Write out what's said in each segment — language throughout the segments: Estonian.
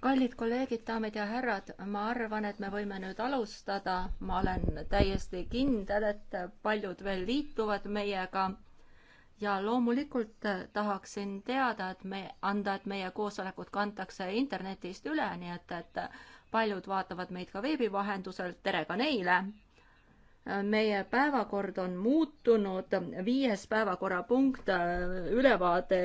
kallid kolleegid, daamid ja härrad, ma arvan, et me võime nüüd alustada. ma olen täiesti kindel, et paljud veel liituvad meiega. ja loomulikult tahaksin teada, et me, anda, et meie koosolekud kantakse internetist üle, nii et, et paljud vaatavad meid ka veebi vahendusel. tere ka neile meie päevakord on muutunud, viies päevakorrapunkt, äh, ülevaade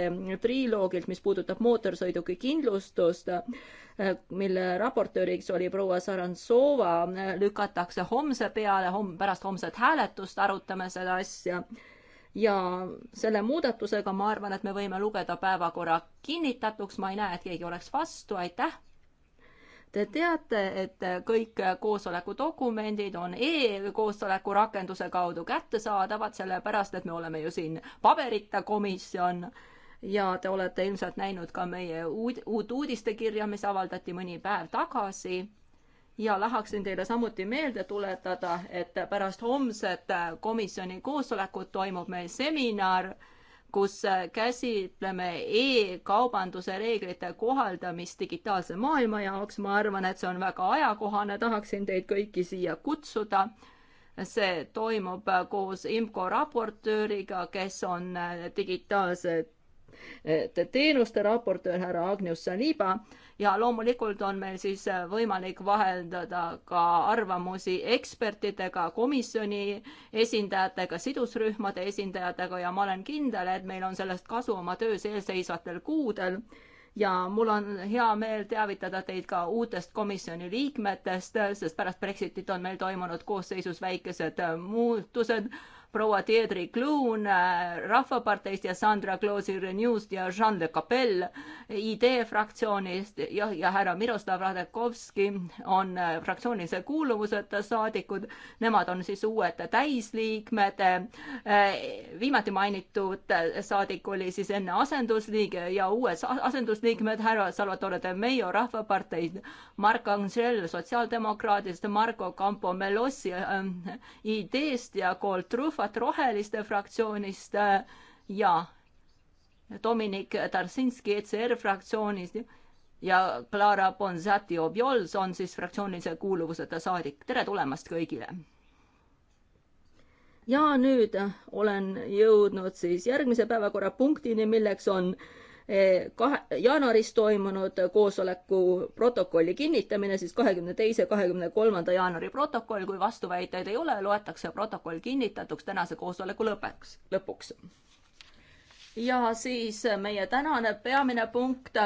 triloogilt, mis puudutab mootorsõidukikindlustust, äh, mille raportööriks oli proua Sarantsova, lükatakse homse peale, homme, pärast homset hääletust arutame seda asja ja selle muudatusega ma arvan, et me võime lugeda päevakorra kinnitatuks, ma ei näe, et keegi oleks vastu, aitäh Te teate, et kõik koosoleku dokumendid on e-koosoleku rakenduse kaudu kättesaadavad, sellepärast et me oleme ju siin paberita komisjon ja te olete ilmselt näinud ka meie uud, uut uudistekirja, mis avaldati mõni päev tagasi. ja tahaksin teile samuti meelde tuletada, et pärast homset komisjoni koosolekut toimub meil seminar kus äh, käsitleme e-kaubanduse reeglite kohaldamist digitaalse maailma jaoks. ma arvan, et see on väga ajakohane, tahaksin teid kõiki siia kutsuda. see toimub äh, koos IMCO raportööriga, kes on äh, digitaalse teenuste raportöör härra Agnius Saliba ja loomulikult on meil siis äh, võimalik vaheldada ka arvamusi ekspertidega, komisjoni esindajatega, sidusrühmade esindajatega ja ma olen kindel, et meil on sellest kasu oma töös eelseisvatel kuudel ja mul on hea meel teavitada teid ka uutest komisjoni liikmetest, äh, sest pärast Brexitit on meil toimunud koosseisus väikesed äh, muutused proua Teedri Kluun äh, Rahvaparteist ja Sandra Kloosi Renewst ja Jean Le Capel ID fraktsioonist ja, ja härra Miroslav Radekovski on äh, fraktsioonilise kuuluvuseta saadikud. Nemad on siis uued täisliikmed. Äh, viimati mainitud saadik oli siis enne asendusliige ja uued asendusliikmed härra Salvatore de Meio Rahvaparteist, Mark Angel Sotsiaaldemokraadist, Marko Campo Melossi ID-st ja Cole Trufa Rahvat Roheliste fraktsioonist äh, ja Dominik Tarsinski ECR fraktsioonist ja Clara Bonzati Obiols on siis fraktsioonilise kuuluvuseta saadik. tere tulemast kõigile! ja nüüd olen jõudnud siis järgmise päevakorrapunktini, milleks on kahe, jaanuaris toimunud koosoleku protokolli kinnitamine, siis kahekümne teise, kahekümne kolmanda jaanuari protokoll, kui vastuväiteid ei ole, loetakse protokoll kinnitatuks tänase koosoleku lõpeks, lõpuks. ja siis meie tänane peamine punkt,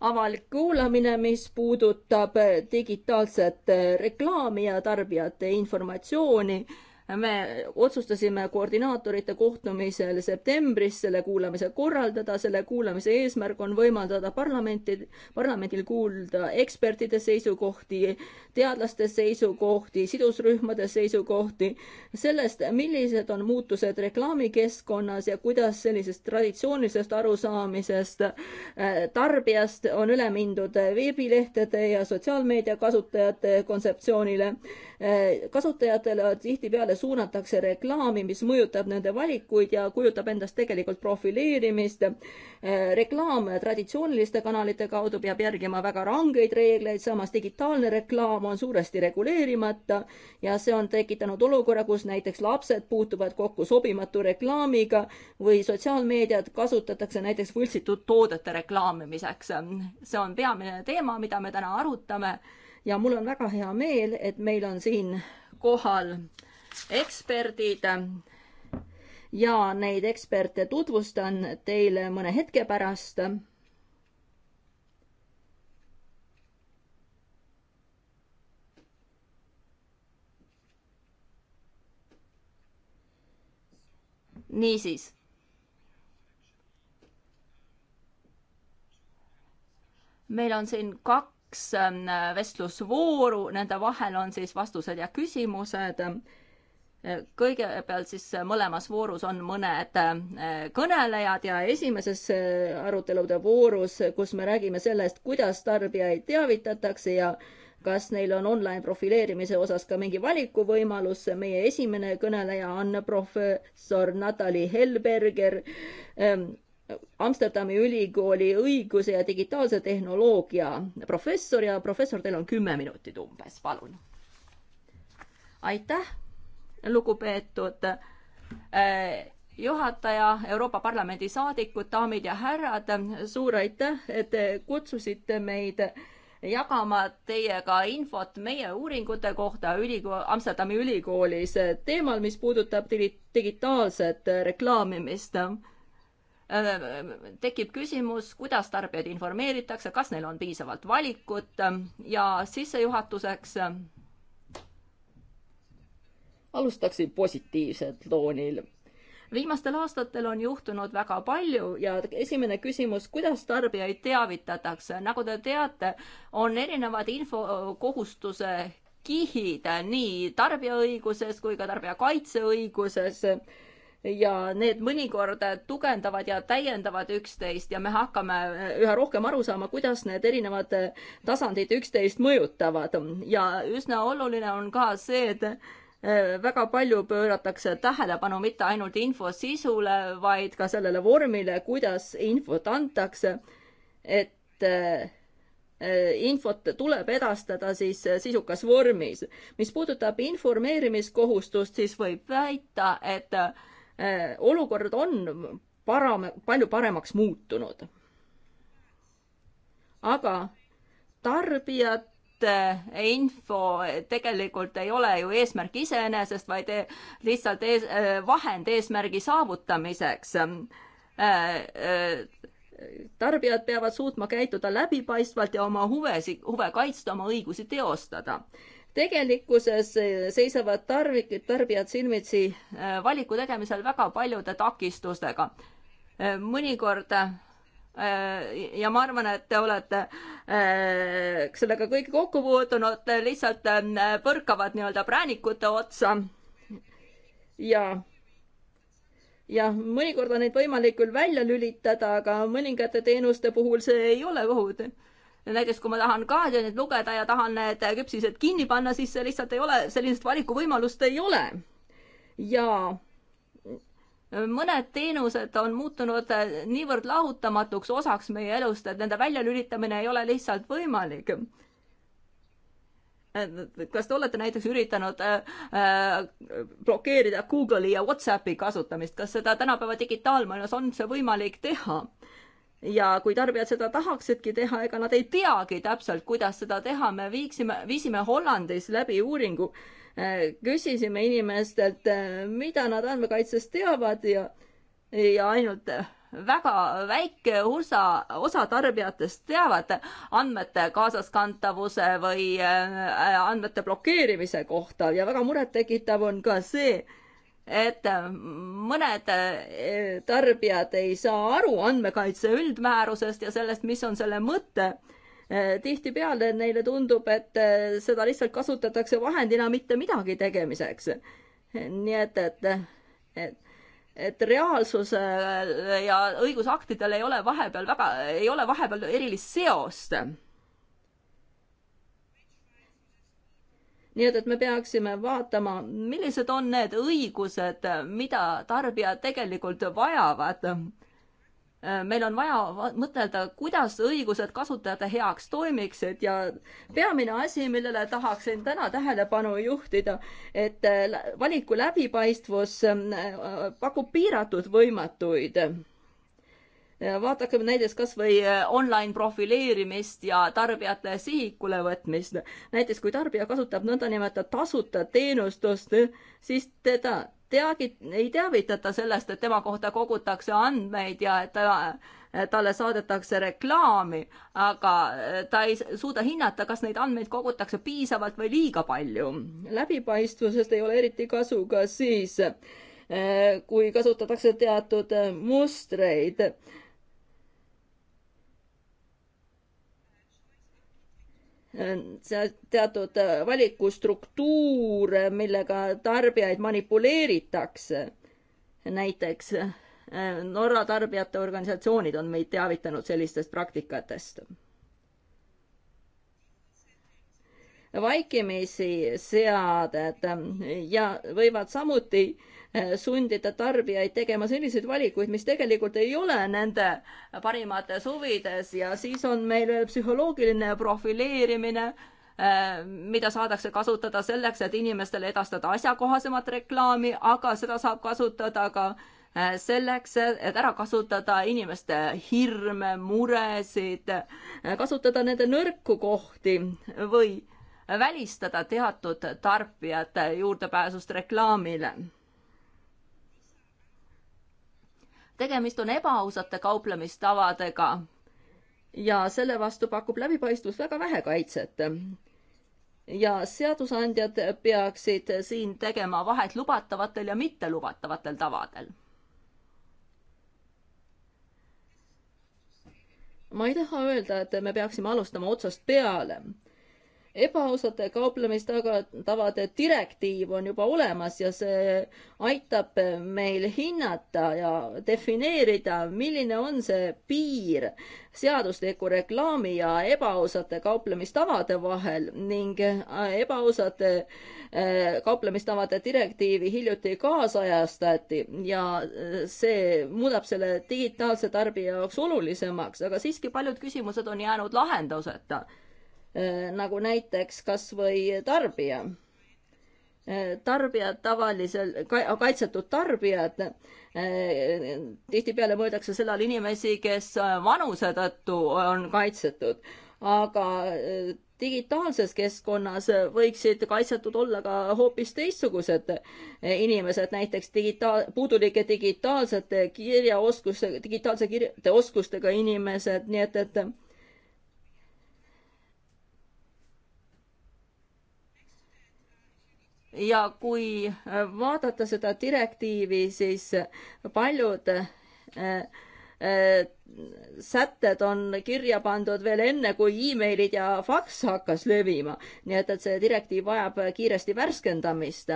avalik kuulamine, mis puudutab digitaalset reklaami ja tarbijate informatsiooni me otsustasime koordinaatorite kohtumisel septembris selle kuulamise korraldada, selle kuulamise eesmärk on võimaldada parlamenti, parlamendil kuulda ekspertide seisukohti, teadlaste seisukohti, sidusrühmade seisukohti, sellest, millised on muutused reklaamikeskkonnas ja kuidas sellisest traditsioonilisest arusaamisest äh, tarbijast on üle mindud veebilehtede ja sotsiaalmeedia kasutajate kontseptsioonile kasutajatele tihtipeale suunatakse reklaami, mis mõjutab nende valikuid ja kujutab endast tegelikult profileerimist. reklaam traditsiooniliste kanalite kaudu peab järgima väga rangeid reegleid, samas digitaalne reklaam on suuresti reguleerimata ja see on tekitanud olukorra, kus näiteks lapsed puutuvad kokku sobimatu reklaamiga või sotsiaalmeediat kasutatakse näiteks võltsitud toodete reklaamimiseks. see on peamine teema, mida me täna arutame ja mul on väga hea meel, et meil on siin kohal eksperdid ja neid eksperte tutvustan teile mõne hetke pärast niisiis. meil on siin kaks kaks ähm, vestlusvooru, nende vahel on siis vastused ja küsimused. kõigepealt siis mõlemas voorus on mõned äh, kõnelejad ja esimeses äh, arutelude voorus, kus me räägime sellest, kuidas tarbijaid teavitatakse ja kas neil on online profileerimise osas ka mingi valikuvõimalus. meie esimene kõneleja on professor Natali Helberger ähm, Amsterdami ülikooli õiguse ja digitaalse tehnoloogia professor ja professor, teil on kümme minutit umbes, palun. aitäh, lugupeetud äh, juhataja, Euroopa Parlamendi saadikud, daamid ja härrad, suur aitäh, et te kutsusite meid jagama teiega infot meie uuringute kohta ülikool, Amsterdami ülikoolis teemal, mis puudutab digitaalset reklaamimist Äh, tekib küsimus, kuidas tarbijaid informeeritakse, kas neil on piisavalt valikut ähm, ja sissejuhatuseks ähm, alustaksin positiivsel toonil. viimastel aastatel on juhtunud väga palju ja esimene küsimus, kuidas tarbijaid teavitatakse, nagu te teate, on erinevad infokohustuse kihid nii tarbijaõiguses kui ka tarbijakaitseõiguses ja need mõnikord tugevdavad ja täiendavad üksteist ja me hakkame äh, üha rohkem aru saama, kuidas need erinevad äh, tasandid üksteist mõjutavad ja üsna oluline on ka see, et äh, väga palju pööratakse tähelepanu mitte ainult info sisule, vaid ka sellele vormile, kuidas infot antakse. et infot tuleb edastada siis sisukas vormis. mis puudutab informeerimiskohustust, siis võib väita, et Äh, olukord on param-, palju paremaks muutunud. aga tarbijate info tegelikult ei ole ju eesmärk iseenesest, vaid e-, lihtsalt ees, äh, vahend eesmärgi saavutamiseks äh, tarbijad peavad suutma käituda läbipaistvalt ja oma huvesid, huve kaitsta, oma õigusi teostada tegelikkuses eh, seisavad tarvik-, tarbijad silmitsi eh, valiku tegemisel väga paljude takistustega. Eh, mõnikord ja ma arvan, et te olete sellega kõik kokku puutunud, lihtsalt põrkavad nii-öelda präänikute otsa. ja, ja mõnikord on neid võimalik küll välja lülitada, aga mõningate teenuste puhul see ei ole kohutav näiteks kui ma tahan Guardianit lugeda ja tahan need küpsised kinni panna, siis lihtsalt ei ole, sellist valikuvõimalust ei ole. ja mõned teenused on muutunud niivõrd lahutamatuks osaks meie elust, et nende väljalülitamine ei ole lihtsalt võimalik. kas te olete näiteks üritanud äh, blokeerida Google'i ja Whatsappi kasutamist, kas seda tänapäeva digitaalmaailmas on see võimalik teha? ja kui tarbijad seda tahaksidki teha, ega nad ei teagi täpselt, kuidas seda teha, me viiksime, viisime Hollandis läbi uuringu, eh, küsisime inimestelt, eh, mida nad andmekaitsest teavad ja, ja ainult väga väike osa, osa tarbijatest teavad andmete kaasaskantavuse või eh, andmete blokeerimise kohta ja väga murettekitav on ka see, et mõned eh, tarbijad ei saa aru andmekaitse üldmäärusest ja sellest, mis on selle mõte. Eh, tihtipeale neile tundub, et eh, seda lihtsalt kasutatakse vahendina mitte midagi tegemiseks. nii et, et, et et reaalsusel ja õigusaktidel ei ole vahepeal väga, ei ole vahepeal erilist seost nii et, et me peaksime vaatama, millised on need õigused, mida tarbijad tegelikult vajavad. meil on vaja mõtelda, kuidas õigused kasutajate heaks toimiksid ja peamine asi, millele tahaksin täna tähelepanu juhtida, et valiku läbipaistvus äh, pakub piiratud võimatuid vaadakem näiteks kas või eh, online profileerimist ja tarbijate sihikule võtmist. näiteks kui tarbija kasutab nõndanimetatud tasuta teenustust, siis teda teagi-, ei teavitata sellest, et tema kohta kogutakse andmeid ja et ta eh, talle saadetakse reklaami, aga eh, ta ei suuda hinnata, kas neid andmeid kogutakse piisavalt või liiga palju. läbipaistvusest ei ole eriti kasu ka siis, kui kasutatakse teatud mustreid. Äh, teatud äh, valikustruktuur, äh, millega tarbijaid manipuleeritakse. näiteks Norra tarbijate organisatsioonid on meid teavitanud sellistest praktikatest. vaikimisi seaded ja võivad samuti sundida tarbijaid tegema selliseid valikuid, mis tegelikult ei ole nende parimates huvides ja siis on meil veel psühholoogiline profileerimine, eh, mida saadakse kasutada selleks, et inimestele edastada asjakohasemat reklaami, aga seda saab kasutada ka eh, selleks, et ära kasutada inimeste hirme, muresid, eh, kasutada nende nõrku kohti või välistada teatud tarbijate juurdepääsust reklaamile tegemist on ebaausate kauplemistavadega ja selle vastu pakub läbipaistvus väga vähe kaitset. ja seadusandjad peaksid siin tegema vahet lubatavatel ja mittelubatavatel tavadel. ma ei taha öelda, et me peaksime alustama otsast peale ebaausate kauplemistavade direktiiv on juba olemas ja see aitab meil hinnata ja defineerida, milline on see piir seadusliku reklaami ja ebaausate kauplemistavade vahel ning äh, ebaausate äh, kauplemistavade direktiivi hiljuti kaasajastati ja äh, see muudab selle digitaalse tarbija jaoks olulisemaks, aga siiski paljud küsimused on jäänud lahenduseta Äh, nagu näiteks kas või tarbija. Äh, tarbijad tavaliselt, kaitsetud tarbijad, äh, tihtipeale mõeldakse selle all inimesi, kes vanuse tõttu on kaitsetud, aga digitaalses keskkonnas võiksid kaitsetud olla ka hoopis teistsugused inimesed, näiteks digitaal, puudulike digitaalsete kirjaoskuste, digitaalse kirjade oskustega inimesed, nii et, et ja kui äh, vaadata seda direktiivi, siis paljud äh, äh, sätted on kirja pandud veel enne, kui emailid ja faks hakkas levima. nii et, et see direktiiv vajab kiiresti värskendamist.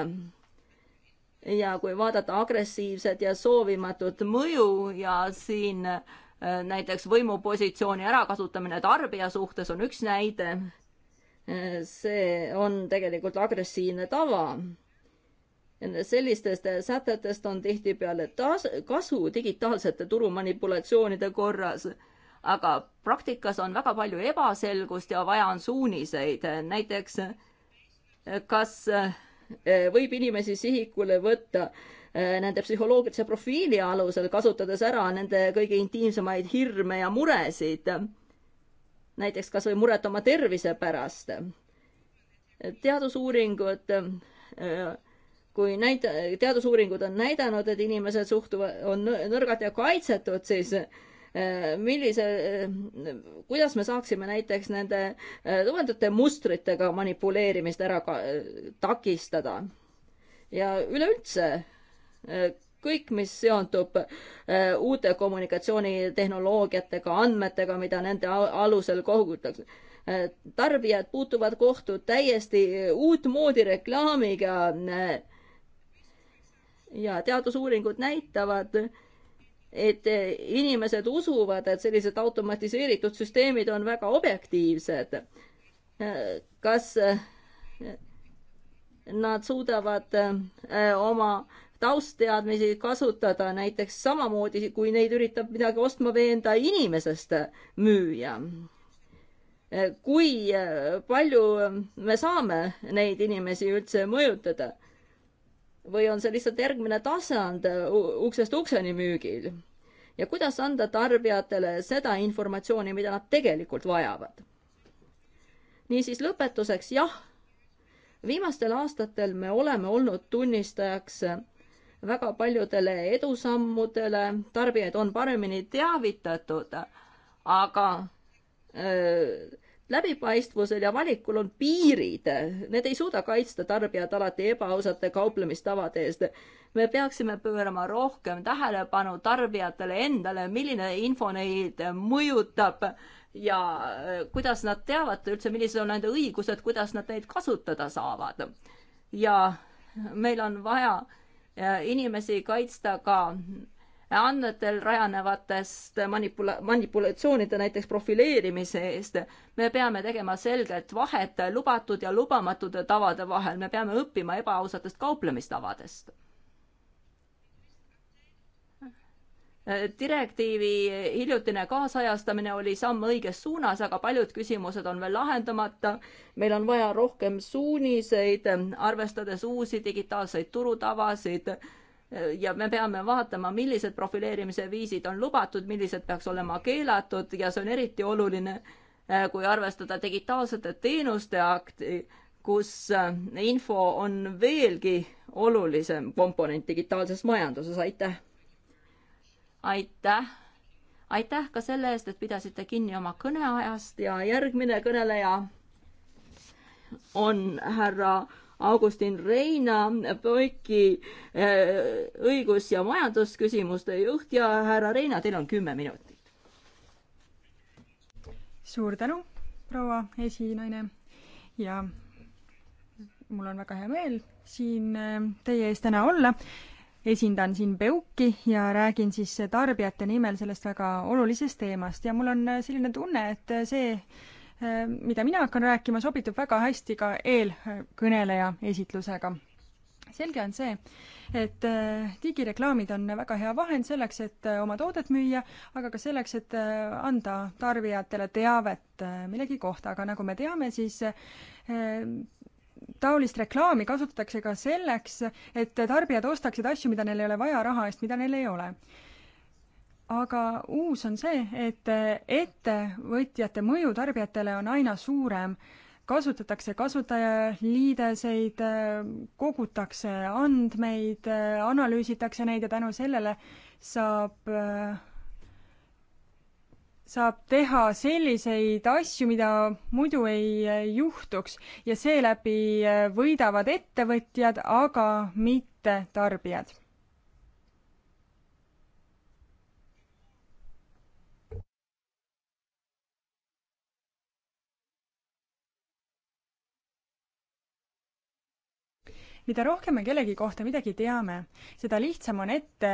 ja kui vaadata agressiivset ja soovimatut mõju ja siin näiteks võimupositsiooni ärakasutamine tarbija suhtes on üks näide see on tegelikult agressiivne tava. sellistest sätetest on tihtipeale tas-, kasu digitaalsete turumanipulatsioonide korras, aga praktikas on väga palju ebaselgust ja vaja on suuniseid, näiteks kas eh, võib inimesi sihikule võtta eh, nende psühholoogilise profiili alusel, kasutades ära nende kõige intiimsemaid hirme ja muresid näiteks kas või muret oma tervise pärast. teadusuuringud, kui näit-, teadusuuringud on näidanud, et inimesed suhtuvad, on nõrgad ja kaitsetud, siis millise, kuidas me saaksime näiteks nende tuhandete mustritega manipuleerimist ära ka, takistada? ja üleüldse kõik, mis seondub äh, uute kommunikatsioonitehnoloogiatega, andmetega, mida nende alusel kogutakse. Äh, tarbijad puutuvad kohtu täiesti uutmoodi reklaamiga. Äh, ja teadusuuringud näitavad, et inimesed usuvad, et sellised automatiseeritud süsteemid on väga objektiivsed. kas nad suudavad oma taustteadmisi kasutada näiteks samamoodi, kui neid üritab midagi ostma veenda inimesest müüja. kui äh, palju me saame neid inimesi üldse mõjutada? või on see lihtsalt järgmine tasand uksest ukseni müügil? ja kuidas anda tarbijatele seda informatsiooni, mida nad tegelikult vajavad? niisiis lõpetuseks, jah, viimastel aastatel me oleme olnud tunnistajaks väga paljudele edusammudele, tarbijaid on paremini teavitatud, aga öö, läbipaistvusel ja valikul on piirid, need ei suuda kaitsta tarbijat alati ebaausate kauplemistavade eest. me peaksime pöörama rohkem tähelepanu tarbijatele endale, milline info neid mõjutab ja kuidas nad teavad üldse, millised on nende õigused, kuidas nad neid kasutada saavad. ja meil on vaja äh, inimesi kaitsta ka andmetel rajanevatest manipula-, manipulatsioonide, näiteks profileerimise eest. me peame tegema selgelt vahet lubatud ja lubamatute tavade vahel, me peame õppima ebaausatest kauplemistavadest direktiivi hiljutine kaasajastamine oli samm õiges suunas, aga paljud küsimused on veel lahendamata. meil on vaja rohkem suuniseid, arvestades uusi digitaalseid turutavasid ja me peame vaatama, millised profileerimise viisid on lubatud, millised peaks olema keelatud ja see on eriti oluline, kui arvestada digitaalsete teenuste akti, kus info on veelgi olulisem komponent digitaalses majanduses, aitäh! aitäh, aitäh ka selle eest, et pidasite kinni oma kõneajast ja järgmine kõneleja on härra Augustin Reina, Poiki eh, õigus- ja majandusküsimuste juht ja härra Reina, teil on kümme minutit. suur tänu, proua esinaine ja mul on väga hea meel siin eh, teie ees täna olla esindan siin Beuki ja räägin siis tarbijate nimel sellest väga olulisest teemast ja mul on äh, selline tunne, et äh, see, äh, mida mina hakkan rääkima, sobitub väga hästi ka eelkõneleja esitlusega selge on see, et digireklaamid on väga hea vahend selleks, et oma toodet müüa, aga ka selleks, et anda tarbijatele teavet millegi kohta, aga nagu me teame, siis taolist reklaami kasutatakse ka selleks, et tarbijad ostaksid asju, mida neil ei ole vaja raha eest, mida neil ei ole. aga uus on see, et ettevõtjate mõju tarbijatele on aina suurem. kasutatakse kasutajaliideseid, kogutakse andmeid, analüüsitakse neid ja tänu sellele saab äh, saab teha selliseid asju, mida muidu ei juhtuks ja seeläbi äh, võidavad ettevõtjad, aga mitte tarbijad mida rohkem me kellegi kohta midagi teame, seda lihtsam on ette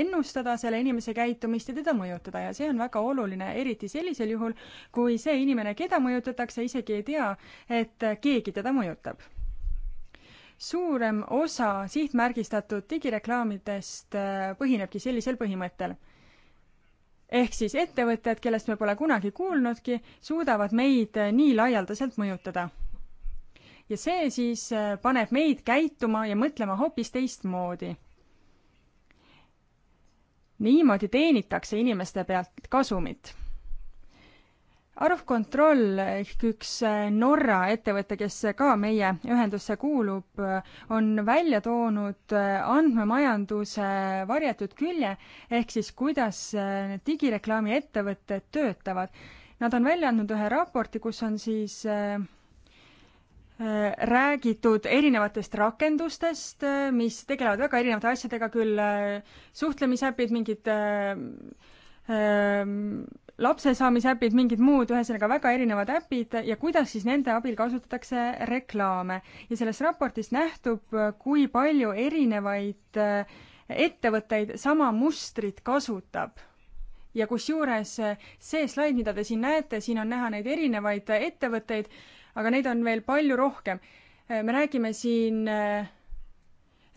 ennustada selle inimese käitumist ja teda mõjutada ja see on väga oluline, eriti sellisel juhul, kui see inimene, keda mõjutatakse, isegi ei tea, et keegi teda mõjutab suurem osa sihtmärgistatud digireklaamidest äh, põhinebki sellisel põhimõttel. ehk siis ettevõtted, kellest me pole kunagi kuulnudki, suudavad meid äh, nii laialdaselt mõjutada ja see siis äh, paneb meid käituma ja mõtlema hoopis teistmoodi. niimoodi teenitakse inimeste pealt kasumit. Arvkontroll ehk üks äh, Norra ettevõte, kes ka meie ühendusse kuulub, äh, on välja toonud andmemajanduse varjatud külje ehk siis kuidas need digireklaami ettevõtted töötavad. Nad on välja andnud ühe raporti, kus on siis äh, Äh, räägitud erinevatest rakendustest, äh, mis tegelevad väga erinevate asjadega, küll äh, suhtlemisäpid, mingid ähm, lapse saamise äpid, mingid muud, ühesõnaga väga erinevad äpid ja kuidas siis nende abil kasutatakse reklaame. ja sellest raportist nähtub, kui palju erinevaid ettevõtteid sama mustrit kasutab ja kusjuures see slaid, mida te siin näete, siin on näha neid erinevaid ettevõtteid aga neid on veel palju rohkem. Äh, me räägime siin äh,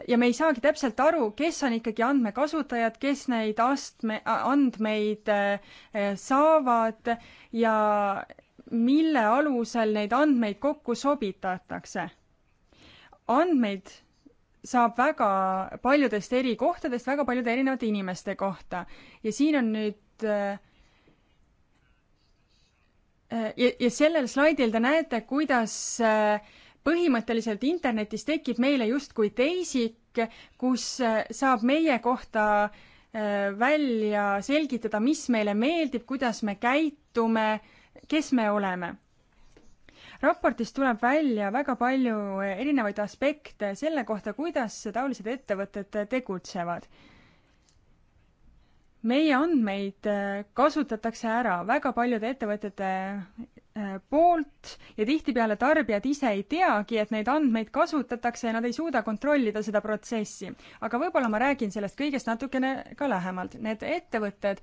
ja me ei saagi täpselt aru, kes on ikkagi andmekasutajad, kes neid astme, andmeid äh, saavad ja mille alusel neid andmeid kokku sobitatakse. andmeid saab väga paljudest eri kohtadest, väga paljude erinevate inimeste kohta ja siin on nüüd äh, Äh, ja, ja sellel slaidil te näete, kuidas äh, põhimõtteliselt internetis tekib meile justkui teisik, kus äh, saab meie kohta välja selgitada, mis meile meeldib, kuidas me käitume, kes me oleme. raportis tuleb välja väga palju erinevaid aspekte selle kohta, kuidas taolised ettevõtted tegutsevad meie andmeid äh, kasutatakse ära väga paljude ettevõtete äh, poolt ja tihtipeale tarbijad ise ei teagi, et neid andmeid kasutatakse ja nad ei suuda kontrollida seda protsessi. aga võib-olla ma räägin sellest kõigest natukene ka lähemalt. Need ettevõtted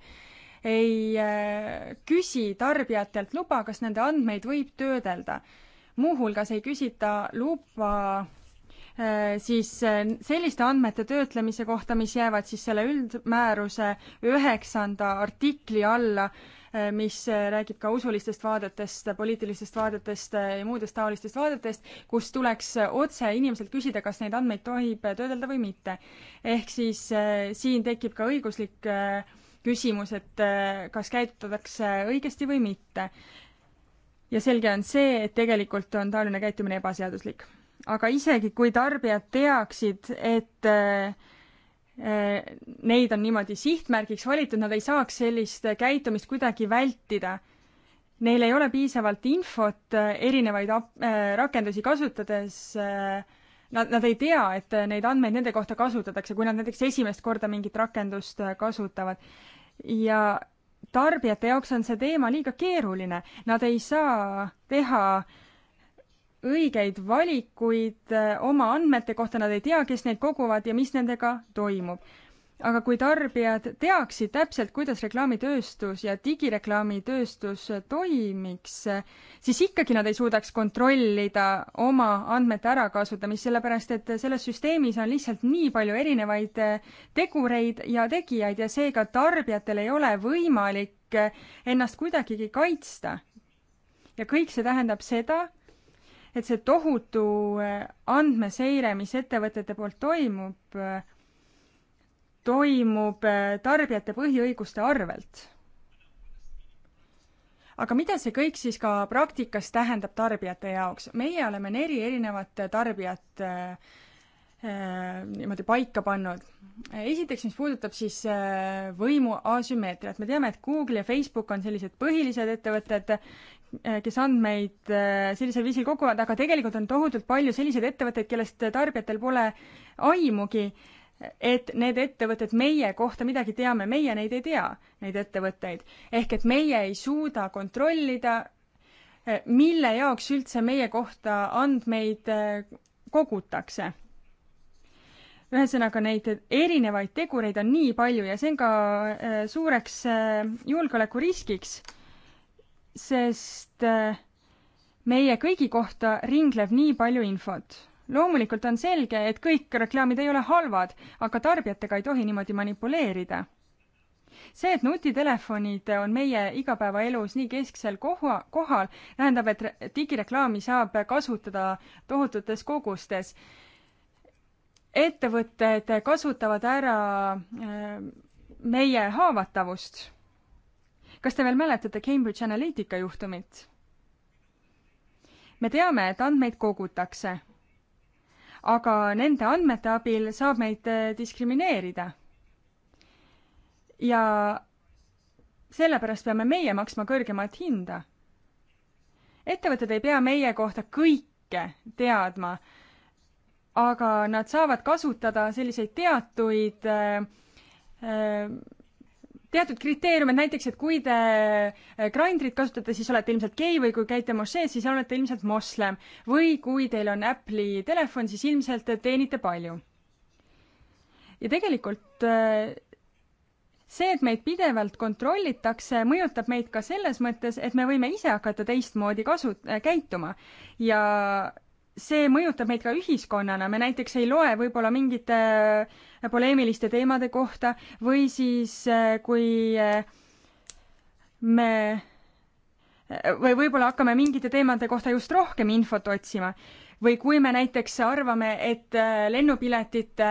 ei äh, küsi tarbijatelt luba, kas nende andmeid võib töödelda. muuhulgas ei küsita luba Äh, siis äh, selliste andmete töötlemise kohta, mis jäävad siis selle üldmääruse üheksanda artikli alla, äh, mis räägib ka usulistest vaadetest, poliitilistest vaadetest ja muudest taolistest vaadetest, kus tuleks otse inimeselt küsida, kas neid andmeid tohib töödelda või mitte. ehk siis siin tekib ka õiguslik küsimus, et kas käitutakse õigesti või mitte. ja selge on see, et tegelikult on taoline käitumine ebaseaduslik aga isegi kui tarbijad teaksid, et äh, äh, neid on niimoodi sihtmärgiks valitud, nad ei saaks sellist käitumist kuidagi vältida. Neil ei ole piisavalt infot äh, erinevaid rakendusi kasutades. Nad, nad ei tea, et neid andmeid nende kohta kasutatakse, kui nad näiteks esimest korda mingit rakendust kasutavad. ja tarbijate jaoks on see teema liiga keeruline, nad ei saa teha äh, õigeid valikuid äh, oma andmete kohta, nad ei tea, kes neid koguvad ja mis nendega toimub. aga kui tarbijad teaksid täpselt, kuidas reklaamitööstus ja digireklaamitööstus toimiks, siis ikkagi nad ei suudaks kontrollida oma andmete ärakasutamist, sellepärast et selles süsteemis on lihtsalt nii palju erinevaid äh, tegureid ja tegijaid ja seega tarbijatel ei ole võimalik äh, ennast kuidagigi kaitsta. ja kõik see tähendab seda, et see tohutu äh, andmeseire, mis ettevõtete poolt toimub, äh, toimub äh, tarbijate põhiõiguste arvelt. aga mida see kõik siis ka praktikas tähendab tarbijate jaoks? meie oleme neli erinevat tarbijat äh, niimoodi paika pannud. esiteks, mis puudutab siis võimu asümmeetriat, me teame, et Google ja Facebook on sellised põhilised ettevõtted, Äh, kes andmeid äh, sellisel viisil koguvad, aga tegelikult on tohutult palju selliseid ettevõtteid, kellest tarbijatel pole aimugi, et need ettevõtted meie kohta midagi teame, meie neid ei tea, neid ettevõtteid. ehk et meie ei suuda kontrollida, äh, mille jaoks üldse meie kohta andmeid kogutakse. ühesõnaga, neid erinevaid tegureid on nii palju ja see on ka suureks julgeolekuriskiks sest äh, meie kõigi kohta ringleb nii palju infot. loomulikult on selge, et kõik reklaamid ei ole halvad, aga tarbijatega ei tohi niimoodi manipuleerida. see, et nutitelefonid on meie igapäevaelus nii kesksel koha, kohal, tähendab, et digireklaami saab kasutada tohututes kogustes. ettevõtted kasutavad ära äh, meie haavatavust kas te veel mäletate Cambridge Analytica juhtumit? me teame, et andmeid kogutakse, aga nende andmete abil saab meid äh, diskrimineerida. ja sellepärast peame meie maksma kõrgemat hinda. ettevõtted ei pea meie kohta kõike teadma, aga nad saavad kasutada selliseid teatuid äh, äh, teatud kriteeriumid, näiteks et kui te äh, Grindrit kasutate, siis olete ilmselt gei või kui käite mošees, siis olete ilmselt moslem. või kui teil on Apple'i telefon, siis ilmselt teenite palju. ja tegelikult äh, see, et meid pidevalt kontrollitakse, mõjutab meid ka selles mõttes, et me võime ise hakata teistmoodi kasu-, äh, käituma. ja see mõjutab meid ka ühiskonnana, me näiteks ei loe võib-olla mingite äh, poleemiliste teemade kohta või siis äh, kui äh, me äh, või võib-olla hakkame mingite teemade kohta just rohkem infot otsima või kui me näiteks arvame, et lennupiletite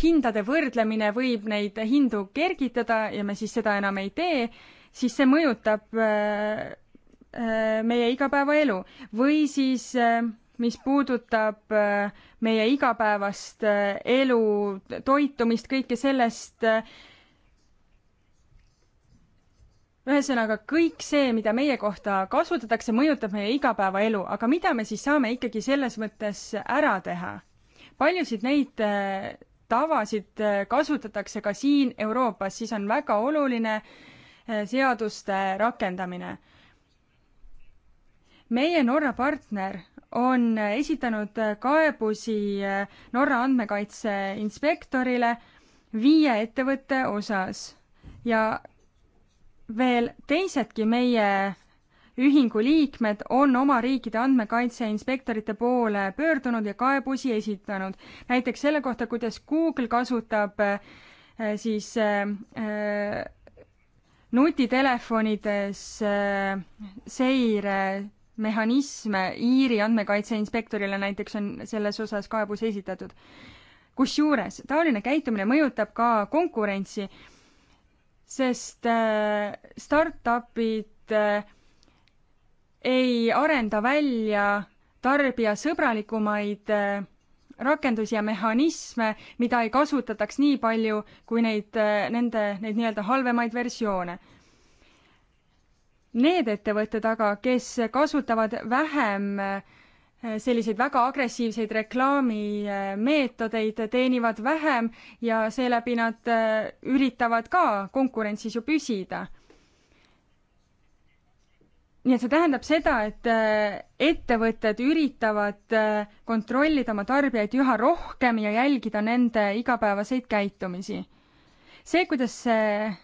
hindade võrdlemine võib neid hindu kergitada ja me siis seda enam ei tee, siis see mõjutab meie igapäevaelu või siis mis puudutab äh, meie igapäevast äh, elu, toitumist, kõike sellest. Äh, ühesõnaga, kõik see, mida meie kohta kasutatakse, mõjutab meie igapäevaelu, aga mida me siis saame ikkagi selles mõttes ära teha? paljusid neid tavasid kasutatakse ka siin Euroopas, siis on väga oluline seaduste rakendamine meie Norra partner on esitanud kaebusi Norra andmekaitse inspektorile viie ettevõtte osas ja veel teisedki meie ühingu liikmed on oma riikide andmekaitse inspektorite poole pöördunud ja kaebusi esitanud. näiteks selle kohta, kuidas Google kasutab äh, siis äh, äh nutitelefonides äh, seire mehhanisme, Iiri andmekaitse inspektorile näiteks on selles osas kaebus esitatud. kusjuures taoline käitumine mõjutab ka konkurentsi, sest äh, startup'id äh, ei arenda välja tarbijasõbralikumaid äh, rakendusi ja mehhanisme, mida ei kasutataks nii palju kui neid, nende, neid nii-öelda halvemaid versioone need ettevõtted aga, kes kasutavad vähem eh, selliseid väga agressiivseid reklaamimeetodeid, eh, teenivad vähem ja seeläbi nad eh, üritavad ka konkurentsis ju püsida nii et see tähendab seda, et ettevõtted üritavad kontrollida oma tarbijaid üha rohkem ja jälgida nende igapäevaseid käitumisi. see, kuidas see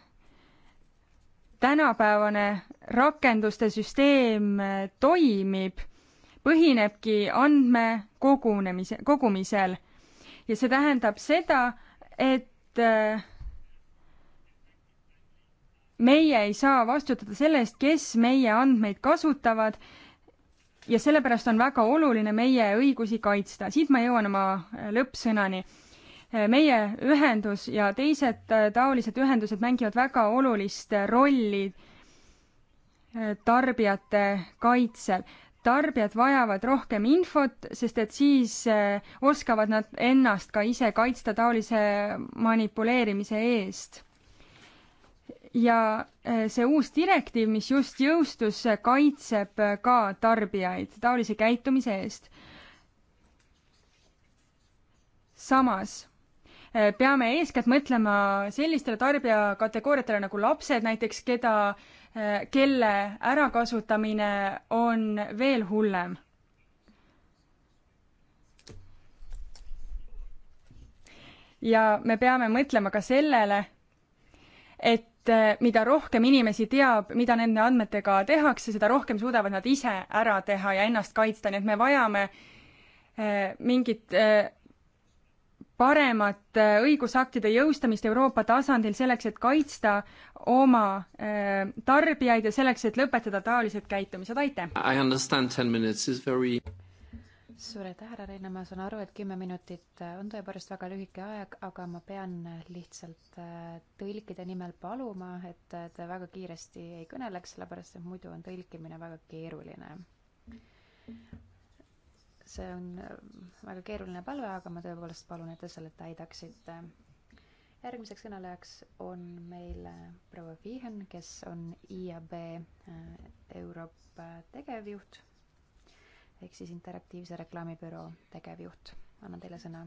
tänapäevane rakenduste süsteem äh, toimib, põhinebki andmekogunemise, kogumisel. ja see tähendab seda, et äh, meie ei saa vastutada selle eest, kes meie andmeid kasutavad ja sellepärast on väga oluline meie õigusi kaitsta. siit ma jõuan oma äh, lõppsõnani meie ühendus ja teised äh, taolised ühendused mängivad väga olulist äh, rolli äh, tarbijate kaitsel. tarbijad vajavad rohkem infot, sest et siis oskavad nad ennast ka ise kaitsta taolise manipuleerimise eest. ja see uus direktiiv, mis just jõustus, kaitseb ka tarbijaid taolise käitumise eest. samas peame eeskätt mõtlema sellistele tarbijakategooriatele nagu lapsed näiteks, keda, kelle ärakasutamine on veel hullem. ja me peame mõtlema ka sellele, et eh, mida rohkem inimesi teab, mida nende andmetega tehakse, seda rohkem suudavad nad ise ära teha ja ennast kaitsta, nii et me vajame eh, mingit eh, paremat äh, õigusaktide jõustamist Euroopa tasandil selleks, et kaitsta oma äh, tarbijaid ja selleks, et lõpetada taolised käitumised, aitäh! Very... suur aitäh, härra Rein, ma saan aru, et kümme minutit äh, on tõepoolest väga lühike aeg, aga ma pean lihtsalt tõlkide nimel paluma, et te väga kiiresti ei kõneleks, sellepärast et muidu on tõlkimine väga keeruline see on äh, väga keeruline palve, aga ma tõepoolest palun, et te selle täidaksite. järgmiseks kõnelejaks on meil äh, proua Vihen, kes on IAB äh, Euroopa tegevjuht ehk siis interaktiivse reklaamibüroo tegevjuht. annan teile sõna.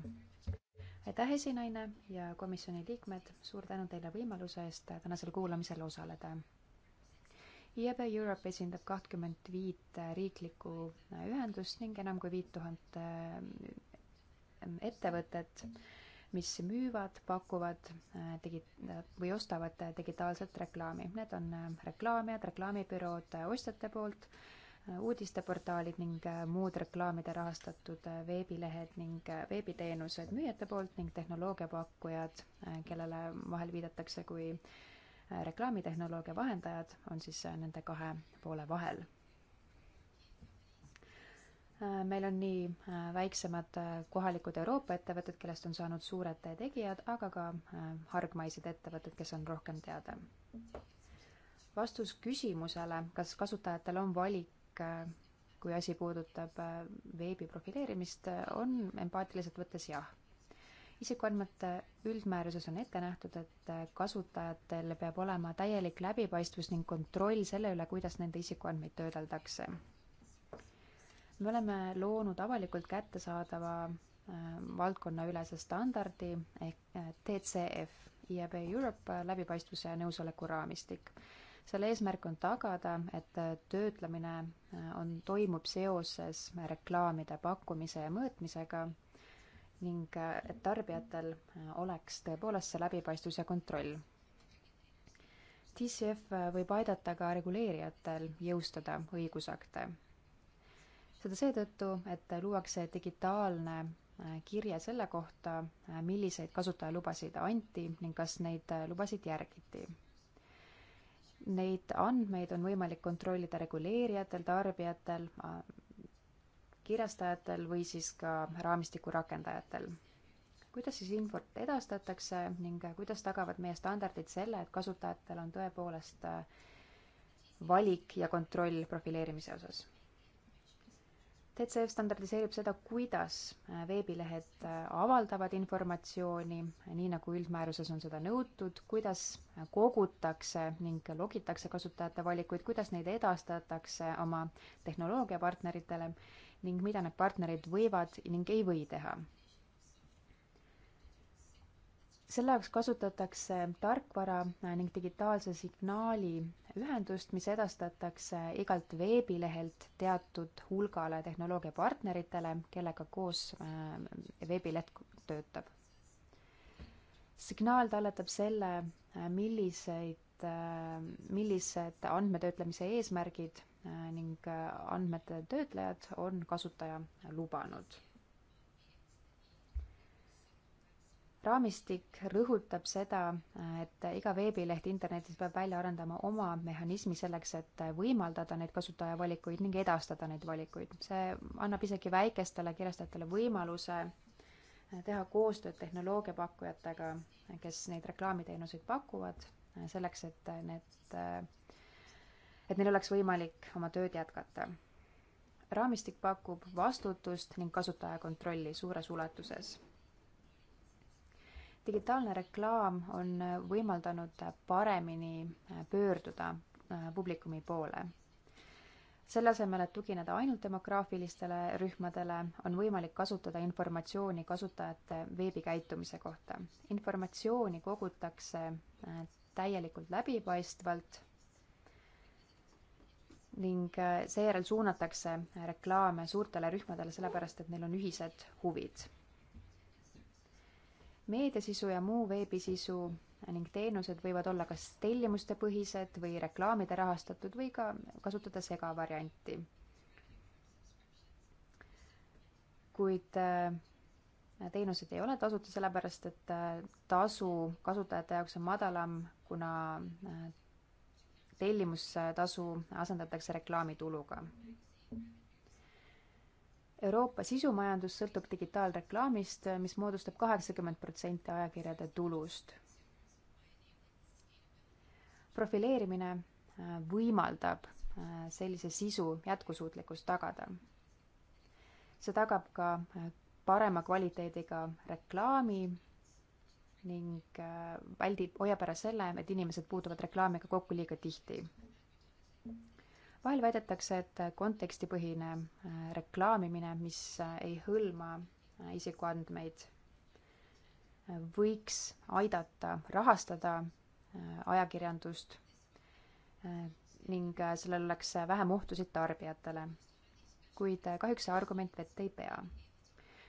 aitäh, esinaine ja komisjoni liikmed, suur tänu teile võimaluse eest tänasel kuulamisel osaleda IEB Europe esindab kahtkümmend viit riiklikku ühendust ning enam kui viit tuhat ähm, ettevõtet, mis müüvad, pakuvad äh, digi- või ostavad digitaalset reklaami. Need on äh, reklaamijad, reklaamibürood ostjate poolt, äh, uudisteportaalid ning muud reklaamide rahastatud veebilehed ning veebiteenused müüjate poolt ning tehnoloogiapakkujad, kellele vahel viidatakse kui äh, reklaamitehnoloogia vahendajad on siis äh, nende kahe poole vahel. Äh, meil on nii äh, väiksemad kohalikud Euroopa ettevõtted, kellest on saanud suured tegijad, aga ka hargmaised ettevõtted, kes on rohkem teada. vastus küsimusele, kas kasutajatel on valik, kui asi puudutab veebi profileerimist, on empaatiliselt võttes jah isikuandmete üldmääruses on ette nähtud, et kasutajatel peab olema täielik läbipaistvus ning kontroll selle üle, kuidas nende isikuandmeid töödeldakse. me oleme loonud avalikult kättesaadava äh, valdkonnaülese standardi ehk äh, TCF IAB Europe läbipaistvuse ja nõusoleku raamistik selle eesmärk on tagada, et äh, töötlemine on, toimub seoses reklaamide pakkumise ja mõõtmisega ning äh, et tarbijatel äh, oleks tõepoolest see läbipaistvus ja kontroll. TCF äh, võib aidata ka reguleerijatel jõustada õigusakte. seda seetõttu, et luuakse digitaalne kirje selle kohta, milliseid kasutajalubasid anti ning kas neid lubasid järgiti. Neid andmeid on võimalik kontrollida reguleerijatel, tarbijatel, kirjastajatel või siis ka raamistiku rakendajatel. kuidas siis infot edastatakse ning kuidas tagavad meie standardid selle, et kasutajatel on tõepoolest äh, valik ja kontroll profileerimise osas? DCF standardiseerib seda, kuidas äh, veebilehed äh, avaldavad informatsiooni, nii nagu üldmääruses on seda nõutud, kuidas kogutakse ning logitakse kasutajate valikuid, kuidas neid edastatakse oma tehnoloogiapartneritele ning mida need partnerid võivad ning ei või teha. selle jaoks kasutatakse tarkvara ning digitaalse signaali ühendust, mis edastatakse igalt veebilehelt teatud hulgale tehnoloogiapartneritele, kellega koos äh, veebileht töötab. signaal talletab selle, äh, milliseid, äh, millised andmetöötlemise eesmärgid Äh, ning äh, andmete töötlejad on kasutaja lubanud. raamistik rõhutab seda, et iga veebileht internetis peab välja arendama oma mehhanismi selleks, et võimaldada neid kasutajavalikuid ning edastada neid valikuid. see annab isegi väikestele kirjastajatele võimaluse äh, teha koostööd tehnoloogiapakkujatega, kes neid reklaamiteenuseid pakuvad, selleks et need et neil oleks võimalik oma tööd jätkata. raamistik pakub vastutust ning kasutajakontrolli suures ulatuses. digitaalne reklaam on võimaldanud paremini pöörduda äh, publikumi poole. selle asemel, et tugineda ainult demograafilistele rühmadele, on võimalik kasutada informatsiooni kasutajate veebikäitumise kohta. informatsiooni kogutakse äh, täielikult läbipaistvalt ning äh, seejärel suunatakse reklaame suurtele rühmadele, sellepärast et neil on ühised huvid. meediasisu ja muu veebisisu ning teenused võivad olla kas tellimustepõhised või reklaamide rahastatud või ka kasutada segavarianti. kuid äh, teenused ei ole tasuta, sellepärast et äh, tasu kasutajate jaoks on madalam, kuna tellimustasu asendatakse reklaamituluga. Euroopa sisumajandus sõltub digitaalreklaamist, mis moodustab kaheksakümmend protsenti ajakirjade tulust. profileerimine äh, võimaldab äh, sellise sisu jätkusuutlikkust tagada. see tagab ka äh, parema kvaliteediga reklaami ning äh, väldib, hoiab ära selle, et inimesed puutuvad reklaamiga kokku liiga tihti. vahel väidetakse, et kontekstipõhine äh, reklaamimine, mis äh, ei hõlma isikuandmeid, võiks aidata rahastada ajakirjandust ning sellel oleks vähem ohtusid tarbijatele. kuid kahjuks see argument vett ei pea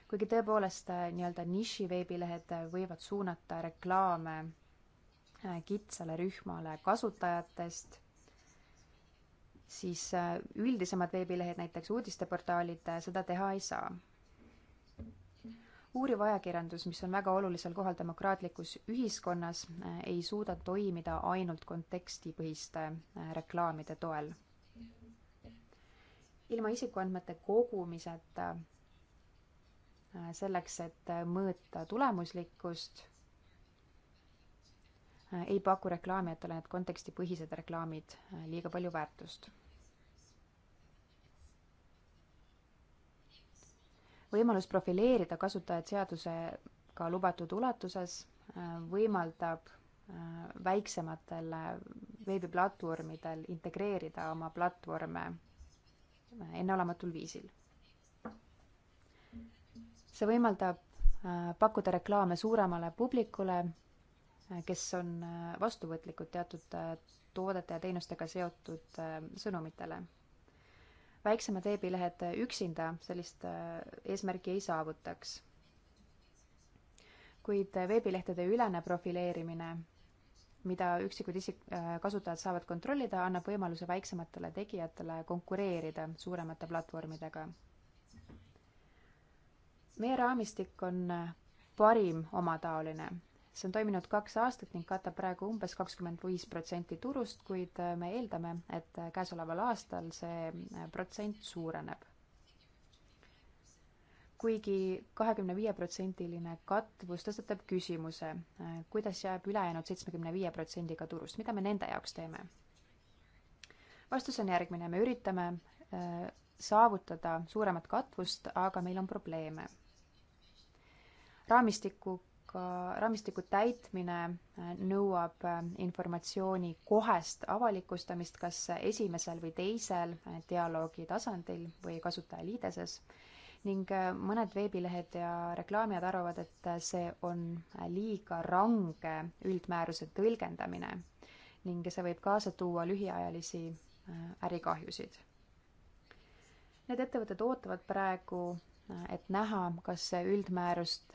kuigi tõepoolest äh, nii-öelda niši veebilehed äh, võivad suunata reklaame äh, kitsale rühmale kasutajatest, siis üldisemad veebilehed, näiteks uudisteportaalid, seda teha ei saa. uuriv ajakirjandus, mis on väga olulisel kohal demokraatlikus ühiskonnas, ei suuda toimida ainult kontekstipõhiste reklaamide toel. ilma isikuandmete kogumiseta Äh, selleks, et äh, mõõta tulemuslikkust, äh, ei paku reklaamijatele need kontekstipõhised reklaamid liiga palju väärtust. võimalus profileerida kasutajat seadusega lubatud ulatuses võimaldab väiksematel veebiplatvormidel integreerida oma platvorme enneolematul viisil see võimaldab äh, pakkuda reklaame suuremale publikule, äh, kes on äh, vastuvõtlikud teatud toodete ja teenustega seotud sõnumitele. väiksemad veebilehed üksinda sellist eesmärki ei saavutaks. kuid veebilehtede ülene profileerimine, mida üksikud isik-, kasutajad saavad kontrollida, annab võimaluse väiksematele tegijatele konkureerida suuremate platvormidega meie raamistik on äh, parim omataoline. see on toiminud kaks aastat ning katab praegu umbes kakskümmend viis protsenti turust, kuid äh, me eeldame, et äh, käesoleval aastal see protsent suureneb kuigi kahekümne viie protsendiline katvus tõstatab küsimuse, kuidas jääb ülejäänud seitsmekümne viie protsendiga turust, mida me nende jaoks teeme? vastus on järgmine, me üritame saavutada suuremat katvust, aga meil on probleeme raamistikuga, raamistiku täitmine äh, nõuab äh, informatsiooni kohest avalikustamist kas esimesel või teisel äh, dialoogi tasandil või kasutajaliideses ning mõned veebilehed ja reklaamijad arvavad, et see on liiga range üldmääruse tõlgendamine ning see võib kaasa tuua lühiajalisi ärikahjusid. Need ettevõtted ootavad praegu et näha, kas üldmäärust,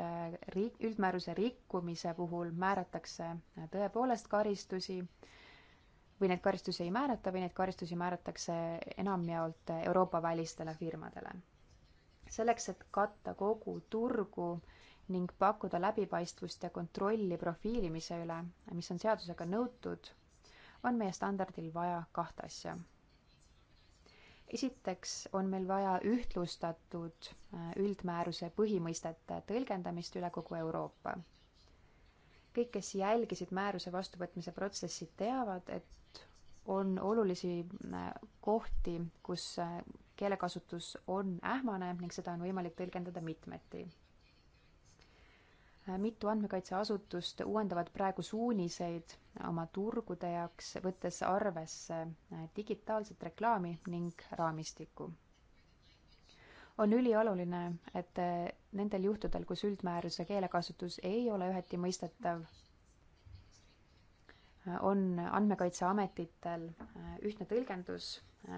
üldmääruse rikkumise puhul määratakse tõepoolest karistusi või neid karistusi ei määrata või neid karistusi määratakse enamjaolt Euroopa välistele firmadele. selleks, et katta kogu turgu ning pakkuda läbipaistvust ja kontrolli profiilimise üle, mis on seadusega nõutud, on meie standardil vaja kahte asja esiteks on meil vaja ühtlustatud äh, üldmääruse põhimõistete tõlgendamist üle kogu Euroopa. kõik, kes jälgisid määruse vastuvõtmise protsessi, teavad, et on olulisi äh, kohti, kus äh, keelekasutus on ähmane ning seda on võimalik tõlgendada mitmeti mitu andmekaitseasutust uuendavad praegu suuniseid oma turgude jaoks, võttes arvesse digitaalset reklaami ning raamistikku. on ülioluline, et nendel juhtudel, kus üldmääruse keelekasutus ei ole üheti mõistetav, on Andmekaitseametitel ühtne tõlgendus,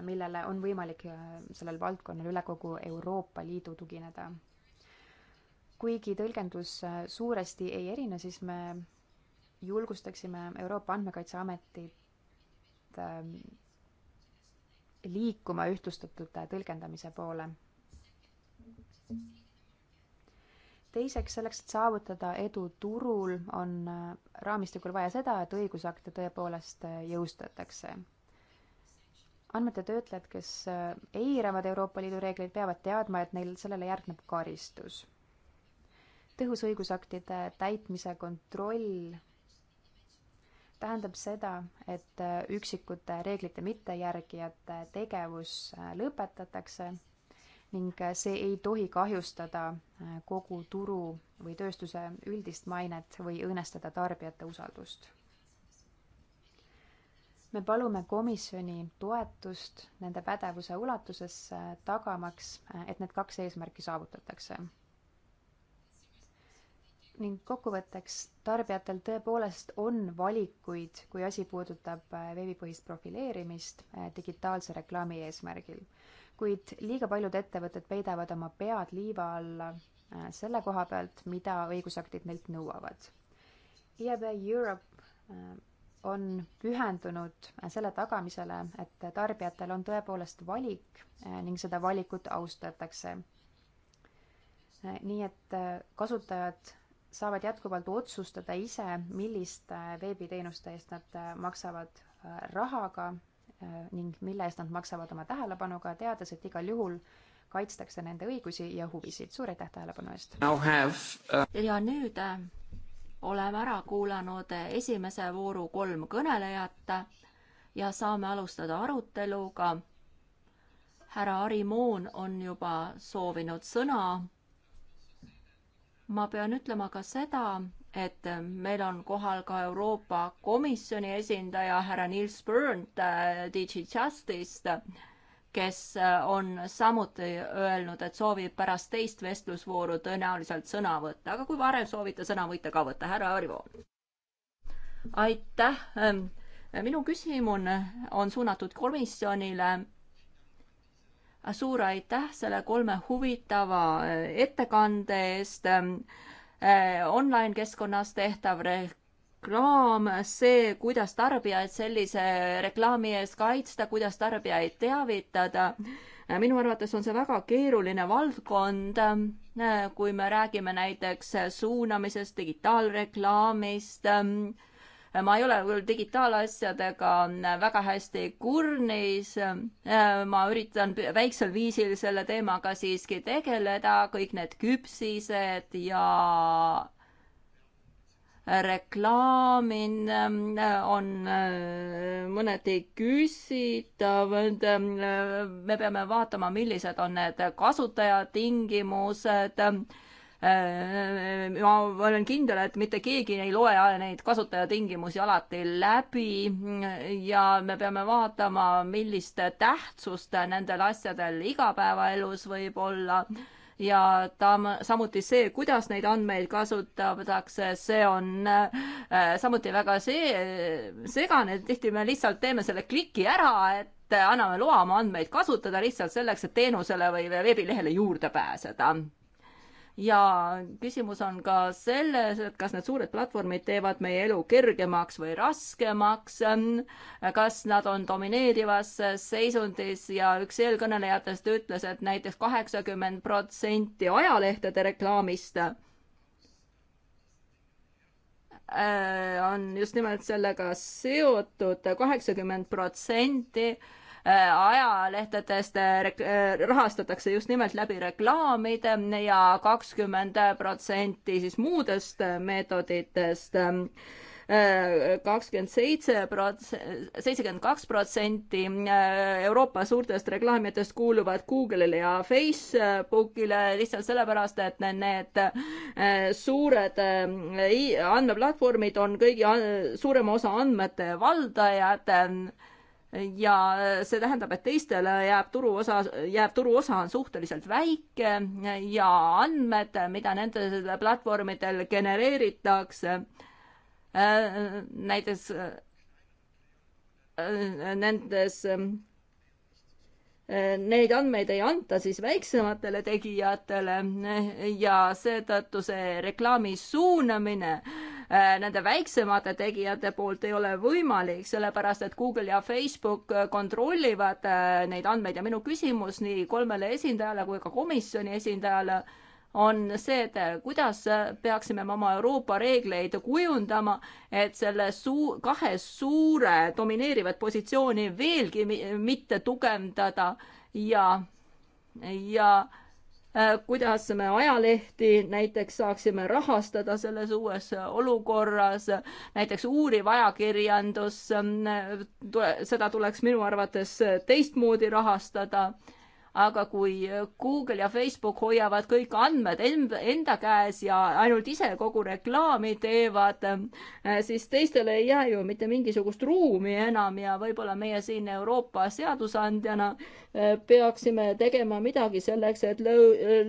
millele on võimalik sellel valdkonnal üle kogu Euroopa Liidu tugineda kuigi tõlgendus äh, suuresti ei erine, siis me julgustaksime Euroopa Andmekaitseametit ähm, liikuma ühtlustatud tõlgendamise poole. teiseks, selleks, et saavutada edu turul, on äh, raamistikul vaja seda, et õigusakte tõepoolest äh, jõustatakse. andmete töötlejad, kes eiravad Euroopa Liidu reegleid, peavad teadma, et neil sellele järgneb karistus tõhus õigusaktide täitmise kontroll tähendab seda, et äh, üksikute reeglite mittejärgijate tegevus äh, lõpetatakse ning äh, see ei tohi kahjustada kogu turu või tööstuse üldist mainet või õõnestada tarbijate usaldust. me palume komisjoni toetust nende pädevuse ulatuses, tagamaks, et need kaks eesmärki saavutatakse ning kokkuvõtteks, tarbijatel tõepoolest on valikuid, kui asi puudutab äh, veebipõhist profileerimist äh, digitaalse reklaami eesmärgil. kuid liiga paljud ettevõtted peidavad oma pead liiva alla äh, selle koha pealt, mida õigusaktid neilt nõuavad. IAB e Europe on pühendunud selle tagamisele, et tarbijatel on tõepoolest valik ning seda valikut austatakse. nii et kasutajad saavad jätkuvalt otsustada ise, milliste veebiteenuste eest nad äh, maksavad äh, rahaga äh, ning mille eest nad maksavad oma tähelepanuga, teades, et igal juhul kaitstakse nende õigusi ja huvisid. suur aitäh tähelepanu eest! ja nüüd oleme ära kuulanud esimese vooru kolm kõnelejat ja saame alustada aruteluga. härra Ari Moon on juba soovinud sõna ma pean ütlema ka seda, et meil on kohal ka Euroopa Komisjoni esindaja härra Nils Bernd äh, DG Justice'ist, kes äh, on samuti öelnud, et soovib pärast teist vestlusvooru tõenäoliselt sõna võtta, aga kui varem soovite sõna, võite ka võtta, härra Arvo. aitäh, ähm, minu küsimus on suunatud komisjonile suur aitäh selle kolme huvitava äh, ettekande eest. Äh, online keskkonnas tehtav reklaam, see, kuidas tarbijaid sellise reklaami eest kaitsta, kuidas tarbijaid teavitada. Äh, minu arvates on see väga keeruline valdkond, kui me räägime näiteks suunamisest, digitaalreklaamist ähm, ma ei ole küll digitaalasjadega väga hästi kurnis, ma üritan väiksel viisil selle teemaga siiski tegeleda, kõik need küpsised ja reklaamin äh, on äh, mõneti küsitav. Äh, me peame vaatama, millised on need kasutajatingimused Äh, ma olen kindel, et mitte keegi ei loe neid kasutajatingimusi alati läbi ja me peame vaatama, millist tähtsust nendel asjadel igapäevaelus võib olla ja ta, samuti see, kuidas neid andmeid kasutatakse, see on äh, samuti väga see, segane, tihti me lihtsalt teeme selle kliki ära, et anname loa oma andmeid kasutada lihtsalt selleks, et teenusele või veebilehele juurde pääseda ja küsimus on ka selles, et kas need suured platvormid teevad meie elu kergemaks või raskemaks, kas nad on domineerivas seisundis ja üks eelkõnelejatest ütles, et näiteks kaheksakümmend protsenti ajalehtede reklaamist äh, on just nimelt sellega seotud, kaheksakümmend protsenti Äh, ajalehtedest äh, äh, rahastatakse just nimelt läbi reklaamide ja kakskümmend protsenti siis muudest meetoditest kakskümmend seitse prots-, seitsekümmend kaks protsenti Euroopa suurtest reklaamidest kuuluvad Google'ile ja Facebookile lihtsalt sellepärast, et need suured andmeplatvormid on kõigi suurema osa andmete valdajad ähm, ja see tähendab, et teistele jääb turuosa, jääb turuosa on suhteliselt väike ja andmed, mida nendel platvormidel genereeritakse, näiteks nendes neid andmeid ei anta siis väiksematele tegijatele ja seetõttu see reklaami suunamine Äh, nende väiksemate tegijate poolt ei ole võimalik, sellepärast et Google ja Facebook äh, kontrollivad äh, neid andmeid ja minu küsimus nii kolmele esindajale kui ka komisjoni esindajale on see, et kuidas peaksime me oma Euroopa reegleid kujundama, et selle suu-, kahe suure domineerivat positsiooni veelgi mitte tugevdada ja, ja äh, Äh, kuidas me ajalehti näiteks saaksime rahastada selles uues äh, olukorras, näiteks uuriv ajakirjandus, äh, seda tuleks minu arvates teistmoodi rahastada aga kui Google ja Facebook hoiavad kõik andmed enda käes ja ainult ise kogu reklaami teevad, eh, siis teistele ei jää ju mitte mingisugust ruumi enam ja võib-olla meie siin Euroopa seadusandjana eh, peaksime tegema midagi selleks, et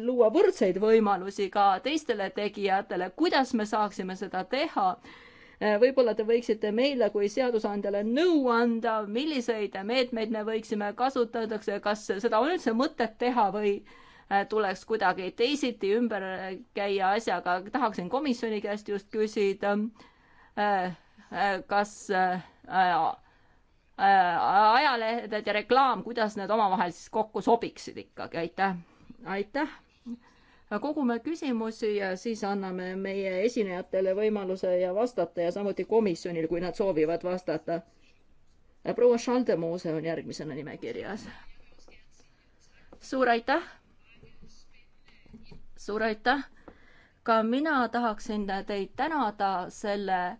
luua võrdseid võimalusi ka teistele tegijatele, kuidas me saaksime seda teha Äh, võib-olla te võiksite meile kui seadusandjale nõu anda, milliseid meetmeid me võiksime kasutada, kas seda on üldse mõtet teha või äh, tuleks kuidagi teisiti ümber käia asjaga, tahaksin komisjoni käest just küsida, äh, kas ajalehed ja reklaam, kuidas need omavahel siis kokku sobiksid ikkagi, aitäh, aitäh kogume küsimusi ja siis anname meie esinejatele võimaluse ja vastata ja samuti komisjonil, kui nad soovivad vastata. proua Schaldemose on järgmisena nimekirjas. suur aitäh. suur aitäh. ka mina tahaksin teid tänada selle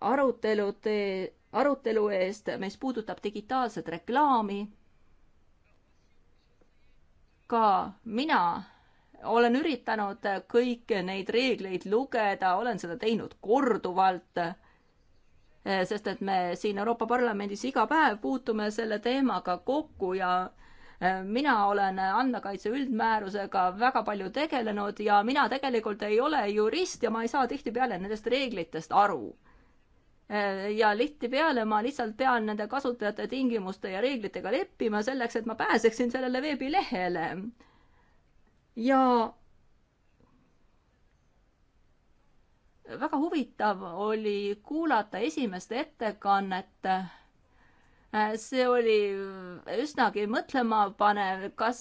arutelu te, arutelu eest, mis puudutab digitaalset reklaami. ka mina olen üritanud kõiki neid reegleid lugeda, olen seda teinud korduvalt, eh, sest et me siin Euroopa Parlamendis iga päev puutume selle teemaga kokku ja eh, mina olen andmekaitse üldmäärusega väga palju tegelenud ja mina tegelikult ei ole jurist ja ma ei saa tihtipeale nendest reeglitest aru. Eh, ja tihtipeale ma lihtsalt pean nende kasutajate tingimuste ja reeglitega leppima selleks, et ma pääseksin sellele veebilehele ja väga huvitav oli kuulata esimest ettekannet. see oli üsnagi mõtlemapanev, kas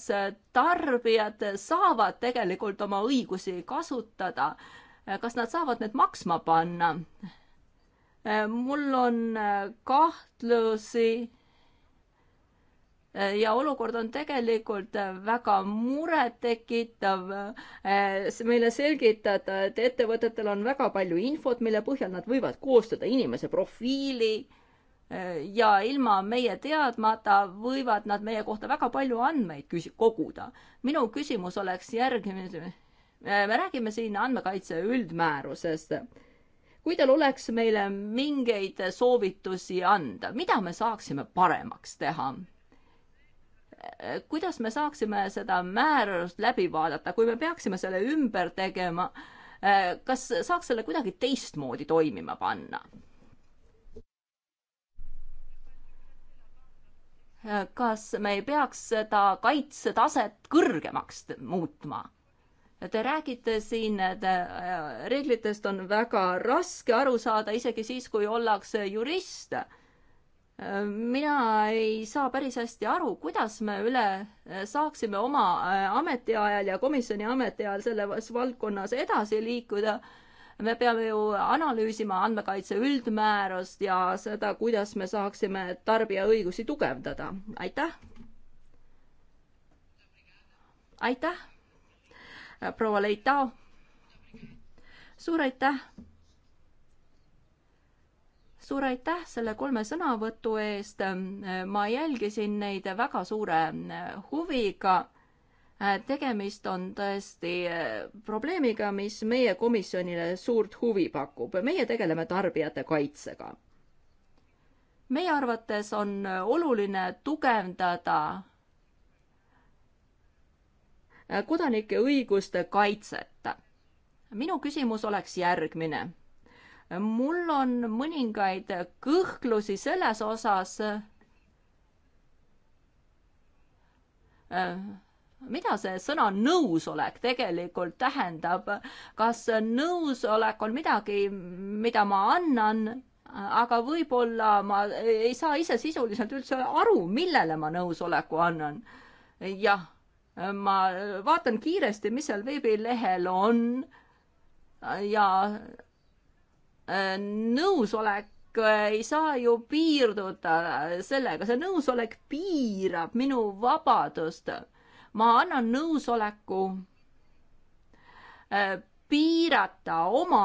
tarbijad saavad tegelikult oma õigusi kasutada, kas nad saavad need maksma panna. mul on kahtlusi ja olukord on tegelikult äh, väga murettekitav. Äh, meile selgitada, et ettevõtetel on väga palju infot, mille põhjal nad võivad koostada inimese profiili äh, ja ilma meie teadmata võivad nad meie kohta väga palju andmeid küsi-, koguda. minu küsimus oleks järgmine. me räägime siin andmekaitse üldmäärusest. kui teil oleks meile mingeid soovitusi anda, mida me saaksime paremaks teha? kuidas me saaksime seda määrust läbi vaadata, kui me peaksime selle ümber tegema, kas saaks selle kuidagi teistmoodi toimima panna? kas me ei peaks seda kaitsetaset kõrgemaks muutma? Te räägite siin, et äh, reeglitest on väga raske aru saada, isegi siis, kui ollakse jurist mina ei saa päris hästi aru, kuidas me üle eh, saaksime oma eh, ametiajal ja komisjoni ametiajal selles valdkonnas edasi liikuda. me peame ju analüüsima andmekaitse üldmäärust ja seda, kuidas me saaksime tarbija õigusi tugevdada. aitäh. aitäh, proua Leitao. suur aitäh suur aitäh selle kolme sõnavõtu eest, ma jälgisin neid väga suure huviga. tegemist on tõesti probleemiga, mis meie komisjonile suurt huvi pakub, meie tegeleme tarbijate kaitsega. meie arvates on oluline tugevdada kodanike õiguste kaitset. minu küsimus oleks järgmine mul on mõningaid kõhklusi selles osas, äh, mida see sõna nõusolek tegelikult tähendab, kas nõusolek on midagi, mida ma annan, aga võib-olla ma ei saa ise sisuliselt üldse aru, millele ma nõusoleku annan. jah, ma vaatan kiiresti, mis seal veebilehel on ja Äh, nõusolek äh, ei saa ju piirduda äh, sellega, see nõusolek piirab minu vabadust. ma annan nõusoleku piirata oma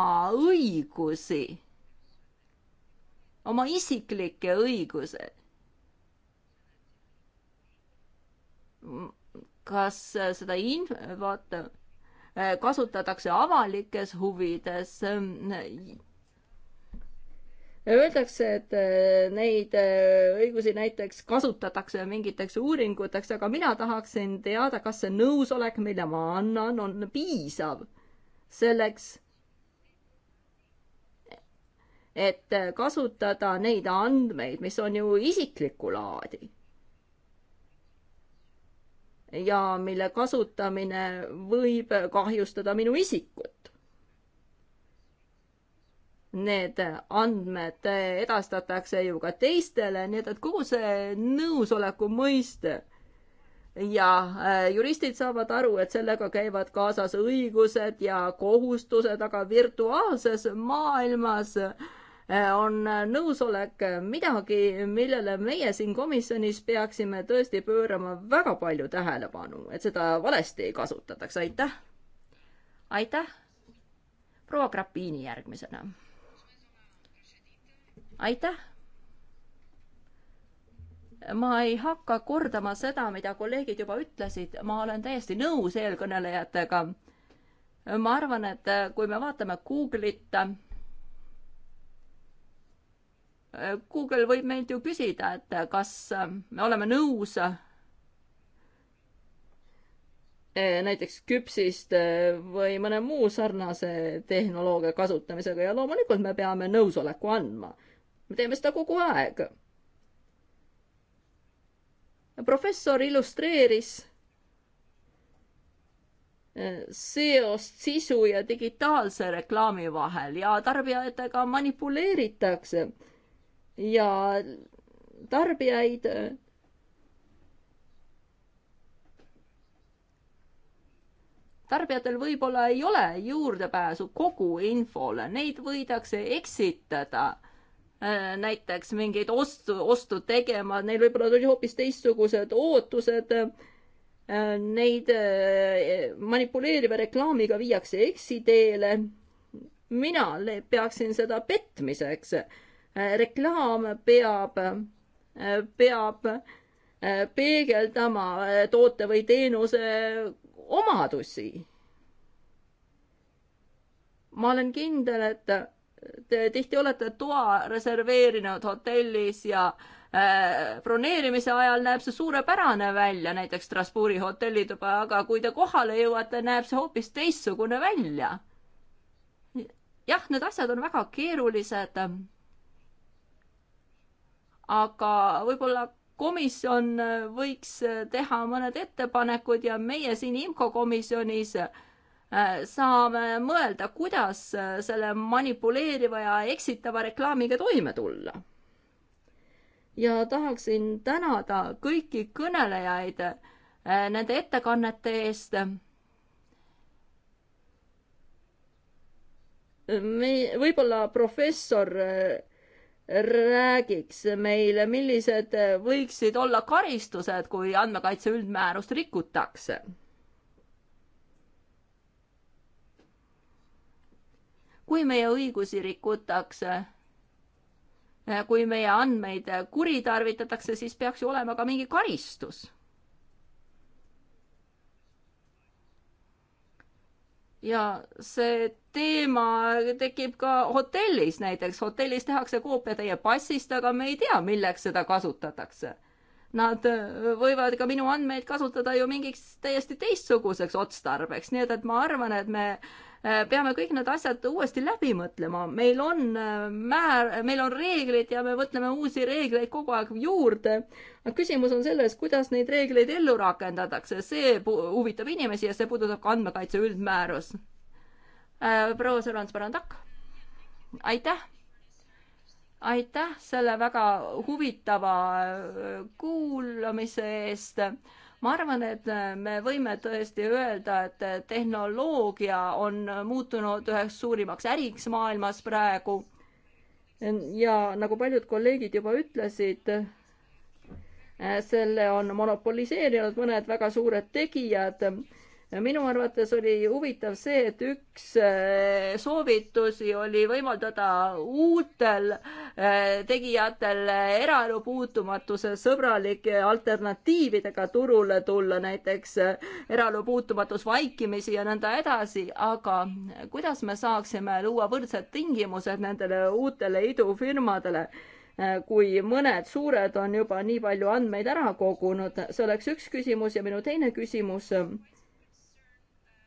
õigusi, oma isiklikke õigusi. kas seda inf-, vaata, kasutatakse avalikes huvides Öeldakse, et äh, neid äh, õigusi näiteks kasutatakse mingiteks uuringuteks, aga mina tahaksin teada, kas see nõusolek, mille ma annan, on piisav selleks, et äh, kasutada neid andmeid, mis on ju isiklikku laadi. ja mille kasutamine võib kahjustada minu isikut need andmed edastatakse ju ka teistele, nii et, et kogu see nõusoleku mõiste ja äh, juristid saavad aru, et sellega käivad kaasas õigused ja kohustused, aga virtuaalses maailmas äh, on nõusolek midagi, millele meie siin komisjonis peaksime tõesti pöörama väga palju tähelepanu, et seda valesti ei kasutataks, aitäh! aitäh! proua Grappini järgmisena aitäh! ma ei hakka kordama seda, mida kolleegid juba ütlesid, ma olen täiesti nõus eelkõnelejatega. ma arvan, et kui me vaatame Google'it, Google võib meilt ju küsida, et kas me oleme nõus eh, näiteks küpsist eh, või mõne muu sarnase tehnoloogia kasutamisega ja loomulikult me peame nõusoleku andma me teeme seda kogu aeg. professor illustreeris eh, seost sisu ja digitaalse reklaami vahel ja tarbijatega manipuleeritakse ja tarbijaid eh, tarbijatel võib-olla ei ole juurdepääsu kogu infole, neid võidakse eksitada Äh, näiteks mingeid ostu, ostu tegema, neil võib-olla olid hoopis teistsugused ootused. Äh, neid äh, manipuleeriva reklaamiga viiakse eksiteele. mina peaksin seda petmiseks. reklaam peab, peab peegeldama toote või teenuse omadusi. ma olen kindel, et te tihti olete toa reserveerinud hotellis ja äh, broneerimise ajal näeb see suurepärane välja, näiteks Strasbourgi hotellituba, aga kui te kohale jõuate, näeb see hoopis teistsugune välja. jah, need asjad on väga keerulised. aga võib-olla komisjon võiks teha mõned ettepanekud ja meie siin IMCO komisjonis äh, Äh, saame mõelda, kuidas äh, selle manipuleeriva ja eksitava reklaamiga toime tulla. ja tahaksin tänada kõiki kõnelejaid äh, nende ettekannete eest me, võib-olla professor räägiks meile, millised võiksid olla karistused, kui andmekaitse üldmäärust rikutakse kui meie õigusi rikutakse, kui meie andmeid kuritarvitatakse, siis peaks ju olema ka mingi karistus. ja see teema tekib ka hotellis näiteks, hotellis tehakse koopia teie passist, aga me ei tea, milleks seda kasutatakse. Nad võivad ka minu andmeid kasutada ju mingiks täiesti teistsuguseks otstarbeks, nii et, et ma arvan, et me äh, Äh, peame kõik need asjad uuesti läbi mõtlema, meil on äh, määr, meil on reeglid ja me mõtleme uusi reegleid kogu aeg juurde. aga küsimus on selles, kuidas neid reegleid ellu rakendatakse, see huvitab inimesi ja see puudutab ka andmekaitse üldmäärus. Äh, proua Sõrans-Parandak, aitäh! aitäh selle väga huvitava kuulamise eest ma arvan, et äh, me võime tõesti öelda, et äh, tehnoloogia on muutunud üheks suurimaks äriks maailmas praegu. ja nagu paljud kolleegid juba ütlesid, äh, selle on monopoliseerinud mõned väga suured tegijad minu arvates oli huvitav see, et üks äh, soovitusi oli võimaldada uutel äh, tegijatel äh, eraelu puutumatuse sõbralike alternatiividega turule tulla, näiteks eraelu puutumatus vaikimisi ja nõnda edasi, aga kuidas me saaksime luua võrdsed tingimused nendele uutele idufirmadele? kui mõned suured on juba nii palju andmeid ära kogunud, see oleks üks küsimus ja minu teine küsimus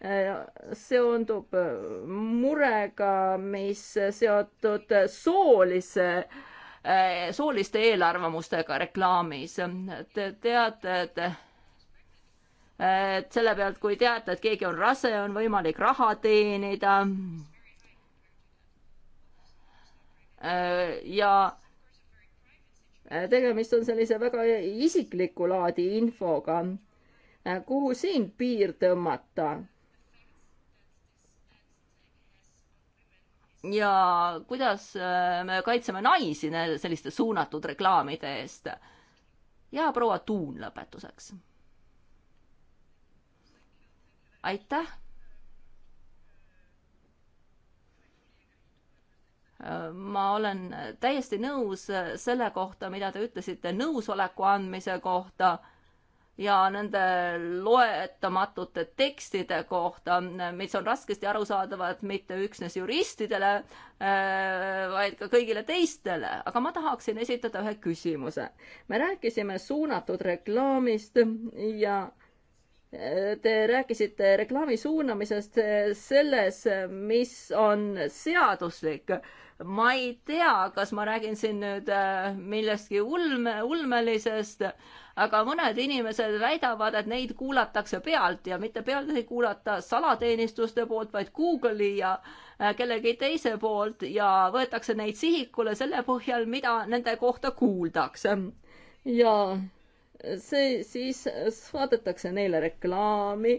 Äh, seondub äh, murega, mis seotud soolise, äh, sooliste eelarvamustega reklaamis. Te teate, et et selle pealt, kui teate, et keegi on rase, on võimalik raha teenida. ja tegemist on sellise väga isikliku laadi infoga. kuhu siin piir tõmmata? ja kuidas äh, me kaitseme naisi selliste suunatud reklaamide eest. ja proua Tuun lõpetuseks. aitäh ma olen täiesti nõus selle kohta, mida te ütlesite nõusoleku andmise kohta ja nende loetamatute tekstide kohta, mis on raskesti arusaadavad mitte üksnes juristidele, äh, vaid ka kõigile teistele. aga ma tahaksin esitada ühe küsimuse. me rääkisime suunatud reklaamist ja äh, Te rääkisite reklaami suunamisest äh, selles, mis on seaduslik ma ei tea, kas ma räägin siin nüüd millestki ulme, ulmelisest, aga mõned inimesed väidavad, et neid kuulatakse pealt ja mitte pealt ei kuulata salateenistuste poolt, vaid Google'i ja äh, kellegi teise poolt ja võetakse neid sihikule selle põhjal, mida nende kohta kuuldakse. ja see siis saadetakse neile reklaami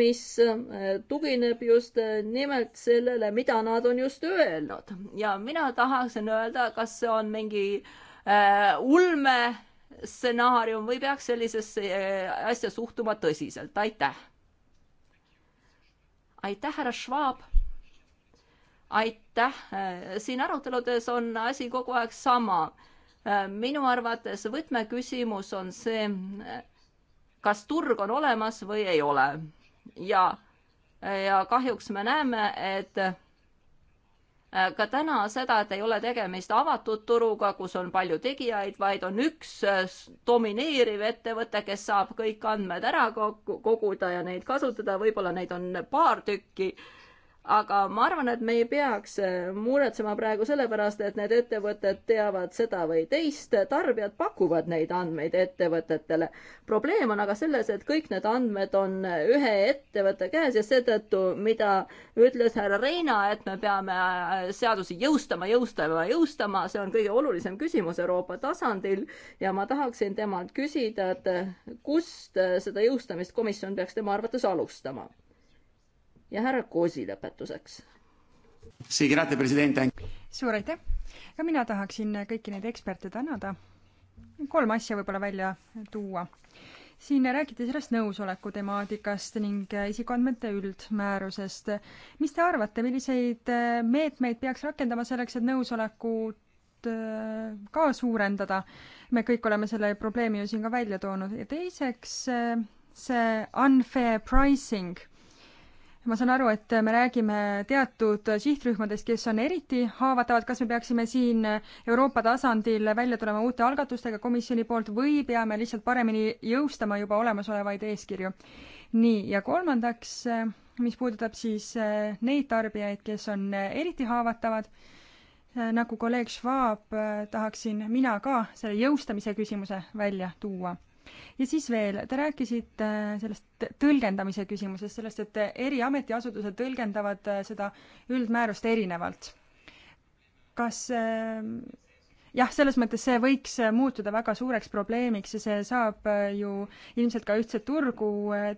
mis äh, tugineb just äh, nimelt sellele, mida nad on just öelnud ja mina tahaksin öelda, kas see on mingi äh, ulme stsenaarium või peaks sellisesse äh, asja suhtuma tõsiselt, aitäh. aitäh, härra Schwab. aitäh, äh, siin aruteludes on asi kogu aeg sama. Äh, minu arvates võtmeküsimus on see, kas turg on olemas või ei ole ja, ja kahjuks me näeme, et Äh, ka täna seda, et ei ole tegemist avatud turuga, kus on palju tegijaid, vaid on üks äh, domineeriv ettevõte, kes saab kõik andmed ära koguda ja neid kasutada, võib-olla neid on paar tükki aga ma arvan, et me ei peaks äh, muretsema praegu sellepärast, et need ettevõtted teavad seda või teist, tarbijad pakuvad neid andmeid ettevõtetele. probleem on aga selles, et kõik need andmed on äh, ühe ettevõtte käes ja seetõttu, mida ütles härra Reina, et me peame äh, seadusi jõustama, jõustama, jõustama, see on kõige olulisem küsimus Euroopa tasandil ja ma tahaksin temalt küsida, et kust seda jõustamist komisjon peaks tema arvates alustama ja härra Koosi lõpetuseks. suur aitäh! ka mina tahaksin kõiki neid eksperte tänada. kolm asja võib-olla välja tuua. siin räägiti sellest nõusoleku temaatikast ning isikuandmete üldmäärusest. mis te arvate, milliseid meetmeid peaks rakendama selleks, et nõusolekut äh, ka suurendada. me kõik oleme selle probleemi ju siin ka välja toonud ja teiseks äh, see unfair pricing ma saan aru, et me räägime teatud sihtrühmadest, kes on eriti haavatavad, kas me peaksime siin Euroopa tasandil välja tulema uute algatustega komisjoni poolt või peame lihtsalt paremini jõustama juba olemasolevaid eeskirju? nii, ja kolmandaks, mis puudutab siis neid tarbijaid, kes on eriti haavatavad, nagu kolleeg Schwab, tahaksin mina ka selle jõustamise küsimuse välja tuua ja siis veel, te rääkisite äh, sellest tõlgendamise küsimusest, sellest, et eri ametiasutused tõlgendavad äh, seda üldmäärust erinevalt. kas äh, jah, selles mõttes see võiks muutuda väga suureks probleemiks ja see saab ju ilmselt ka ühtset turgu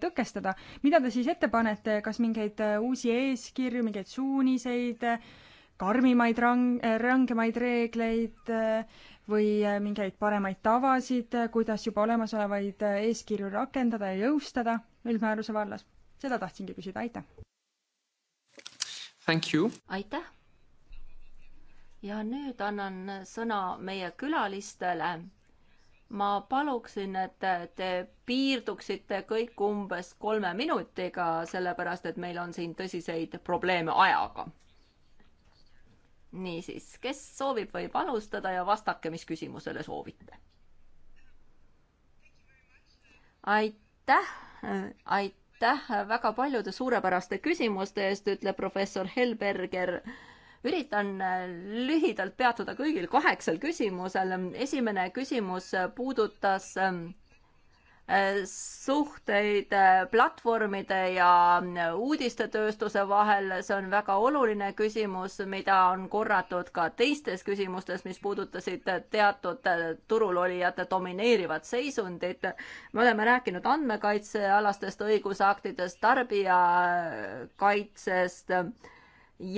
tõkestada. mida te siis ette panete, kas mingeid uusi eeskirju, mingeid suuniseid, karmimaid rang-, rangemaid reegleid, või äh, mingeid paremaid tavasid, äh, kuidas juba olemasolevaid äh, eeskirju rakendada ja jõustada üldmääruse vallas? seda tahtsingi küsida, aitäh! aitäh! ja nüüd annan sõna meie külalistele. ma paluksin, et te piirduksite kõik umbes kolme minutiga, sellepärast et meil on siin tõsiseid probleeme ajaga niisiis, kes soovib, võib alustada ja vastake, mis küsimusele soovite. aitäh, aitäh väga paljude suurepäraste küsimuste eest, ütleb professor Helberger üritan lühidalt peatuda kõigil kaheksal küsimusel. esimene küsimus puudutas ähm, suhteid äh, platvormide ja äh, uudistetööstuse vahel, see on väga oluline küsimus, mida on korratud ka teistes küsimustes, mis puudutasid äh, teatud turulolijate domineerivat seisundit. me oleme rääkinud andmekaitsealastest õigusaktidest, tarbijakaitsest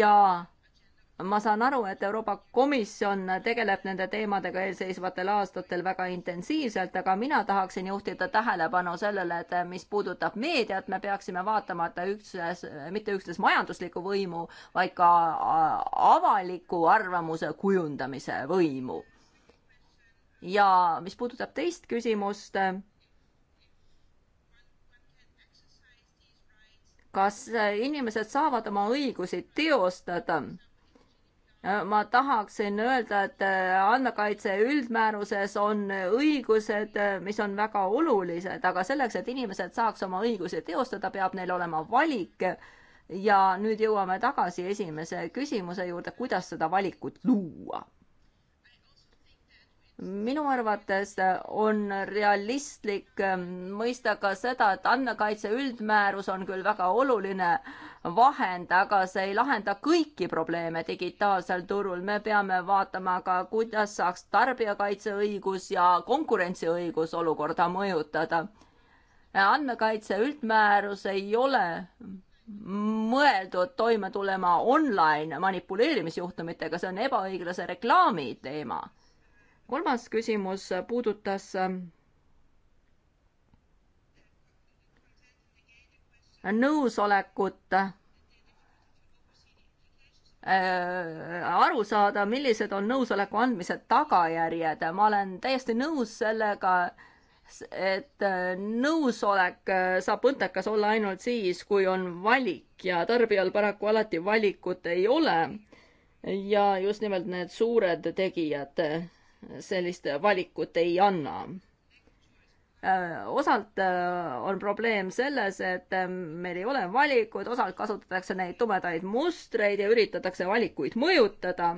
ja ma saan aru, et Euroopa Komisjon tegeleb nende teemadega eelseisvatel aastatel väga intensiivselt, aga mina tahaksin juhtida tähelepanu sellele, et mis puudutab meediat, me peaksime vaatama, et üksnes, mitte üksnes majanduslikku võimu, vaid ka avaliku arvamuse kujundamise võimu. ja mis puudutab teist küsimust, kas inimesed saavad oma õigusi teostada ma tahaksin öelda, et äh, andmekaitse üldmääruses on õigused, äh, mis on väga olulised, aga selleks, et inimesed saaks oma õigusi teostada, peab neil olema valik. ja nüüd jõuame tagasi esimese küsimuse juurde, kuidas seda valikut luua minu arvates äh, on realistlik äh, mõista ka seda, et andmekaitse üldmäärus on küll väga oluline vahend, aga see ei lahenda kõiki probleeme digitaalsel turul. me peame vaatama ka, kuidas saaks tarbijakaitseõigus ja konkurentsiõigus olukorda mõjutada. andmekaitse üldmäärus ei ole mõeldud toime tulema online manipuleerimisjuhtumitega, see on ebaõiglase reklaami teema kolmas küsimus puudutas äh, nõusolekut äh, aru saada, millised on nõusoleku andmise tagajärjed. ma olen täiesti nõus sellega, et äh, nõusolek saab mõttekas olla ainult siis, kui on valik ja tarbijal paraku alati valikut ei ole. ja just nimelt need suured tegijad sellist valikut ei anna äh, osalt äh, on probleem selles, et äh, meil ei ole valikuid, osalt kasutatakse neid tumedaid mustreid ja üritatakse valikuid mõjutada.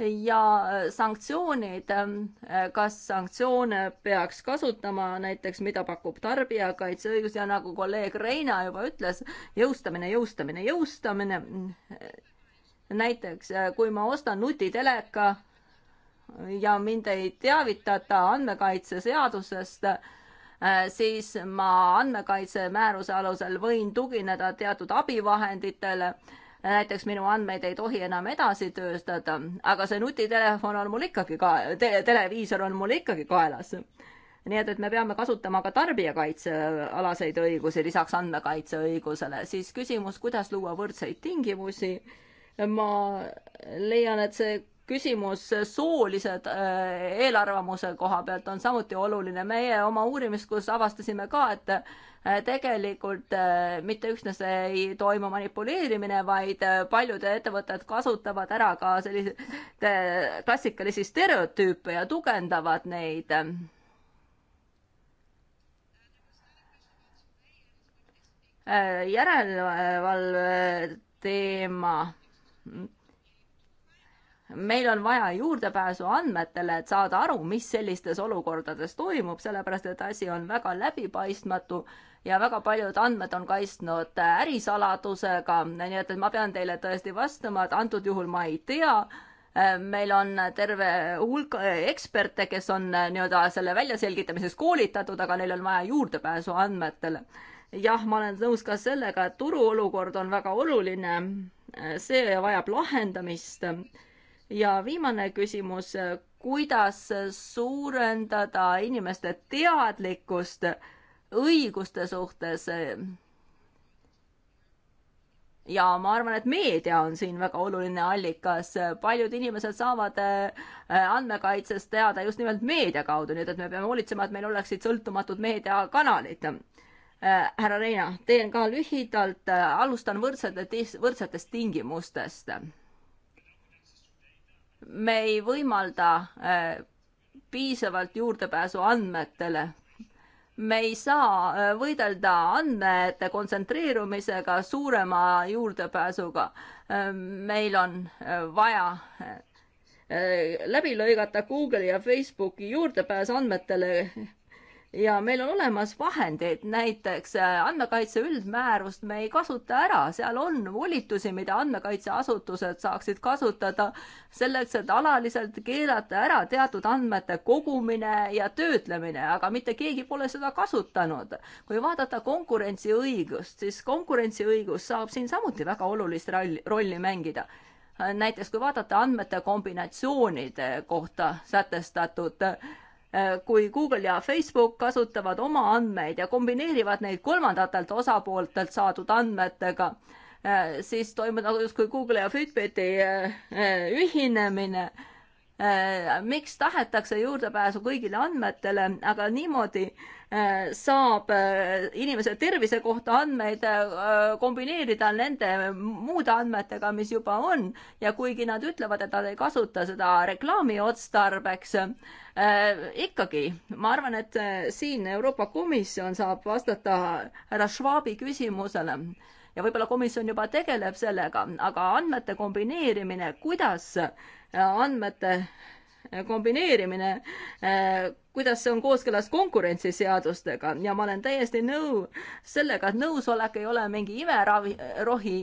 ja sanktsioonid, kas sanktsioone peaks kasutama näiteks, mida pakub tarbijakaitseõigus ja nagu kolleeg Reina juba ütles, jõustamine, jõustamine, jõustamine näiteks kui ma ostan nutiteleka, ja mind ei teavitata andmekaitseseadusest, äh, siis ma andmekaitse määruse alusel võin tugineda teatud abivahenditele, näiteks minu andmeid ei tohi enam edasi tööstada, aga see nutitelefon on mul ikkagi ka- te, televiisor on mul ikkagi kaelas. nii et, et me peame kasutama ka tarbijakaitsealaseid õigusi lisaks andmekaitseõigusele, siis küsimus, kuidas luua võrdseid tingimusi, ma leian, et see küsimus soolised äh, eelarvamuse koha pealt on samuti oluline. meie oma uurimiskus avastasime ka, et äh, tegelikult äh, mitte üksnes ei toimu manipuleerimine, vaid paljud ettevõtted kasutavad ära ka selliseid klassikalisi stereotüüpe ja tugevdavad neid järelevalve teema meil on vaja juurdepääsu andmetele, et saada aru, mis sellistes olukordades toimub, sellepärast et asi on väga läbipaistmatu ja väga paljud andmed on kaitsnud ärisaladusega, nii et, et ma pean teile tõesti vastama, et antud juhul ma ei tea, meil on terve hulk eksperte, kes on nii-öelda selle väljaselgitamises koolitatud, aga neil on vaja juurdepääsu andmetele. jah, ma olen nõus ka sellega, et turuolukord on väga oluline, see vajab lahendamist ja viimane küsimus, kuidas suurendada inimeste teadlikkust õiguste suhtes? ja ma arvan, et meedia on siin väga oluline allikas, paljud inimesed saavad äh, andmekaitsest teada just nimelt meedia kaudu, nii et, et me peame hoolitsema, et meil oleksid sõltumatud meediakanalid äh, härra Reina, teen ka lühidalt, alustan võrdsete, võrdsetest tingimustest me ei võimalda äh, piisavalt juurdepääsu andmetele. me ei saa äh, võidelda andmete kontsentreerumisega, suurema juurdepääsuga. Äh, meil on vaja läbi lõigata Google'i ja Facebooki juurdepääs andmetele ja meil on olemas vahendeid, näiteks äh, andmekaitse üldmäärust me ei kasuta ära, seal on volitusi, mida andmekaitseasutused saaksid kasutada selleks, et alaliselt keelata ära teatud andmete kogumine ja töötlemine, aga mitte keegi pole seda kasutanud. kui vaadata konkurentsiõigust, siis konkurentsiõigus saab siin samuti väga olulist rolli, rolli mängida äh, näiteks kui vaadata andmete kombinatsioonide kohta sätestatud äh, Äh, kui Google ja Facebook kasutavad oma andmeid ja kombineerivad neid kolmandatelt osapooltelt saadud andmetega, äh, siis toimub nagu justkui Google'i ja Fitbiti äh, ühinemine Äh, miks tahetakse juurdepääsu kõigile andmetele, aga niimoodi äh, saab äh, inimese tervise kohta andmeid kombineerida nende muude andmetega, mis juba on ja kuigi nad ütlevad, et nad ei kasuta seda reklaami otstarbeks, ikkagi ma arvan, et siin Euroopa Komisjon saab vastata härra Schwabi küsimusele ja võib-olla komisjon juba tegeleb sellega, aga andmete kombineerimine, kuidas äh, andmete äh, kombineerimine, äh, kuidas see on kooskõlas konkurentsiseadustega ja ma olen täiesti nõu sellega, et nõusolek ei ole mingi imeravi, rohi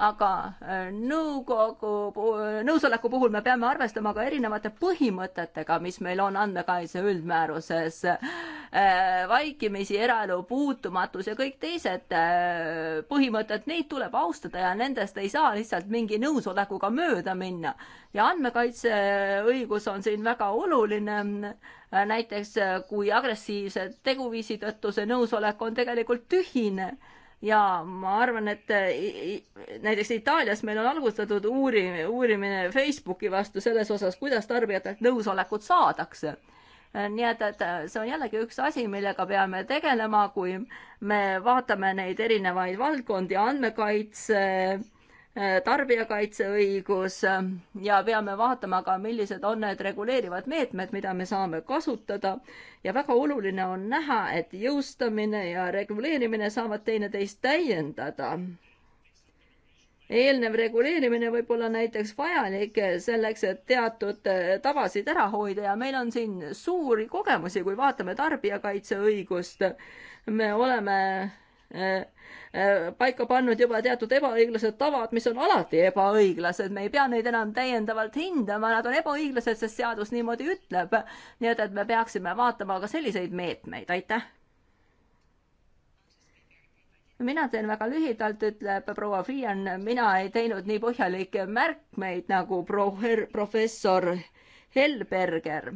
aga äh, nõukogu, nõusoleku puhul me peame arvestama ka erinevate põhimõtetega, mis meil on andmekaitse üldmääruses. Äh, vaikimisi, eraelu puutumatus ja kõik teised äh, põhimõtted, neid tuleb austada ja nendest ei saa lihtsalt mingi nõusolekuga mööda minna. ja andmekaitseõigus on siin väga oluline näiteks kui agressiivse teguviisi tõttu see nõusolek on tegelikult tühine ja ma arvan, et eh, näiteks Itaalias meil on alustatud uurimine, uurimine Facebooki vastu selles osas, kuidas tarbijatelt nõusolekut saadakse. Eh, nii et, et eh, see on jällegi üks asi, millega peame tegelema, kui me vaatame neid erinevaid valdkondi, andmekaitse äh, Äh, tarbijakaitseõigus ähm, ja peame vaatama ka, millised on need reguleerivad meetmed, mida me saame kasutada. ja väga oluline on näha, et jõustamine ja reguleerimine saavad teineteist täiendada eelnev reguleerimine võib olla näiteks vajalik selleks, et teatud äh, tavasid ära hoida ja meil on siin suuri kogemusi, kui vaatame tarbijakaitseõigust. me oleme Äh, äh, paika pannud juba teatud ebaõiglased tavad, mis on alati ebaõiglased, me ei pea neid enam täiendavalt hindama, nad on ebaõiglased, sest seadus niimoodi ütleb. nii et, et me peaksime vaatama ka selliseid meetmeid, aitäh. mina teen väga lühidalt, ütleb proua Freeh'an, mina ei teinud nii põhjalikke märkmeid nagu proher, professor Helberger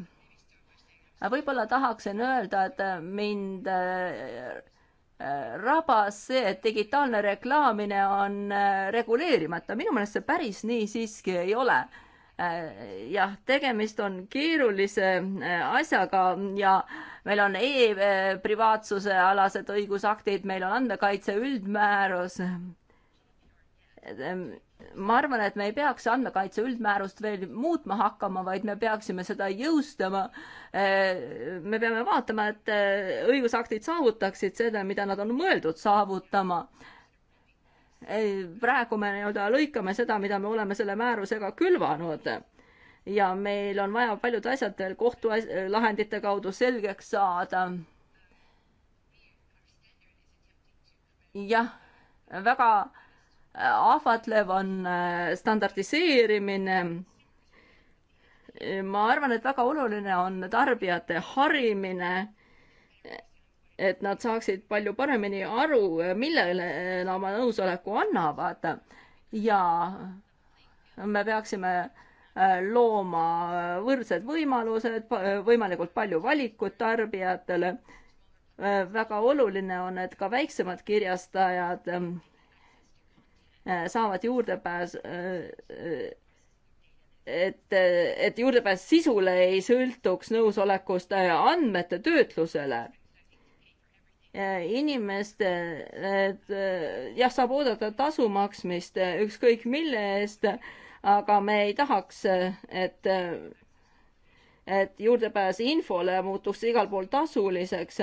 võib-olla tahaksin öelda, et mind äh, rabas see, et digitaalne reklaamine on äh, reguleerimata. minu meelest see päris nii siiski ei ole. Äh, jah, tegemist on keerulise äh, asjaga ja meil on e-privaatsuse alased õigusaktid, meil on andmekaitse üldmäärus ähm, ma arvan, et me ei peaks andmekaitse üldmäärust veel muutma hakkama, vaid me peaksime seda jõustama. Eh, me peame vaatama, et eh, õigusaktid saavutaksid seda, mida nad on mõeldud saavutama. Eh, praegu me nii-öelda lõikame seda, mida me oleme selle määrusega külvanud ja meil on vaja paljud asjad veel kohtulahendite kaudu selgeks saada. jah, väga Äh, ahvatlev on äh, standardiseerimine. ma arvan, et väga oluline on tarbijate harimine, et nad saaksid palju paremini aru, millele nad oma nõusoleku annavad ja me peaksime äh, looma võrdsed võimalused, võimalikult palju valikut tarbijatele. väga oluline on, et ka väiksemad kirjastajad Äh, saavad juurdepääs äh, äh, et, et juurdepääs sisule ei sõltuks nõusolekust andmete töötlusele. inimeste, jah, saab oodata tasu maksmist ükskõik mille eest, aga me ei tahaks, et, et juurdepääs infole muutuks igal pool tasuliseks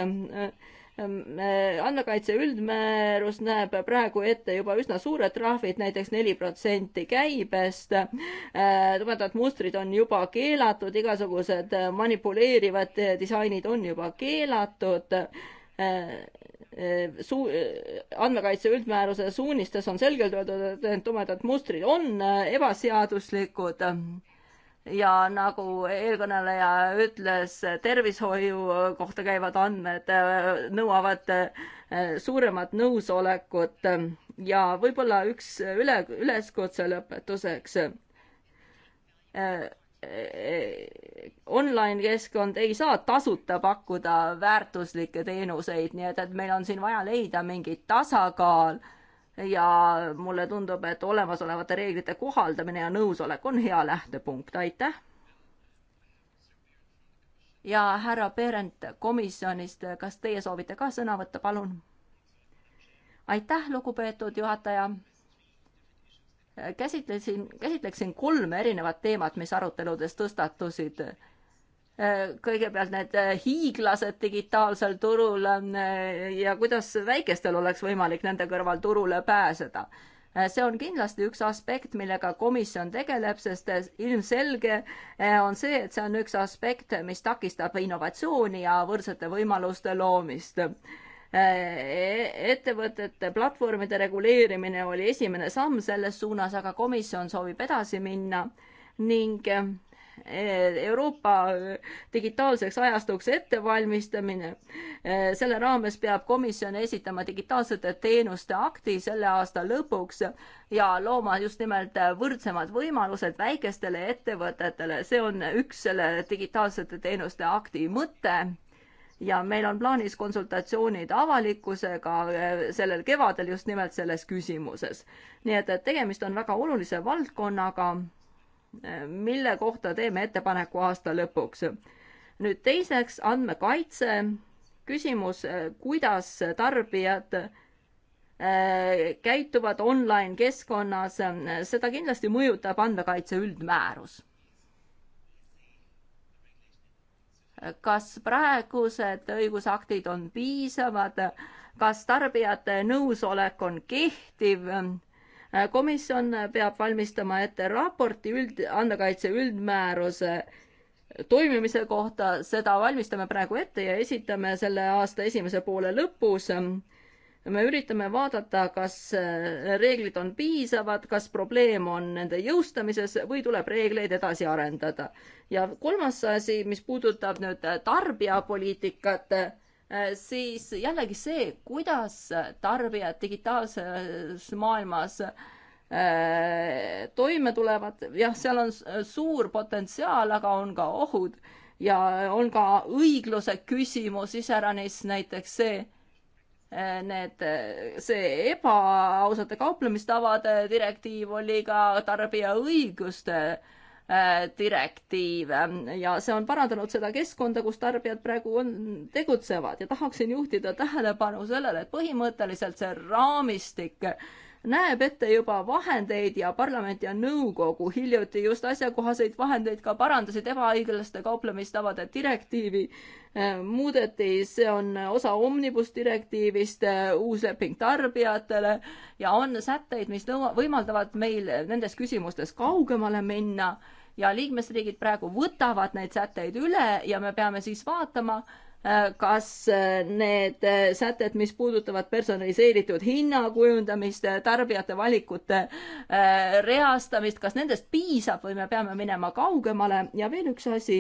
Ehm, eh, andmekaitse üldmäärus näeb praegu ette juba üsna suured trahvid, näiteks neli protsenti käibest. Eh, tubedad mustrid on juba keelatud, igasugused manipuleerivad disainid on juba keelatud eh, suu-, andmekaitse üldmääruse suunistes on selgelt öeldud, et need tumedad mustrid on ebaseaduslikud ja nagu eelkõneleja ütles, tervishoiu kohta käivad andmed äh, nõuavad äh, suuremat nõusolekut ja võib-olla üks üle, üleskutse lõpetuseks. Äh, online keskkond ei saa tasuta pakkuda väärtuslikke teenuseid, nii et, et meil on siin vaja leida mingi tasakaal ja mulle tundub, et olemasolevate reeglite kohaldamine ja nõusolek on hea lähtepunkt, aitäh. ja härra Berend komisjonist, kas teie soovite ka sõna võtta, palun? aitäh, lugupeetud juhataja käsitlesin, käsitleksin kolme erinevat teemat, mis aruteludes tõstatusid kõigepealt need äh, hiiglased digitaalsel turul äh, ja kuidas väikestel oleks võimalik nende kõrval turule pääseda. Äh, see on kindlasti üks aspekt, millega komisjon tegeleb, sest ilmselge on see, et see on üks aspekt, mis takistab innovatsiooni ja võrdsete võimaluste loomist ettevõtete platvormide reguleerimine oli esimene samm selles suunas, aga komisjon soovib edasi minna ning Eh, Euroopa digitaalseks ajastuks ettevalmistamine. Eh, selle raames peab komisjon esitama digitaalsete teenuste akti selle aasta lõpuks ja looma just nimelt võrdsemad võimalused väikestele ettevõtetele. see on üks selle digitaalsete teenuste akti mõte ja meil on plaanis konsultatsioonid avalikkusega eh, sellel kevadel just nimelt selles küsimuses. nii et, et tegemist on väga olulise valdkonnaga mille kohta teeme ettepaneku aasta lõpuks. nüüd teiseks andmekaitse, küsimus, kuidas tarbijad äh, käituvad online keskkonnas, seda kindlasti mõjutab andmekaitse üldmäärus kas praegused õigusaktid on piisavad, kas tarbijate nõusolek on kehtiv komisjon peab valmistama ette raporti üld, andmekaitse üldmääruse toimimise kohta, seda valmistame praegu ette ja esitame selle aasta esimese poole lõpus. me üritame vaadata, kas reeglid on piisavad, kas probleem on nende jõustamises või tuleb reegleid edasi arendada. ja kolmas asi, mis puudutab nüüd tarbijapoliitikat Äh, siis jällegi see, kuidas tarbijad digitaalses maailmas äh, toime tulevad, jah, seal on suur potentsiaal, aga on ka ohud ja on ka õigluse küsimus, iseäranis näiteks see, äh, need, see ebaausate kauplemistavade direktiiv oli ka tarbija õiguste äh, Äh, direktiiv ja see on parandanud seda keskkonda, kus tarbijad praegu on, tegutsevad ja tahaksin juhtida tähelepanu sellele, et põhimõtteliselt see raamistik näeb ette juba vahendeid ja parlament ja nõukogu hiljuti just asjakohaseid vahendeid ka parandasid ebaõiglaste kauplemistavade direktiivi äh, muudeti, see on osa omnibus direktiivist, äh, uus leping tarbijatele ja on sätteid, mis nõua-, võimaldavad meil nendes küsimustes kaugemale minna ja liikmesriigid praegu võtavad neid sätteid üle ja me peame siis vaatama, äh, kas äh, need äh, sätted, mis puudutavad personaliseeritud hinnakujundamist, tarbijate valikute reastamist, kas nendest piisab või me peame minema kaugemale ja veel üks asi,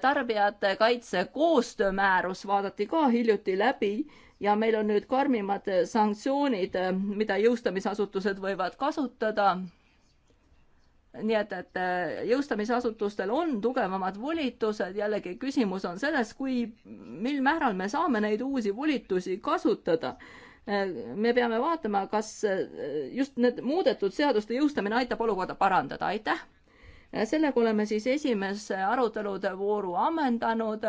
tarbijate kaitse koostöömäärus vaadati ka hiljuti läbi ja meil on nüüd karmimad sanktsioonid, mida jõustamisasutused võivad kasutada nii et, et äh, jõustamisasutustel on tugevamad volitused, jällegi küsimus on selles, kui, mil määral me saame neid uusi volitusi kasutada. Äh, me peame vaatama, kas äh, just need muudetud seaduste jõustamine aitab olukorda parandada, aitäh! sellega oleme siis esimese arutelude vooru ammendanud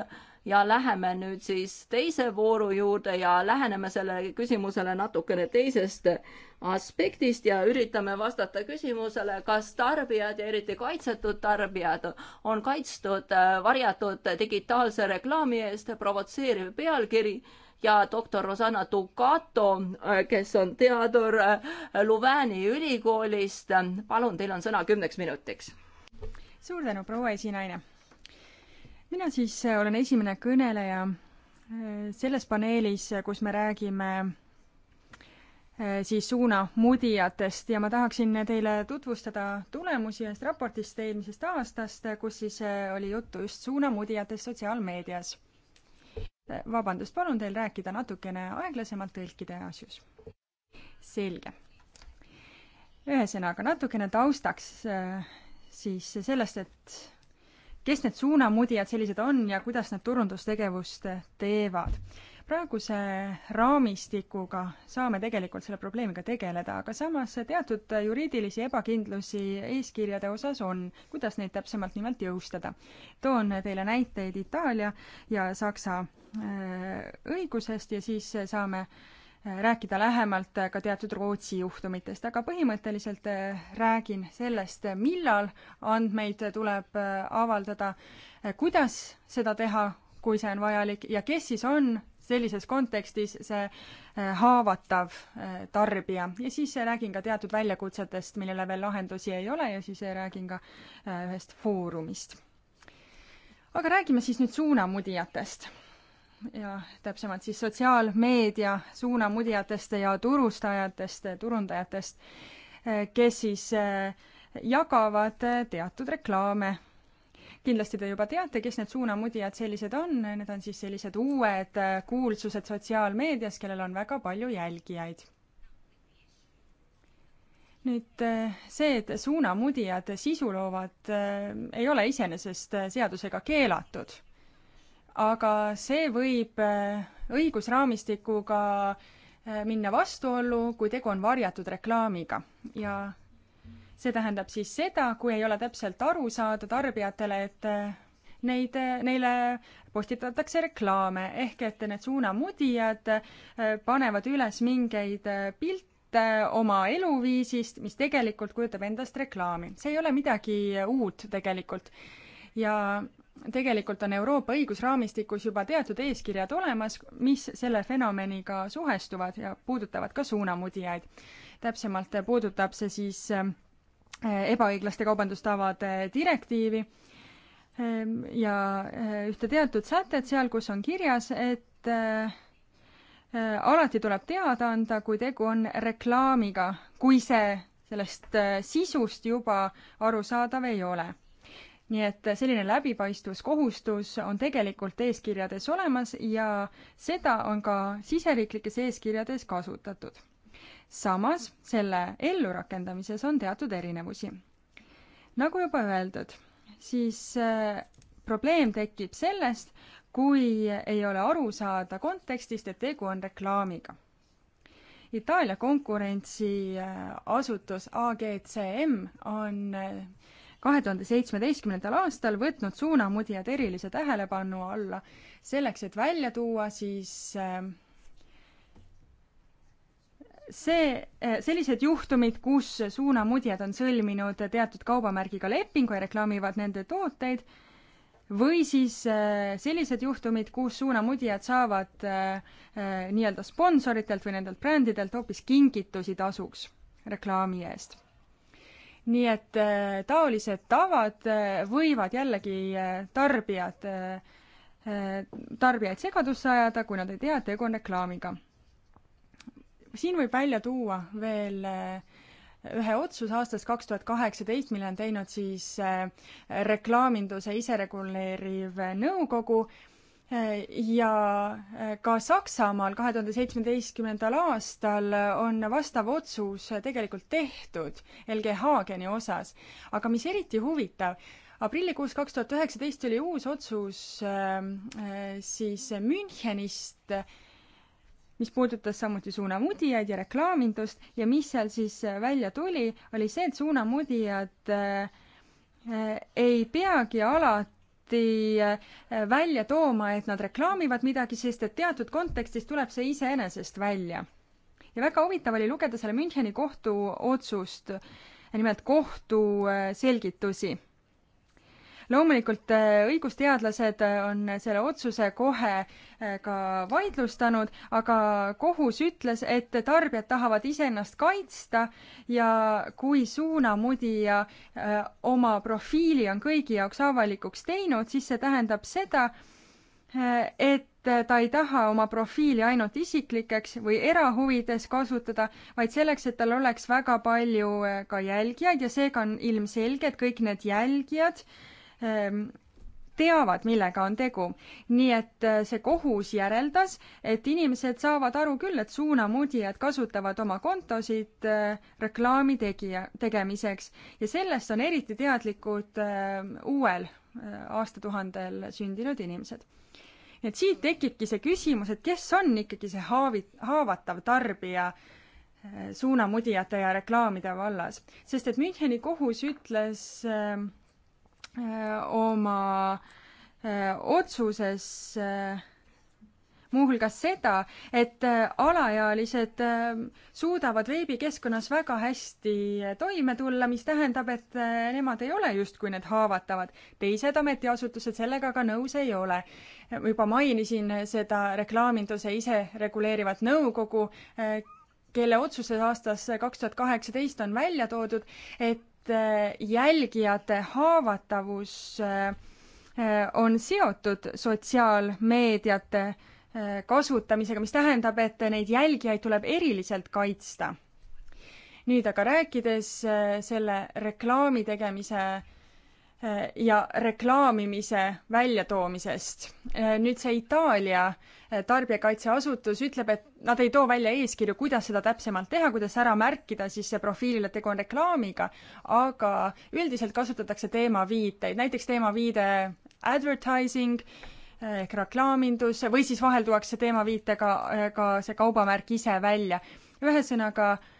ja läheme nüüd siis teise vooru juurde ja läheneme sellele küsimusele natukene teisest aspektist ja üritame vastata küsimusele, kas tarbijad ja eriti kaitsetud tarbijad on kaitstud äh, varjatud digitaalse reklaami eest provotseeriv pealkiri ja doktor Rosanna Ducato, äh, kes on teadur äh, Luvääni ülikoolist. palun, teil on sõna kümneks minutiks. suur tänu, proua esinaine mina siis äh, olen esimene kõneleja äh, selles paneelis, äh, kus me räägime siis suunamudijatest ja ma tahaksin teile tutvustada tulemusi ühest raportist eelmisest aastast, kus siis oli juttu just suunamudijatest sotsiaalmeedias. vabandust, palun teil rääkida natukene aeglasemalt tõlkide asjus. selge. ühesõnaga natukene taustaks siis sellest, et kes need suunamudijad sellised on ja kuidas nad turundustegevust teevad. praeguse raamistikuga saame tegelikult selle probleemiga tegeleda, aga samas teatud juriidilisi ebakindlusi eeskirjade osas on, kuidas neid täpsemalt nimelt jõustada. toon teile näiteid Itaalia ja Saksa äh, õigusest ja siis saame äh, Äh, rääkida lähemalt äh, ka teatud Rootsi juhtumitest, aga põhimõtteliselt äh, räägin sellest, millal andmeid tuleb avaldada, kuidas seda teha, kui see on vajalik ja kes siis on sellises kontekstis see haavatav tarbija ja siis räägin ka teatud väljakutsetest, millele veel lahendusi ei ole ja siis räägin ka ühest foorumist. aga räägime siis nüüd suunamudijatest ja täpsemalt siis sotsiaalmeedia suunamudijatest ja turustajatest, turundajatest, kes siis eh, jagavad teatud reklaame. kindlasti te juba teate, kes need suunamudijad sellised on, need on siis sellised uued eh, kuulsused sotsiaalmeedias, kellel on väga palju jälgijaid nüüd eh, see, et suunamudijad sisu loovad, ei ole iseenesest seadusega keelatud aga see võib äh, õigusraamistikuga äh, minna vastuollu, kui tegu on varjatud reklaamiga ja see tähendab siis seda, kui ei ole täpselt aru saada tarbijatele, et äh, neid, neile postitatakse reklaame, ehk et need suunamudijad panevad üles mingeid pilte oma eluviisist, mis tegelikult kujutab endast reklaami. see ei ole midagi uut tegelikult. ja tegelikult on Euroopa õigusraamistikus juba teatud eeskirjad olemas, mis selle fenomeniga suhestuvad ja puudutavad ka suunamudijaid. täpsemalt puudutab see siis äh, ebaõiglaste kaubandustavade direktiivi ähm, ja äh, ühte teatud sätet seal, kus on kirjas, et äh, alati tuleb teada anda, kui tegu on reklaamiga, kui see sellest sisust juba arusaadav ei ole nii et selline läbipaistvuskohustus on tegelikult eeskirjades olemas ja seda on ka siseriiklikes eeskirjades kasutatud. samas selle ellurakendamises on teatud erinevusi. nagu juba öeldud, siis äh, probleem tekib sellest, kui ei ole aru saada kontekstist, et tegu on reklaamiga. Itaalia konkurentsiasutus äh, AGCM on äh, kahe tuhande seitsmeteistkümnendal aastal võtnud suunamudijad erilise tähelepanu alla selleks, et välja tuua siis äh, see, äh, sellised juhtumid, kus suunamudjad on sõlminud teatud kaubamärgiga lepingu ja reklaamivad nende tooteid, või siis äh, sellised juhtumid, kus suunamudjad saavad nii-öelda sponsoritelt või nendelt brändidelt hoopis kingitusi tasuks reklaami eest nii et äh, taolised tavad äh, võivad jällegi äh, tarbijad, tarbijaid segadusse ajada, kui nad ei tea, et tegu on reklaamiga. siin võib välja tuua veel ühe otsuse aastast kaks tuhat kaheksateist, mille on teinud siis reklaaminduse isereguleeriv nõukogu ja äh, ka Saksamaal kahe tuhande seitsmeteistkümnendal aastal äh, on vastav otsus äh, tegelikult tehtud LG Hageni osas. aga mis eriti huvitav, aprillikuus kaks tuhat üheksateist tuli uus otsus ähm, siis Münchenist, mis puudutas samuti suunamudijaid ja reklaamindust ja mis seal siis välja tuli, oli see, et suunamudijad ei peagi alati tõesti äh, välja tooma, et nad reklaamivad midagi, sest et teatud kontekstis tuleb see iseenesest välja. ja väga huvitav oli lugeda selle Müncheni kohtu otsust, nimelt kohtu äh, selgitusi loomulikult äh, õigusteadlased äh, on selle otsuse kohe äh, ka vaidlustanud, aga kohus ütles, et tarbijad tahavad iseennast kaitsta ja kui suunamudija oma profiili on kõigi jaoks avalikuks teinud, siis see tähendab seda, et ta ei taha oma profiili ainult isiklikeks või erahuvides kasutada, vaid selleks, et tal oleks väga palju ka jälgijaid ja seega on ilmselge, et kõik need jälgijad äh, Ähm, teavad, millega on tegu. nii et äh, see kohus järeldas, et inimesed saavad aru küll, et suunamudjad kasutavad oma kontosid äh, reklaami tegija, tegemiseks ja sellest on eriti teadlikud äh, uuel aastatuhandel sündinud inimesed. et siit tekibki see küsimus, et kes on ikkagi see haavi, haavatav tarbija suunamudjate ja reklaamide vallas, sest et Müncheni kohus ütles äh, Äh, oma äh, otsuses äh, muuhulgas seda, et alaealised suudavad veebikeskkonnas väga hästi toime tulla, mis tähendab, et nemad ei ole justkui need haavatavad. teised ametiasutused sellega ka nõus ei ole. juba mainisin seda reklaaminduse ise reguleerivat nõukogu, kelle otsuses aastast kaks tuhat kaheksateist on välja toodud, et Eh, jälgijate haavatavus eh, eh, on seotud sotsiaalmeediate kasutamisega, mis tähendab, et neid jälgijaid tuleb eriliselt kaitsta. nüüd aga rääkides selle reklaami tegemise Äh, ja reklaamimise väljatoomisest. Äh, nüüd see Itaalia äh, tarbijakaitseasutus ütleb, et nad ei too välja eeskirju, kuidas seda täpsemalt teha, kuidas ära märkida siis profiilil, et tegu on reklaamiga, aga üldiselt kasutatakse teemaviiteid, näiteks teemaviide advertising ehk reklaamindus või siis vahel tuuakse teemaviitega ka see kaubamärk ise välja. ühesõnaga äh,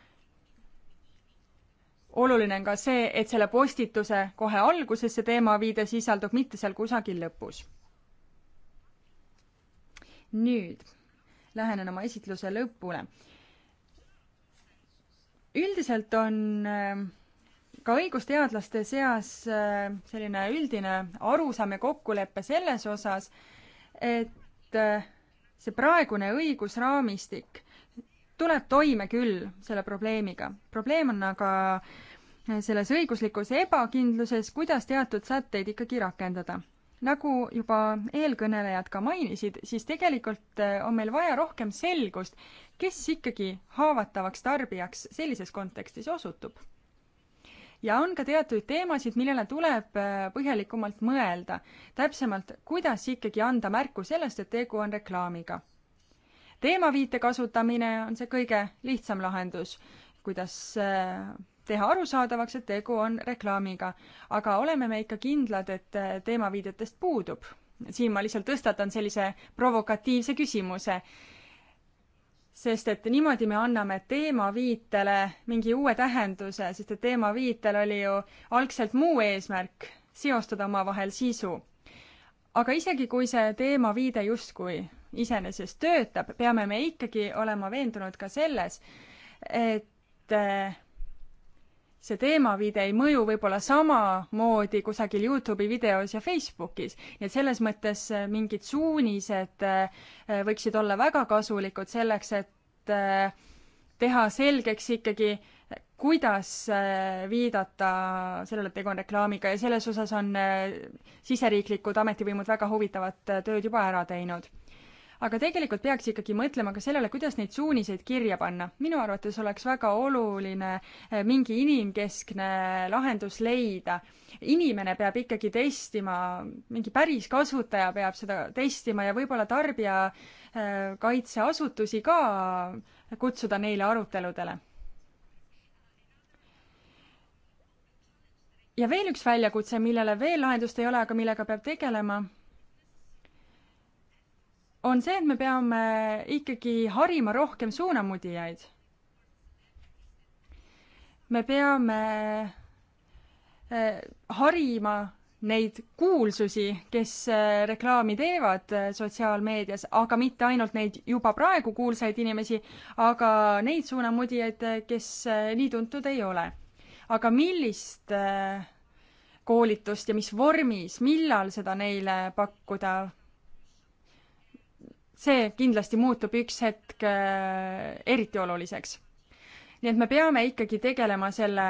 oluline on ka see, et selle postituse kohe alguses see teemaviide sisaldub, mitte seal kusagil lõpus. nüüd lähenen oma esitluse lõpule. üldiselt on äh, ka õigusteadlaste seas äh, selline üldine arusaam ja kokkulepe selles osas, et äh, see praegune õigusraamistik tuleb toime küll selle probleemiga. probleem on aga selles õiguslikus ebakindluses, kuidas teatud sätteid ikkagi rakendada. nagu juba eelkõnelejad ka mainisid, siis tegelikult eh, on meil vaja rohkem selgust, kes ikkagi haavatavaks tarbijaks sellises kontekstis osutub ja on ka teatuid teemasid, millele tuleb eh, põhjalikumalt mõelda. täpsemalt, kuidas ikkagi anda märku sellest, et tegu on reklaamiga teemaviite kasutamine on see kõige lihtsam lahendus, kuidas äh, teha arusaadavaks, et tegu on reklaamiga. aga oleme me ikka kindlad, et äh, teemaviidetest puudub? siin ma lihtsalt tõstatan sellise provokatiivse küsimuse. sest et niimoodi me anname teemaviitele mingi uue tähenduse, sest et teemaviitel oli ju algselt muu eesmärk seostada omavahel sisu aga isegi, kui see teemaviide justkui iseenesest töötab, peame me ikkagi olema veendunud ka selles, et eh, see teemaviide ei mõju võib-olla samamoodi kusagil Youtube'i videos ja Facebookis. nii et selles mõttes eh, mingid suunised eh, võiksid olla väga kasulikud selleks, et teha selgeks ikkagi, kuidas äh, viidata sellele, et tegu on reklaamiga ja selles osas on äh, siseriiklikud ametivõimud väga huvitavat äh, tööd juba ära teinud. aga tegelikult peaks ikkagi mõtlema ka sellele, kuidas neid suuniseid kirja panna. minu arvates oleks väga oluline mingi inimkeskne lahendus leida. inimene peab ikkagi testima, mingi päris kasutaja peab seda testima ja võib-olla tarbijakaitseasutusi ka kutsuda neile aruteludele ja veel üks väljakutse, millele veel lahendust ei ole, aga millega peab tegelema, on see, et me peame ikkagi harima rohkem suunamudijaid. me peame eh, harima neid kuulsusi, kes eh, reklaami teevad eh, sotsiaalmeedias, aga mitte ainult neid juba praegu kuulsaid inimesi, aga neid suunamudijaid, kes nii tuntud ei ole aga millist äh, koolitust ja mis vormis, millal seda neile pakkuda? see kindlasti muutub üks hetk äh, eriti oluliseks. nii et me peame ikkagi tegelema selle,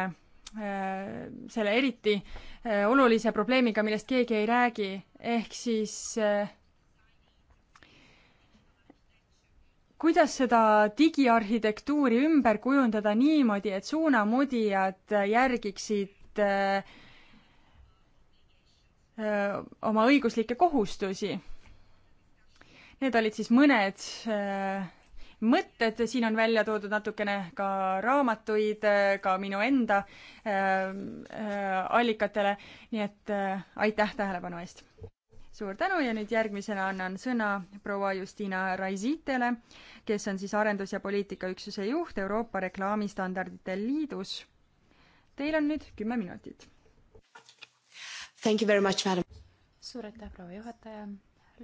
äh, selle eriti olulise probleemiga, millest keegi ei räägi, ehk siis äh, kuidas seda digiarhitektuuri ümber kujundada niimoodi, et suunamudijad järgiksid äh, äh, oma õiguslikke kohustusi? Need olid siis mõned äh, mõtted, siin on välja toodud natukene ka raamatuid, ka minu enda allikatele, nii et aitäh tähelepanu eest! suur tänu ja nüüd järgmisena annan sõna proua Justina Raisitele, kes on siis arendus- ja poliitikaüksuse juht Euroopa Reklaamistandardite Liidus. Teil on nüüd kümme minutit. Thank you very much, madam. suur aitäh, proua juhataja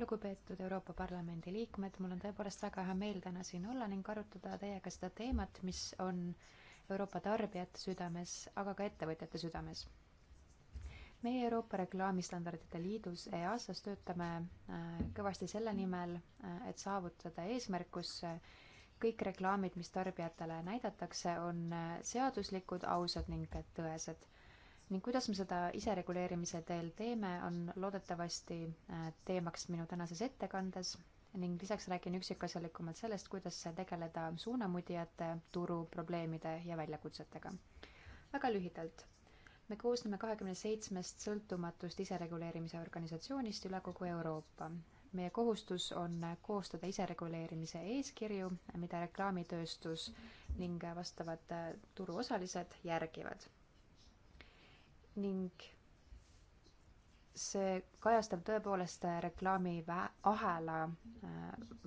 lugupeetud Euroopa Parlamendi liikmed, mul on tõepoolest väga hea meel täna siin olla ning arutada teiega seda teemat, mis on Euroopa tarbijate südames, aga ka ettevõtjate südames meie Euroopa Reklaamistandardite Liidus EASA-s töötame äh, kõvasti selle nimel, äh, et saavutada eesmärk, kus äh, kõik reklaamid, mis tarbijatele näidatakse, on seaduslikud, ausad ning tõesed. ning kuidas me seda isereguleerimise teel teeme, on loodetavasti teemaks minu tänases ettekandes ning lisaks räägin üksikasjalikumalt sellest, kuidas tegeleda suunamudijate, turu probleemide ja väljakutsetega. väga lühidalt me koosneme kahekümne seitsmest sõltumatust isereguleerimise organisatsioonist üle kogu Euroopa. meie kohustus on koostada isereguleerimise eeskirju, mida reklaamitööstus ning vastavad turuosalised järgivad. ning see kajastab tõepoolest reklaami vä-, ahela äh,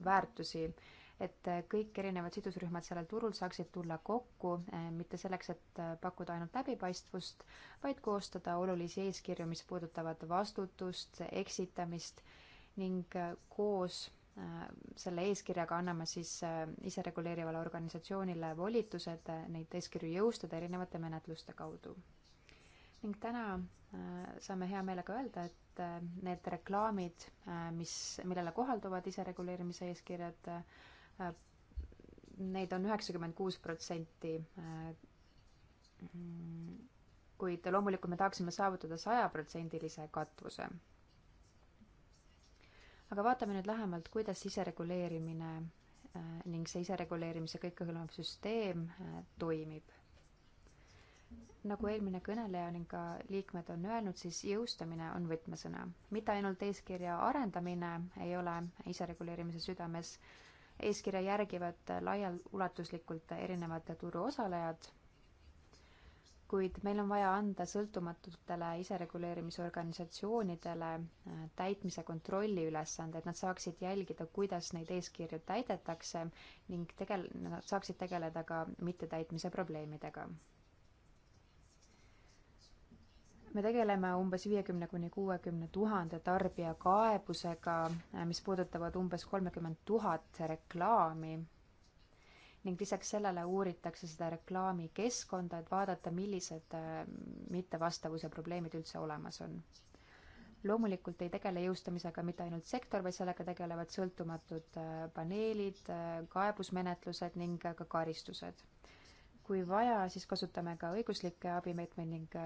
väärtusi äh, et äh, kõik erinevad sidusrühmad sellel turul saaksid tulla kokku, äh, mitte selleks, et äh, pakkuda ainult läbipaistvust, vaid koostada olulisi eeskirju, mis puudutavad vastutust, eksitamist ning koos selle eeskirjaga anname siis isereguleerivale organisatsioonile volitused neid eeskirju jõustada erinevate menetluste kaudu. ning täna saame hea meelega öelda, et need reklaamid, mis, millele kohalduvad isereguleerimise eeskirjad, Neid on üheksakümmend kuus protsenti. kuid loomulikult me tahaksime saavutada sajaprotsendilise katvuse. aga vaatame nüüd lähemalt, kuidas sisereguleerimine äh, ning see isereguleerimise kõikehõlmav süsteem äh, toimib nagu eelmine kõneleja ning ka liikmed on öelnud, siis jõustamine on võtmesõna. mitte ainult eeskirja arendamine ei ole isereguleerimise südames, eeskirja järgivad laiaulatuslikult erinevad turuosalejad, kuid meil on vaja anda sõltumatutele isereguleerimisorganisatsioonidele äh, täitmise kontrolli ülesande, et nad saaksid jälgida, kuidas neid eeskirju täidetakse ning tegel-, nad saaksid tegeleda ka mittetäitmise probleemidega me tegeleme umbes viiekümne kuni kuuekümne tuhande tarbija kaebusega, äh, mis puudutavad umbes kolmekümmend tuhat reklaami. ning lisaks sellele uuritakse seda reklaamikeskkonda, et vaadata, millised äh, mittevastavuse probleemid üldse olemas on. loomulikult ei tegele jõustamisega mitte ainult sektor, vaid sellega tegelevad sõltumatud äh, paneelid, kaebusmenetlused ning ka karistused kui vaja, siis kasutame ka õiguslikke abimeetmeid ning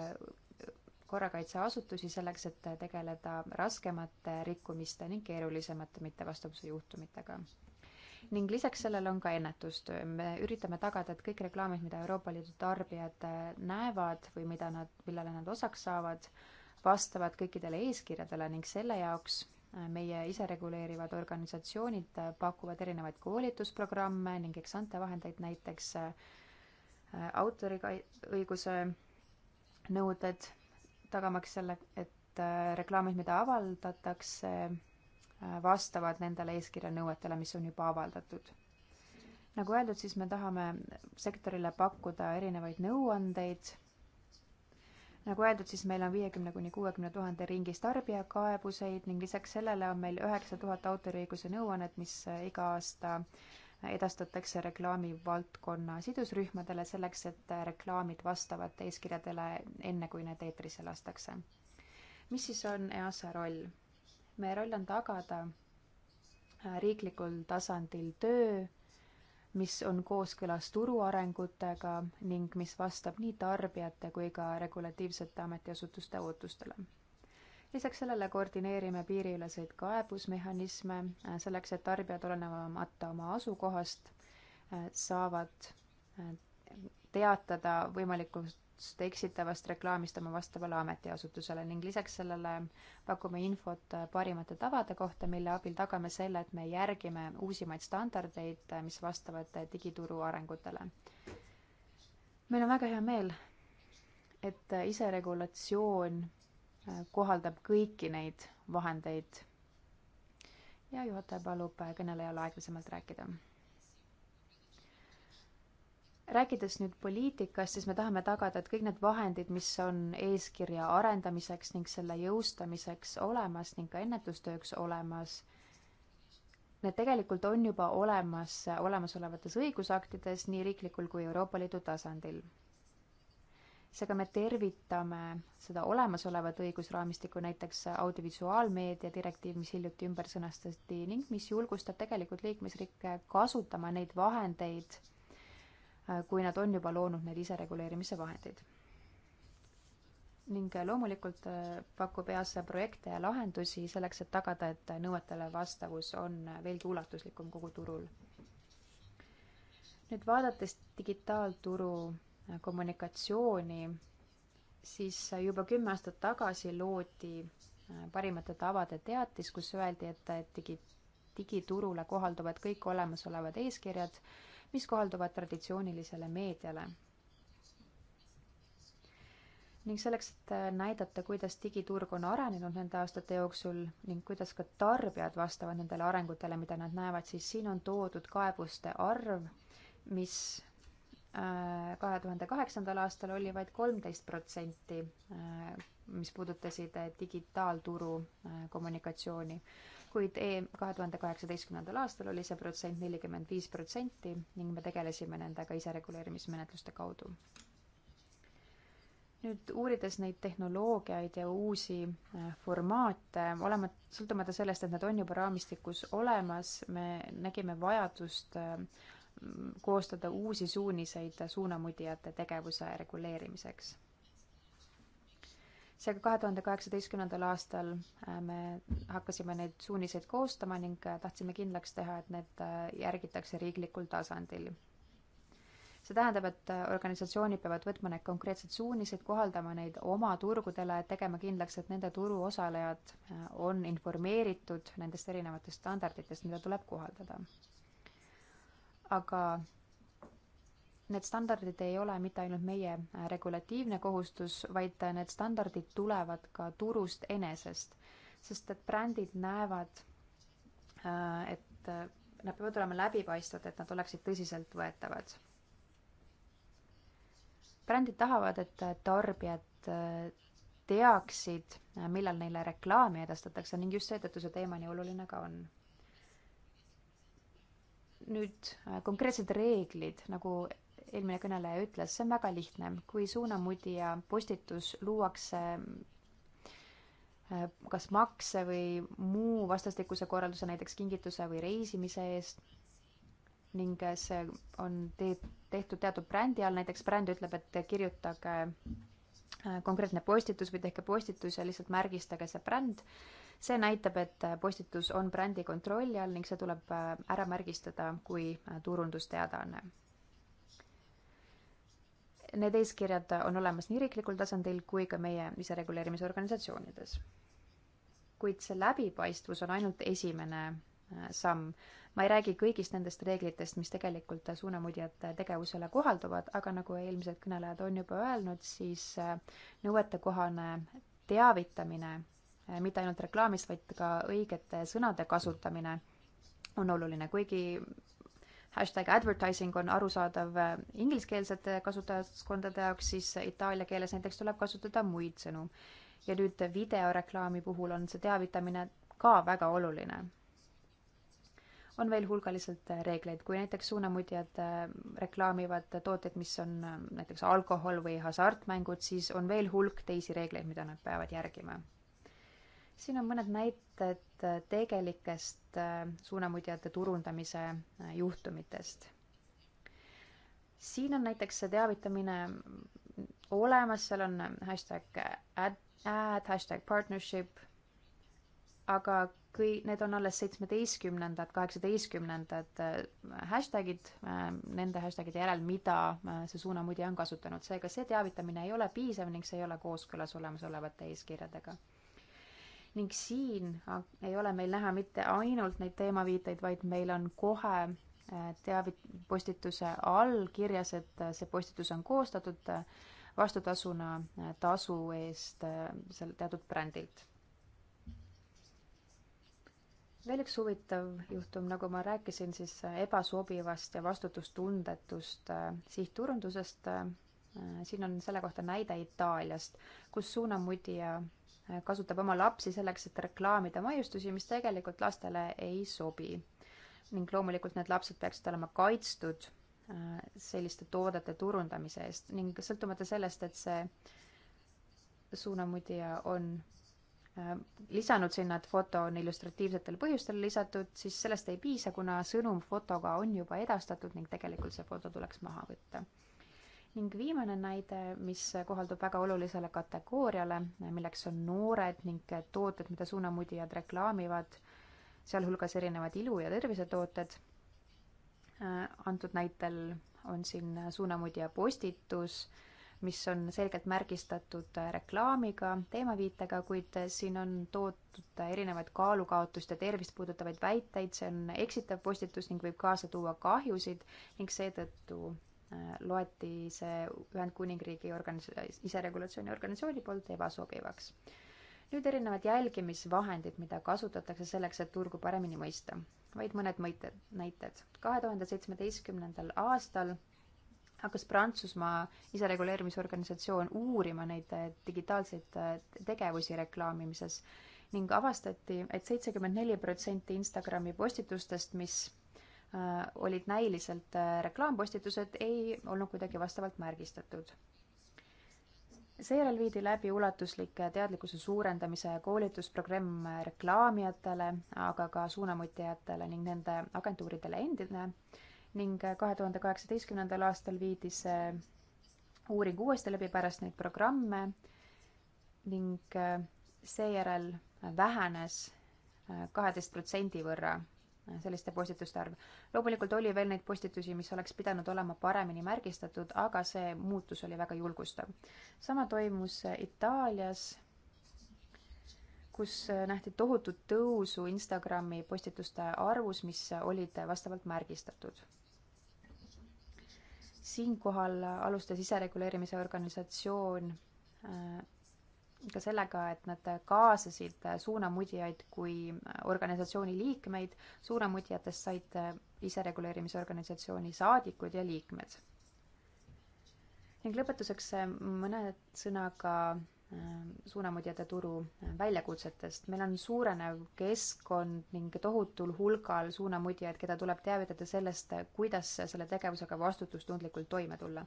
korrakaitseasutusi selleks, et tegeleda raskemate rikkumiste ning keerulisemate mittevastuvuse juhtumitega. ning lisaks sellele on ka ennetustöö. me üritame tagada, et kõik reklaamid, mida Euroopa Liidu tarbijad äh, näevad või mida nad, millele nad osaks saavad, vastavad kõikidele eeskirjadele ning selle jaoks äh, meie isereguleerivad organisatsioonid äh, pakuvad erinevaid koolitusprogramme ning eksante vahendeid, näiteks autoriõiguse nõuded tagamaks selle, et äh, reklaamid, mida avaldatakse, äh, vastavad nendele eeskirja nõuetele, mis on juba avaldatud. nagu öeldud, siis me tahame sektorile pakkuda erinevaid nõuandeid. nagu öeldud, siis meil on viiekümne kuni kuuekümne tuhande ringis tarbijakaebuseid ning lisaks sellele on meil üheksa tuhat autoriõiguse nõuannet, mis äh, iga aasta äh, edastatakse reklaami valdkonna sidusrühmadele selleks, et reklaamid vastavad eeskirjadele enne, kui need eetrisse lastakse. mis siis on EASA roll? meie roll on tagada riiklikul tasandil töö, mis on kooskõlas turu arengutega ning mis vastab nii tarbijate kui ka regulatiivsete ametiasutuste ootustele lisaks sellele koordineerime piiriüleseid kaebusmehhanisme äh, selleks, et tarbijad olenemata oma asukohast äh, saavad äh, teatada võimalikust eksitavast reklaamist oma vastavale ametiasutusele ning lisaks sellele pakume infot parimate tavade kohta, mille abil tagame selle, et me järgime uusimaid standardeid, mis vastavad digituru arengutele. meil on väga hea meel, et iseregulatsioon Äh, kohaldab kõiki neid vahendeid. ja juhataja palub äh, kõnelejal aeglasemalt rääkida. rääkides nüüd poliitikast, siis me tahame tagada, et kõik need vahendid, mis on eeskirja arendamiseks ning selle jõustamiseks olemas ning ka ennetustööks olemas, need tegelikult on juba olemas äh, olemasolevates õigusaktides nii riiklikul kui Euroopa Liidu tasandil seega me tervitame seda olemasolevat õigusraamistikku, näiteks audiovisuaalmeedia direktiiv, mis hiljuti ümber sõnastati ning mis julgustab tegelikult liikmesriike kasutama neid vahendeid, kui nad on juba loonud need isereguleerimise vahendeid. ning loomulikult äh, pakub EAS projekte ja lahendusi selleks, et tagada, et nõuetele vastavus on veelgi ulatuslikum kogu turul. nüüd vaadates digitaalturu kommunikatsiooni, siis juba kümme aastat tagasi loodi äh, parimate tavade teatis, kus öeldi, et digi, digiturule kohalduvad kõik olemasolevad eeskirjad, mis kohalduvad traditsioonilisele meediale. ning selleks, et äh, näidata, kuidas digiturg on arenenud nende aastate jooksul ning kuidas ka tarbijad vastavad nendele arengutele, mida nad näevad, siis siin on toodud kaebuste arv, mis kahe tuhande kaheksandal aastal oli vaid kolmteist protsenti, äh, mis puudutasid äh, digitaalturu äh, kommunikatsiooni, kuid e kahe tuhande kaheksateistkümnendal aastal oli see protsent nelikümmend viis protsenti ning me tegelesime nendega isereguleerimismenetluste kaudu. nüüd uurides neid tehnoloogiaid ja uusi formaate, olema, sõltumata sellest, et nad on juba raamistikus olemas, me nägime vajadust koostada uusi suuniseid suunamudijate tegevuse reguleerimiseks. seega kahe tuhande kaheksateistkümnendal aastal äh, me hakkasime neid suuniseid koostama ning äh, tahtsime kindlaks teha, et need äh, järgitakse riiklikul tasandil. see tähendab, et organisatsioonid peavad võtma need konkreetsed suunised, kohaldama neid oma turgudele, tegema kindlaks, et nende turu osalejad on informeeritud nendest erinevatest standarditest, mida tuleb kohaldada aga need standardid ei ole mitte ainult meie äh, regulatiivne kohustus, vaid äh, need standardid tulevad ka turust enesest, sest et brändid näevad, äh, et nad peavad olema läbipaistvad, et nad oleksid tõsiseltvõetavad. brändid tahavad, et tarbijad teaksid, millal neile reklaami edastatakse ning just seetõttu see teema nii oluline ka on nüüd äh, konkreetsed reeglid, nagu eelmine kõneleja ütles, see on väga lihtne. kui suunamudija postitus luuakse äh, kas makse või muu vastastikuse korralduse, näiteks kingituse või reisimise eest ning äh, see on te-, tehtud teatud brändi all, näiteks bränd ütleb, et kirjutage konkreetne postitus või tehke postitus ja lihtsalt märgistage see bränd see näitab, et äh, postitus on brändi kontrolli all ning see tuleb äh, ära märgistada kui äh, turundusteadaanne. Need eeskirjad on olemas nii riiklikul tasandil kui ka meie isereguleerimisorganisatsioonides. kuid see läbipaistvus on ainult esimene samm. ma ei räägi kõigist nendest reeglitest, mis tegelikult suunamudjate tegevusele kohalduvad, aga nagu eelmised kõnelejad on juba öelnud, siis nõuetekohane teavitamine Äh, mitte ainult reklaamis, vaid ka õigete sõnade kasutamine on oluline, kuigi hashtag advertising on arusaadav äh, ingliskeelsete kasutajaskondade jaoks, siis itaalia keeles näiteks tuleb kasutada muid sõnu. ja nüüd videoreklaami puhul on see teavitamine ka väga oluline. on veel hulgaliselt äh, reegleid, kui näiteks suunamudjad reklaamivad tooteid, mis on näiteks alkohol või hasartmängud, siis on veel hulk teisi reegleid, mida nad peavad järgima siin on mõned näited äh, tegelikest äh, suunamudjate turundamise äh, juhtumitest. siin on näiteks see teavitamine mm, olemas, seal on hashtag ad, ad, hashtag partnership, aga kui need on alles seitsmeteistkümnendad, kaheksateistkümnendad hashtagid, nende hashtagide järel, mida see suunamudja on kasutanud, seega see teavitamine ei ole piisav ning see ei ole kooskõlas olemasolevate eeskirjadega ning siin ei ole meil näha mitte ainult neid teemaviiteid, vaid meil on kohe äh, teavit-, postituse all kirjas, et äh, see postitus on koostatud äh, vastutasuna tasu eest seal teatud brändilt. veel üks huvitav juhtum, nagu ma rääkisin, siis ebasobivast ja vastutustundetust sihtturundusest. siin on selle kohta näide Itaaliast, kus suunamudija kasutab oma lapsi selleks, et reklaamida maiustusi, mis tegelikult lastele ei sobi. ning loomulikult need lapsed peaksid olema kaitstud äh, selliste toodete turundamise eest ning sõltumata sellest, et see suunamudija on äh, lisanud sinna, et foto on illustratiivsetel põhjustel lisatud, siis sellest ei piisa, kuna sõnum fotoga on juba edastatud ning tegelikult see foto tuleks maha võtta ning viimane näide, mis kohaldub väga olulisele kategooriale, milleks on noored ning tooted, mida suunamudijad reklaamivad, sealhulgas erinevad ilu- ja tervisetooted. antud näitel on siin suunamudija postitus, mis on selgelt märgistatud reklaamiga, teemaviitega, kuid siin on toodud erinevaid kaalukaotust ja tervist puudutavaid väiteid, see on eksitav postitus ning võib kaasa tuua kahjusid ning seetõttu Äh, loeti see Ühendkuningriigi organis-, iseregulatsiooni organisatsiooni poolt ebasobivaks. nüüd erinevad jälgimisvahendid, mida kasutatakse selleks, et turgu paremini mõista. vaid mõned mõited, näited. kahe tuhande seitsmeteistkümnendal aastal hakkas Prantsusmaa isereguleerimisorganisatsioon uurima neid äh, digitaalseid äh, tegevusi reklaamimises ning avastati et, et seitsekümmend neli protsenti Instagrami postitustest, mis Äh, olid näiliselt äh, reklaampostitused, ei olnud kuidagi vastavalt märgistatud. seejärel viidi läbi ulatuslik teadlikkuse suurendamise koolitusprogramm äh, reklaamijatele, aga ka suunamutjajatele ning nende agentuuridele endile ning kahe tuhande kaheksateistkümnendal aastal viidi see uuring uuesti läbi pärast neid programme ning seejärel vähenes kaheteist protsendi võrra selliste postituste arv. loomulikult oli veel neid postitusi, mis oleks pidanud olema paremini märgistatud, aga see muutus oli väga julgustav. sama toimus Itaalias, kus nähti tohutut tõusu Instagrami postituste arvus, mis olid vastavalt märgistatud. siinkohal alustas isereguleerimise organisatsioon äh, ka sellega, et nad kaasasid suunamudjaid kui organisatsiooni liikmeid. suunamudjatest said isereguleerimisorganisatsiooni saadikud ja liikmed. ning lõpetuseks mõned sõnaga äh, suunamudjate turu väljakutsetest. meil on suurenev keskkond ning tohutul hulgal suunamudjaid, keda tuleb teavitada sellest, kuidas selle tegevusega vastutustundlikult toime tulla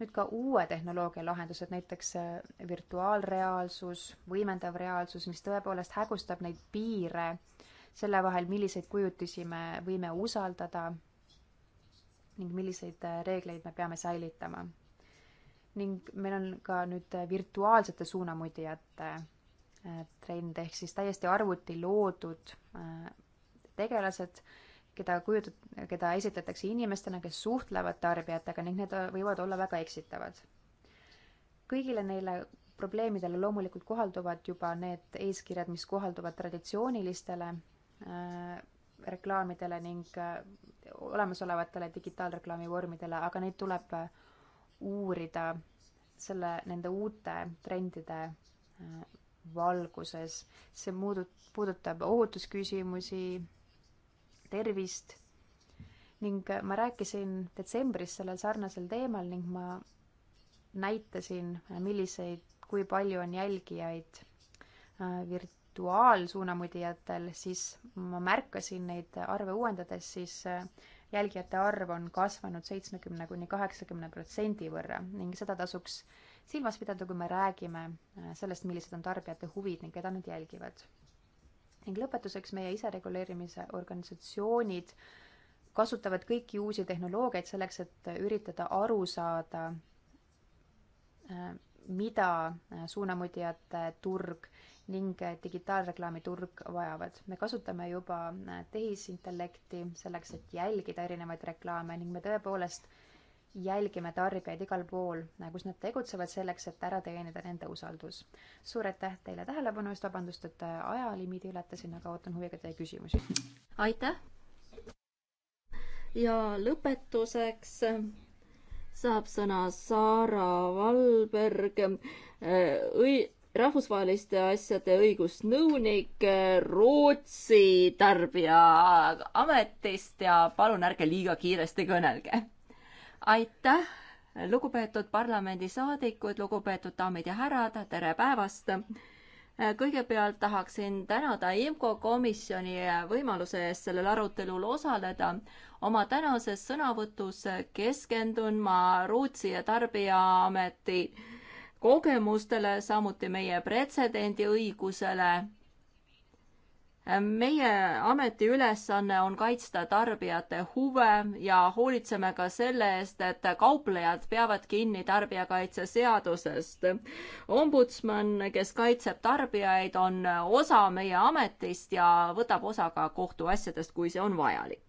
nüüd ka uue tehnoloogia lahendused, näiteks äh, virtuaalreaalsus, võimendav reaalsus, mis tõepoolest hägustab neid piire selle vahel, milliseid kujutisi me võime usaldada ning milliseid äh, reegleid me peame säilitama. ning meil on ka nüüd äh, virtuaalsete suunamudjate trend ehk siis täiesti arvuti loodud tegelased keda kujutat-, keda esitatakse inimestena, kes suhtlevad tarbijatega ning need võivad olla väga eksitavad. kõigile neile probleemidele loomulikult kohalduvad juba need eeskirjad, mis kohalduvad traditsioonilistele äh, reklaamidele ning äh, olemasolevatele digitaalreklaami vormidele, aga neid tuleb äh, uurida selle, nende uute trendide äh, valguses. see muudu-, puudutab ohutusküsimusi, tervist ning ma rääkisin detsembris sellel sarnasel teemal ning ma näitasin, milliseid, kui palju on jälgijaid äh, virtuaalsuunamudijatel, siis ma märkasin neid arve uuendades, siis äh, jälgijate arv on kasvanud seitsmekümne kuni kaheksakümne protsendi võrra ning seda tasuks silmas pidada, kui me räägime äh, sellest, millised on tarbijate huvid ning keda nad jälgivad ning lõpetuseks meie isereguleerimise organisatsioonid kasutavad kõiki uusi tehnoloogiaid selleks, et üritada aru saada, äh, mida äh, suunamudjate turg ning äh, digitaalreklaami turg vajavad. me kasutame juba tehisintellekti selleks, et jälgida erinevaid reklaame ning me tõepoolest jälgime tarbijaid igal pool, kus nagu nad tegutsevad, selleks et ära teenida nende usaldus. suur aitäh teile tähelepanu eest, vabandust, et ajalimiidi ületasin, aga ootan huviga teie küsimusi. aitäh! ja lõpetuseks saab sõna Saara Valberg, äh, õi-, rahvusvaheliste asjade õigusnõunik äh, Rootsi tarbijaametist ja palun ärge liiga kiiresti kõnelge aitäh, lugupeetud parlamendisaadikud, lugupeetud daamid ja härrad, tere päevast! kõigepealt tahaksin tänada IMCO komisjoni võimaluse eest sellel arutelul osaleda. oma tänases sõnavõtus keskendun ma Rootsi ja Tarbijaameti kogemustele, samuti meie pretsedendiõigusele meie ametiülesanne on kaitsta tarbijate huve ja hoolitseme ka selle eest, et kauplejad peavad kinni tarbijakaitseseadusest. ombudsman, kes kaitseb tarbijaid, on osa meie ametist ja võtab osa ka kohtuasjadest, kui see on vajalik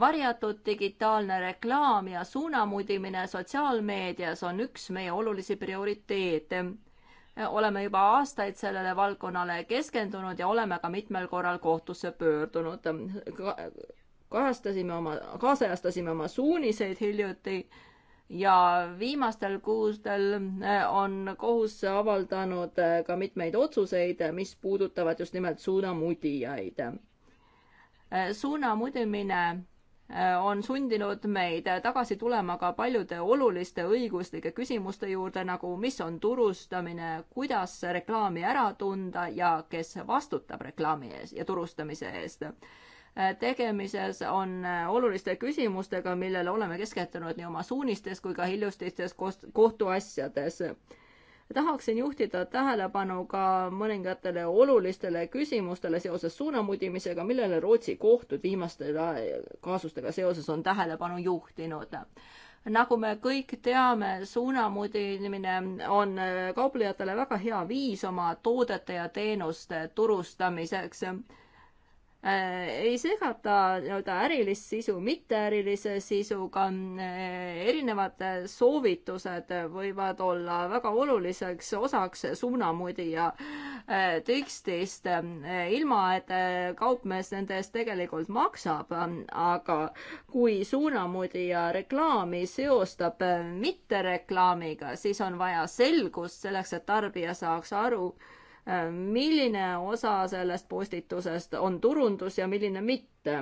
varjatud digitaalne reklaam ja suunamudimine sotsiaalmeedias on üks meie olulisi prioriteete oleme juba aastaid sellele valdkonnale keskendunud ja oleme ka mitmel korral kohtusse pöördunud. kajastasime oma, kaasajastasime oma suuniseid hiljuti ja viimastel kuudel äh, on kohus avaldanud äh, ka mitmeid otsuseid, mis puudutavad just nimelt suunamudjaid. Äh, suunamudimine Äh, on sundinud meid tagasi tulema ka paljude oluliste õiguslike küsimuste juurde, nagu mis on turustamine, kuidas reklaami ära tunda ja kes vastutab reklaami ees ja turustamise eest äh, tegemises on äh, oluliste küsimustega, millele oleme keskendunud nii oma suunistes kui ka hiljutistes kohtuasjades tahaksin juhtida tähelepanu ka mõningatele olulistele küsimustele seoses suunamudimisega, millele Rootsi kohtud viimaste kaasustega seoses on tähelepanu juhtinud nagu me kõik teame, suunamudimine on äh, kauplejatele väga hea viis oma toodete ja teenuste turustamiseks Äh, ei segata nii-öelda ärilist sisu mitteärilise sisuga, äh, erinevad äh, soovitused võivad olla väga oluliseks osaks suunamudija tekstist, ilma et kaupmees nende eest tegelikult maksab, aga kui suunamudija reklaami seostab mittereklaamiga, siis on vaja selgust selleks, et tarbija saaks aru, milline osa sellest postitusest on turundus ja milline mitte.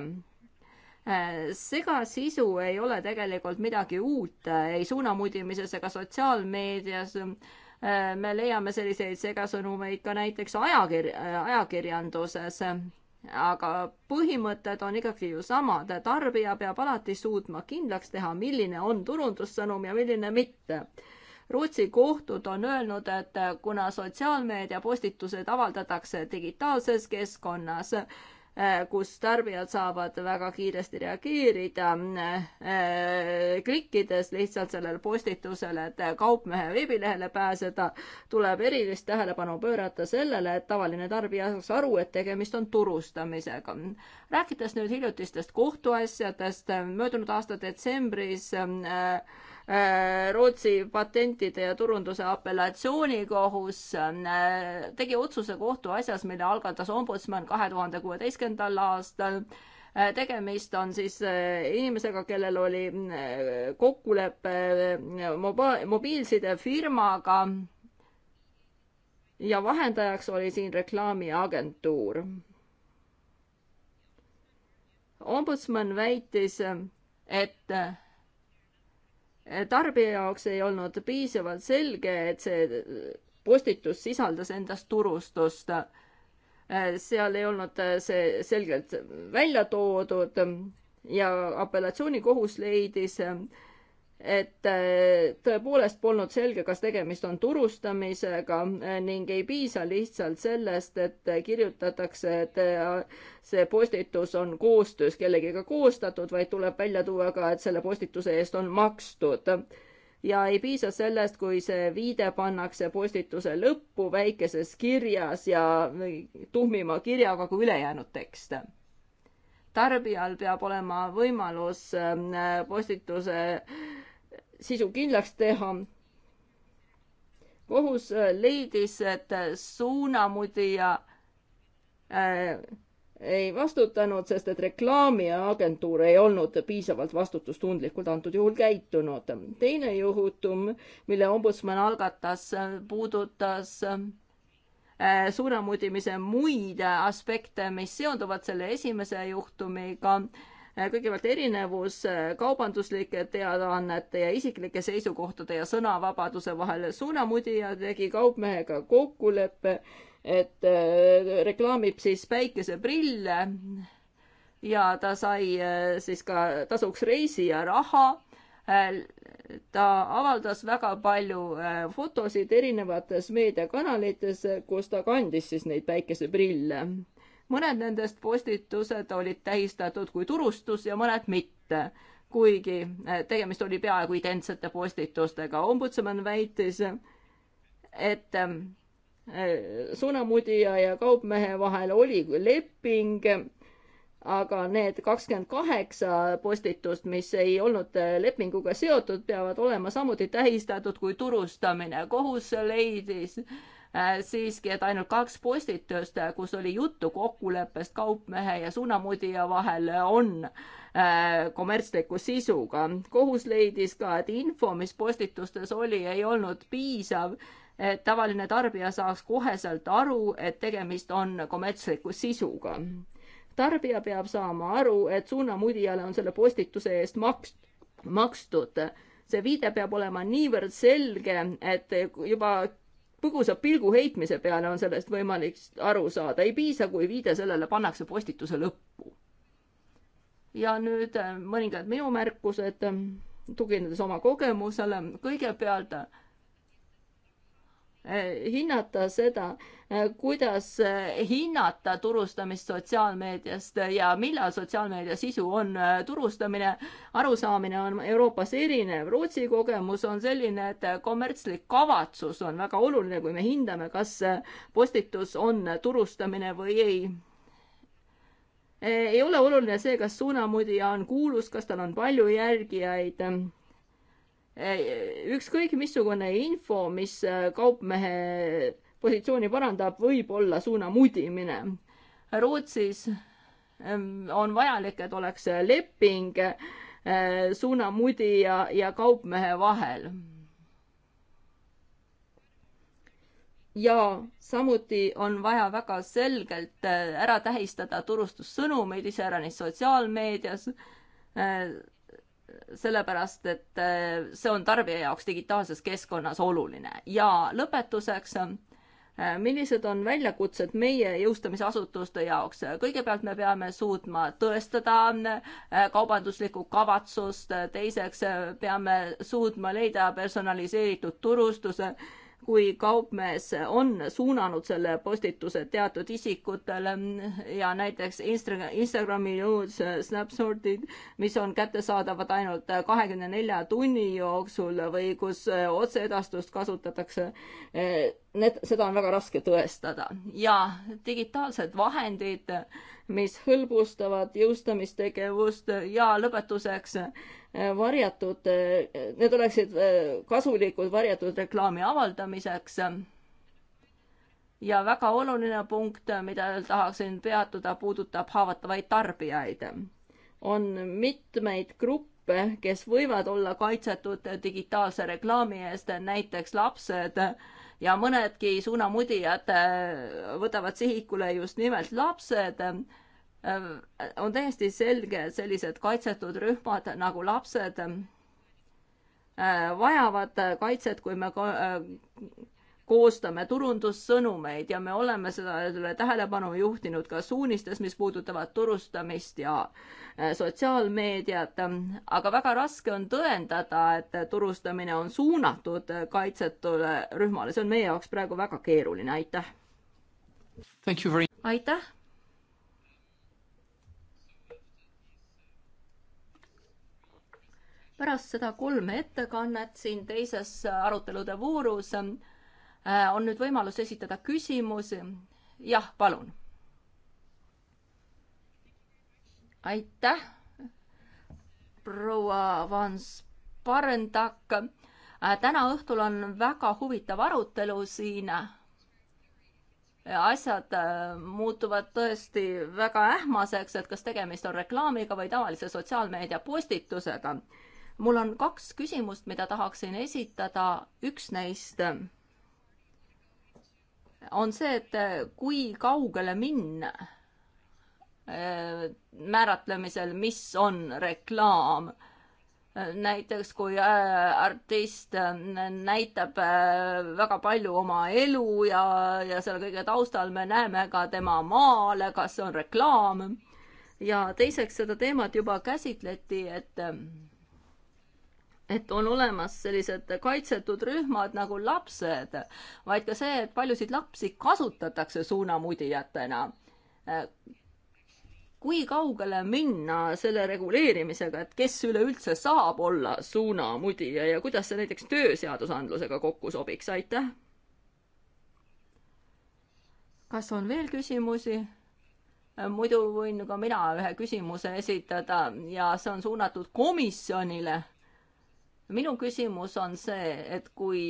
segasisu ei ole tegelikult midagi uut ei suunamudimises ega sotsiaalmeedias. me leiame selliseid segasõnumeid ka näiteks ajakirja, ajakirjanduses aga põhimõtted on ikkagi ju samad, tarbija peab alati suutma kindlaks teha, milline on turundussõnum ja milline mitte Rootsi kohtud on öelnud, et kuna sotsiaalmeedia postitused avaldatakse digitaalses keskkonnas, eh, kus tarbijad saavad väga kiiresti reageerida, eh, klikkides lihtsalt sellele postitusele, et kaupmehe veebilehele pääseda, tuleb erilist tähelepanu pöörata sellele, et tavaline tarbija saaks aru, et tegemist on turustamisega. rääkides nüüd hiljutistest kohtuasjadest, möödunud aasta detsembris äh, Äh, Rootsi patentide ja turunduse apellatsioonikohus äh, tegi otsuse kohtuasjas, mille algatas ombudsman kahe tuhande kuueteistkümnendal aastal äh, tegemist on siis inimesega, kellel oli kokkulepe moba-, mobiilsidefirmaga ja vahendajaks oli siin reklaamiagentuur. ombudsman väitis, et tarbija jaoks ei olnud piisavalt selge, et see postitus sisaldas endas turustust. seal ei olnud see selgelt välja toodud ja apellatsioonikohus leidis, et äh, tõepoolest polnud selge, kas tegemist on turustamisega äh, ning ei piisa lihtsalt sellest, et äh, kirjutatakse, et see postitus on koostöös kellegiga koostatud, vaid tuleb välja tuua ka, et selle postituse eest on makstud. ja ei piisa sellest, kui see viide pannakse postituse lõppu väikeses kirjas ja tuhmima kirjaga kui ülejäänud tekst tarbijal peab olema võimalus postituse sisu kindlaks teha. kohus äh, leidis, et äh, suunamudija äh, ei vastutanud, sest et reklaamiagentuur ei olnud piisavalt vastutustundlikult antud juhul käitunud. teine juhtum, mille ombudsman algatas, äh, puudutas suuremudimise muid aspekte, mis seonduvad selle esimese juhtumiga Äh, kõigepealt erinevus äh, kaubanduslike teadaannete ja isiklike seisukohtade ja sõnavabaduse vahel. suunamudija tegi kaupmehega kokkuleppe, et äh, reklaamib siis päikeseprille ja ta sai siis ka tasuks reisi ja raha ta avaldas väga palju fotosid erinevates meediakanalites, kus ta kandis siis neid päikeseprille mõned nendest postitused olid tähistatud kui turustus ja mõned mitte, kuigi eh, tegemist oli peaaegu identsete postitustega. ombudsman väitis, et eh, suunamudija ja kaupmehe vahel oli leping, aga need kakskümmend kaheksa postitust, mis ei olnud eh, lepinguga seotud, peavad olema samuti tähistatud kui turustamine. kohus leidis, Äh, siiski, et ainult kaks postitust, äh, kus oli juttu kokkuleppest kaupmehe ja suunamudija vahel, äh, on kommertsliku sisuga. kohus leidis ka, et info, mis postitustes oli, ei olnud piisav, et tavaline tarbija saaks koheselt aru, et tegemist on kommertsliku sisuga. tarbija peab saama aru, et suunamudijale on selle postituse eest maks-, makstud see viide peab olema niivõrd selge, et juba põgusa pilgu heitmise peale on sellest võimalik aru saada, ei piisa, kui viide sellele pannakse postituse lõppu. ja nüüd äh, mõningad minu märkused, äh, tuginedes oma kogemusele, kõigepealt Eh, hinnata seda, eh, kuidas eh, hinnata turustamist sotsiaalmeediast ja millal sotsiaalmeedia sisu on turustamine. arusaamine on Euroopas erinev. Rootsi kogemus on selline, et kommertslik kavatsus on väga oluline, kui me hindame, kas postitus on turustamine või ei ei ole oluline see, kas suunamudija on kuulus, kas tal on palju järgijaid Eh, ükskõik missugune info, mis eh, kaupmehe positsiooni parandab, võib olla suunamudimine. Rootsis ehm, on vajalik, et oleks leping eh, suunamudi ja, ja kaupmehe vahel. ja samuti on vaja väga selgelt ära tähistada turustussõnumeid, iseäranis sotsiaalmeedias sellepärast, et eh, see on tarbija jaoks digitaalses keskkonnas oluline ja lõpetuseks eh, millised on väljakutsed meie jõustamisasutuste jaoks? kõigepealt me peame suutma tõestada eh, kaubanduslikku kavatsust, teiseks peame suutma leida personaliseeritud turustuse kui kaupmees on suunanud selle postituse teatud isikutele ja näiteks Insta-, Instagrami news snapshot'id, mis on kättesaadavad ainult kahekümne nelja tunni jooksul või kus otseedastust kasutatakse need, seda on väga raske tõestada ja digitaalsed vahendid, mis hõlbustavad jõustamistegevust ja lõpetuseks eh, varjatud, eh, need oleksid eh, kasulikud varjatud reklaami avaldamiseks. ja väga oluline punkt, mida tahaksin peatuda, puudutab haavatavaid tarbijaid. on mitmeid gruppe, kes võivad olla kaitsetud digitaalse reklaami eest, näiteks lapsed ja mõnedki suunamudijad äh, võtavad sihikule just nimelt lapsed. Äh, on täiesti selge, et sellised kaitsetud rühmad nagu lapsed äh, vajavad kaitset, kui me koostame turundussõnumeid ja me oleme sellele tähelepanu juhtinud ka suunistes, mis puudutavad turustamist ja äh, sotsiaalmeediat, aga väga raske on tõendada, et turustamine on suunatud äh, kaitsetule rühmale, see on meie jaoks praegu väga keeruline, aitäh. Very... aitäh. pärast seda kolme ettekannet siin teises arutelude voorus Äh, on nüüd võimalus esitada küsimusi. jah, palun. aitäh, proua Van Sparendak. Äh, täna õhtul on väga huvitav arutelu siin. asjad äh, muutuvad tõesti väga ähmaseks, et kas tegemist on reklaamiga või tavalise sotsiaalmeedia postitusega. mul on kaks küsimust, mida tahaksin esitada. üks neist on see, et äh, kui kaugele minna äh, määratlemisel, mis on reklaam äh, näiteks kui artist näitab väga palju oma elu ja, ja selle kõige taustal me näeme ka tema maale, kas see on reklaam. ja teiseks seda teemat juba käsitleti, et et on olemas sellised kaitsetud rühmad nagu lapsed, vaid ka see, et paljusid lapsi kasutatakse suunamudijatena. kui kaugele minna selle reguleerimisega, et kes üleüldse saab olla suunamudija ja kuidas see näiteks tööseadusandlusega kokku sobiks, aitäh! kas on veel küsimusi? muidu võin ka mina ühe küsimuse esitada ja see on suunatud komisjonile minu küsimus on see, et kui,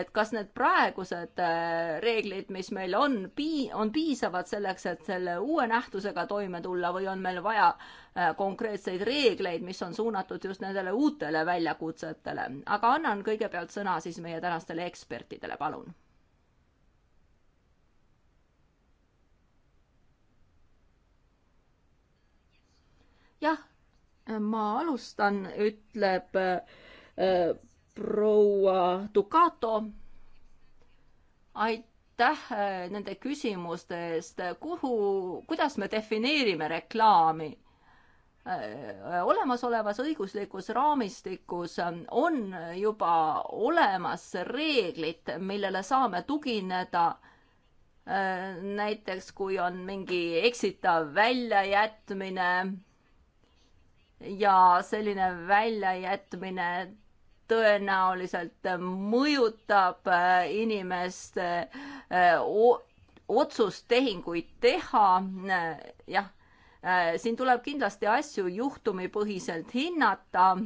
et kas need praegused äh, reeglid, mis meil on, pii-, on piisavad selleks, et selle uue nähtusega toime tulla või on meil vaja äh, konkreetseid reegleid, mis on suunatud just nendele uutele väljakutsetele. aga annan kõigepealt sõna siis meie tänastele ekspertidele, palun. jah ma alustan, ütleb äh, proua Ducato. aitäh äh, nende küsimuste eest, kuhu, kuidas me defineerime reklaami äh, olemasolevas õiguslikus raamistikus on juba olemas reeglid, millele saame tugineda. Äh, näiteks kui on mingi eksitav väljajätmine ja selline väljajätmine tõenäoliselt mõjutab äh, inimeste äh, otsust tehinguid teha. Äh, jah, siin tuleb kindlasti asju juhtumipõhiselt hinnata.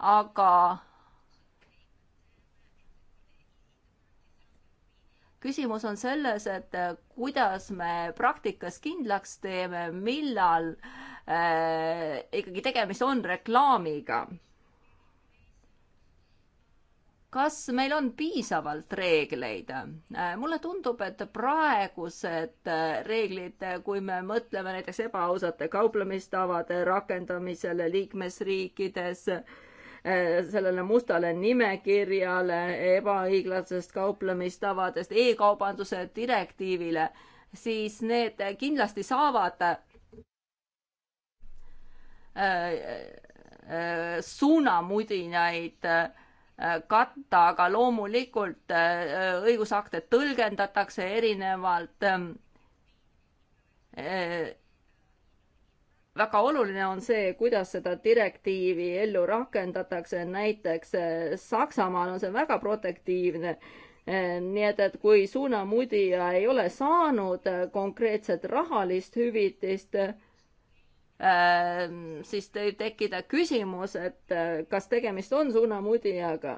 aga küsimus on selles, et kuidas me praktikas kindlaks teeme, millal Äh, ikkagi tegemist on reklaamiga. kas meil on piisavalt reegleid? Äh, mulle tundub, et praegused äh, reeglid, kui me mõtleme näiteks ebaausate kauplemistavade rakendamisele liikmesriikides, sellele mustale nimekirjale ebaõiglasest kauplemistavadest e, e-kaubanduse direktiivile, siis need kindlasti saavad Äh, äh, suunamudinaid äh, katta, aga loomulikult õigusakte tõlgendatakse erinevalt. Ähm, väga oluline on see, kuidas seda direktiivi ellu rakendatakse, näiteks Saksamaal on see väga protektiivne nii et, et kui suunamudija ei ole saanud konkreetset rahalist hüvitist, Ehm, siis võib tekkida küsimus, et eh, kas tegemist on suunamudijaga.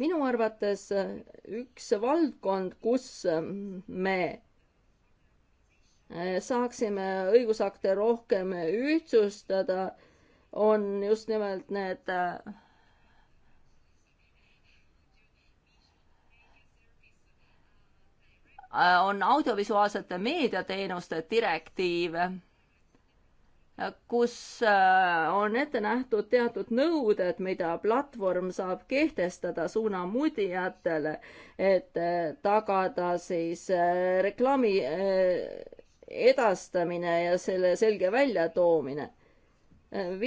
minu arvates eh, üks valdkond, kus eh, me saaksime õigusakte rohkem ühtsustada, on just nimelt need Äh, on audiovisuaalsete meediateenuste direktiiv, kus äh, on ette nähtud teatud nõuded, mida platvorm saab kehtestada suunamudijatele, et äh, tagada siis reklaami edastamine ja selle selge väljatoomine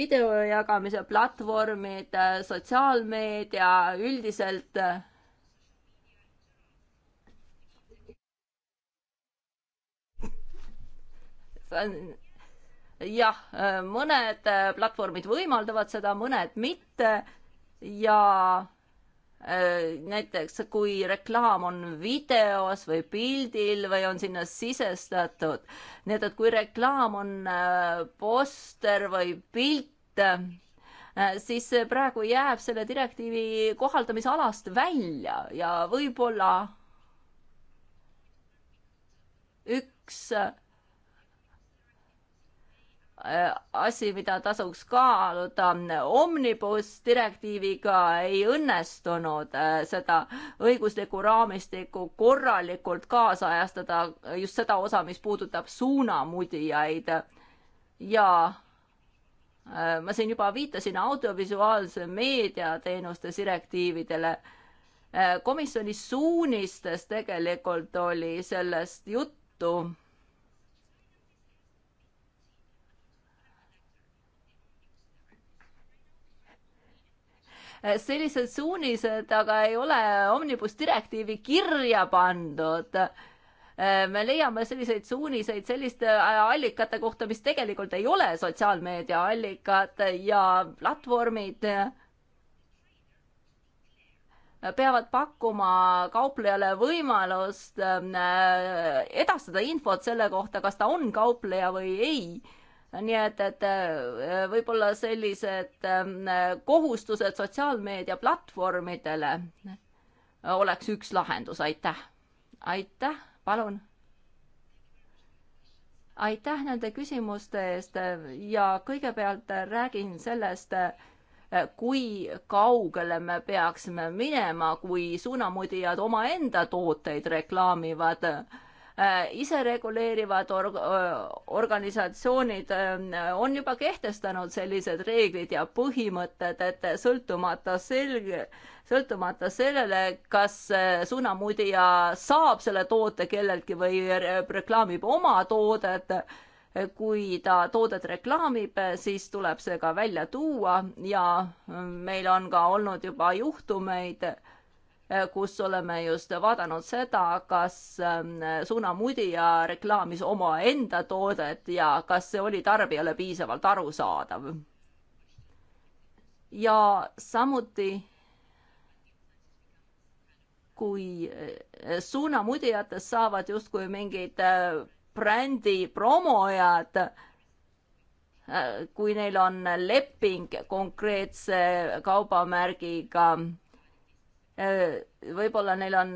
video jagamise platvormid, sotsiaalmeedia üldiselt äh, Äh, jah, äh, mõned äh, platvormid võimaldavad seda, mõned mitte ja näiteks kui reklaam on videos või pildil või on sinna sisestatud, nii et, et kui reklaam on poster või pilt, siis praegu jääb selle direktiivi kohaldamisalast välja ja võib-olla üks Äh, asi, mida tasuks kaaluda. omnibus direktiiviga ei õnnestunud äh, seda õiguslikku raamistikku korralikult kaasajastada, just seda osa, mis puudutab suunamudijaid. ja äh, ma siin juba viitasin audiovisuaalse meediateenuste direktiividele komisjoni suunistes tegelikult oli sellest juttu Äh, sellised suunised aga ei ole Omnibus direktiivi kirja pandud äh, me leiame selliseid suuniseid selliste äh, allikate kohta, mis tegelikult ei ole sotsiaalmeedia allikad ja platvormid peavad pakkuma kauplejale võimalust edastada infot selle kohta, kas ta on kaupleja või ei nii et, et äh, võib-olla sellised äh, kohustused sotsiaalmeedia platvormidele oleks üks lahendus, aitäh. aitäh, palun. aitäh nende küsimuste eest ja kõigepealt räägin sellest, äh, kui kaugele me peaksime minema, kui suunamudijad omaenda tooteid reklaamivad Äh, isereguleerivad org äh, organisatsioonid äh, on juba kehtestanud sellised reeglid ja põhimõtted, et sõltumata selge, sõltumata sellele, kas suunamudija saab selle toote kelleltki või reklaamib oma toodet, kui ta toodet reklaamib, siis tuleb see ka välja tuua ja meil on ka olnud juba juhtumeid Äh, kus oleme just vaadanud seda, kas ähm, suunamudija reklaamis omaenda toodet ja kas see oli tarbijale piisavalt arusaadav. ja samuti kui äh, suunamudijatest saavad justkui mingid äh, brändi promojad, kui neil on leping konkreetse kaubamärgiga Äh, võib-olla neil on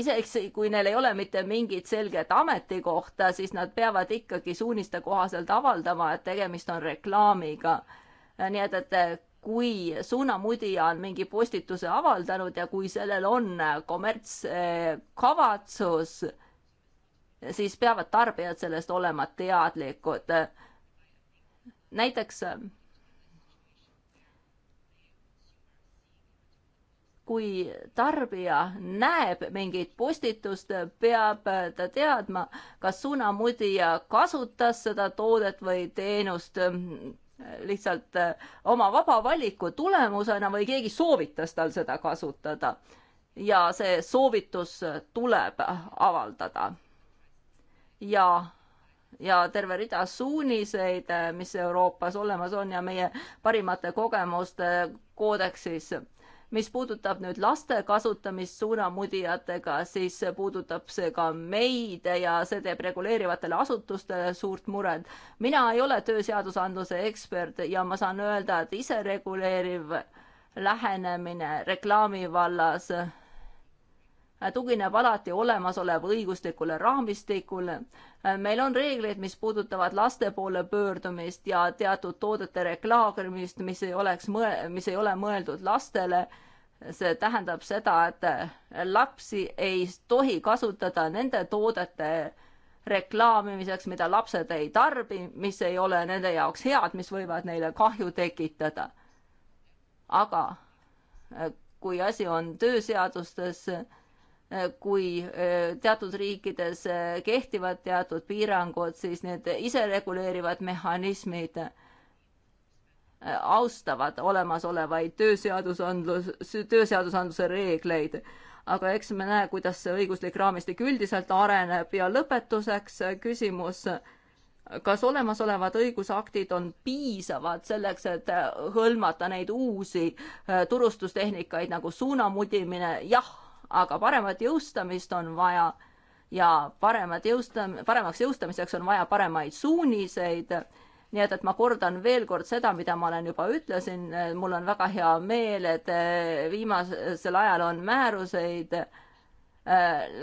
isegi kui neil ei ole mitte mingit selget ametikohta, siis nad peavad ikkagi suuniste kohaselt avaldama, et tegemist on reklaamiga. Äh, nii et, et äh, kui suunamudija on mingi postituse avaldanud ja kui sellel on kommertskavatsus, siis peavad tarbijad sellest olema teadlikud. näiteks kui tarbija näeb mingit postitust, peab ta teadma, kas suunamudija kasutas seda toodet või teenust mm, lihtsalt äh, oma vaba valiku tulemusena või keegi soovitas tal seda kasutada. ja see soovitus tuleb avaldada. ja ja terve rida suuniseid, äh, mis Euroopas olemas on ja meie parimate kogemuste koodeksis mis puudutab nüüd laste kasutamist suunamudijatega, siis puudutab see ka meid ja see teeb reguleerivatele asutustele suurt muret. mina ei ole tööseadusandluse ekspert ja ma saan öelda, et isereguleeriv lähenemine reklaami vallas tugineb alati olemasoleva õiguslikule raamistikule. meil on reeglid, mis puudutavad laste poole pöördumist ja teatud toodete reklaamimist, mis ei oleks mõe-, mis ei ole mõeldud lastele. see tähendab seda, et lapsi ei tohi kasutada nende toodete reklaamimiseks, mida lapsed ei tarbi, mis ei ole nende jaoks head, mis võivad neile kahju tekitada. aga kui asi on tööseadustes, Äh, kui äh, teatud riikides äh, kehtivad teatud piirangud, siis need isereguleerivad mehhanismid austavad olemasolevaid tööseadusandlus, tööseadusandluse reegleid. aga eks me näe, kuidas see õiguslik raamistik üldiselt areneb ja lõpetuseks küsimus, kas olemasolevad õigusaktid on piisavad selleks, et hõlmata neid uusi turustustehnikaid nagu suunamudimine, jah aga paremat jõustamist on vaja ja paremat jõustam-, paremaks jõustamiseks on vaja paremaid suuniseid. nii et, et ma kordan veel kord seda, mida ma olen juba ütlesin, mul on väga hea meel, et eh, viimasel ajal on määruseid eh,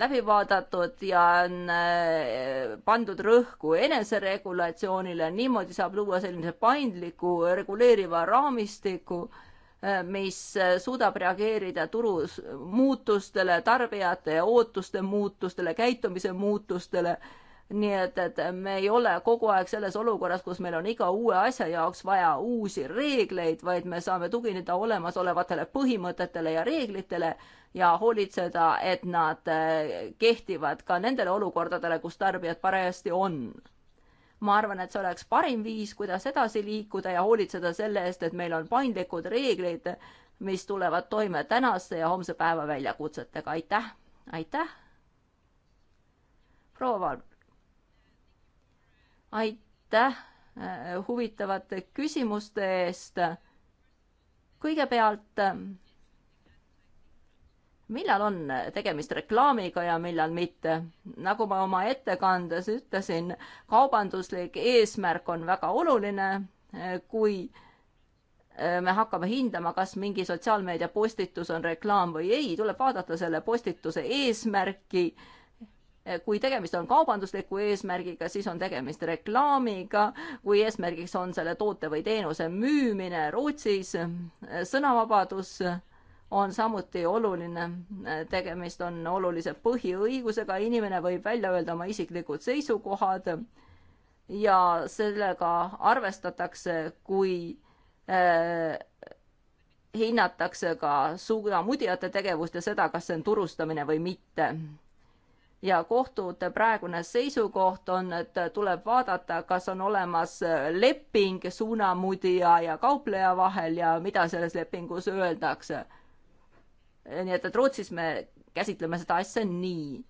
läbi vaadatud ja on eh, pandud rõhku eneseregulatsioonile, niimoodi saab luua sellise paindliku reguleeriva raamistiku Äh, mis äh, suudab reageerida turu muutustele, tarbijate ootuste muutustele, käitumise muutustele. nii et, et me ei ole kogu aeg selles olukorras, kus meil on iga uue asja jaoks vaja uusi reegleid, vaid me saame tugineda olemasolevatele põhimõtetele ja reeglitele ja hoolitseda, et nad äh, kehtivad ka nendele olukordadele, kus tarbijad parajasti on ma arvan, et see oleks parim viis, kuidas edasi liikuda ja hoolitseda selle eest, et meil on paindlikud reeglid, mis tulevad toime tänase ja homse päeva väljakutsetega. aitäh, aitäh. proua Valm. aitäh äh, huvitavate küsimuste eest. kõigepealt millal on tegemist reklaamiga ja millal mitte. nagu ma oma ettekandes ütlesin, kaubanduslik eesmärk on väga oluline, eh, kui eh, me hakkame hindama, kas mingi sotsiaalmeedia postitus on reklaam või ei, tuleb vaadata selle postituse eesmärki. Eh, kui tegemist on kaubandusliku eesmärgiga, siis on tegemist reklaamiga, kui eesmärgiks on selle toote või teenuse müümine Rootsis, sõnavabadus on samuti oluline. tegemist on olulise põhiõigusega, inimene võib välja öelda oma isiklikud seisukohad ja sellega arvestatakse, kui äh, hinnatakse ka suunamudijate tegevust ja seda, kas see on turustamine või mitte. ja kohtute praegune seisukoht on, et tuleb vaadata, kas on olemas leping suunamudija ja kaupleja vahel ja mida selles lepingus öeldakse nii et, et Rootsis me käsitleme seda asja nii.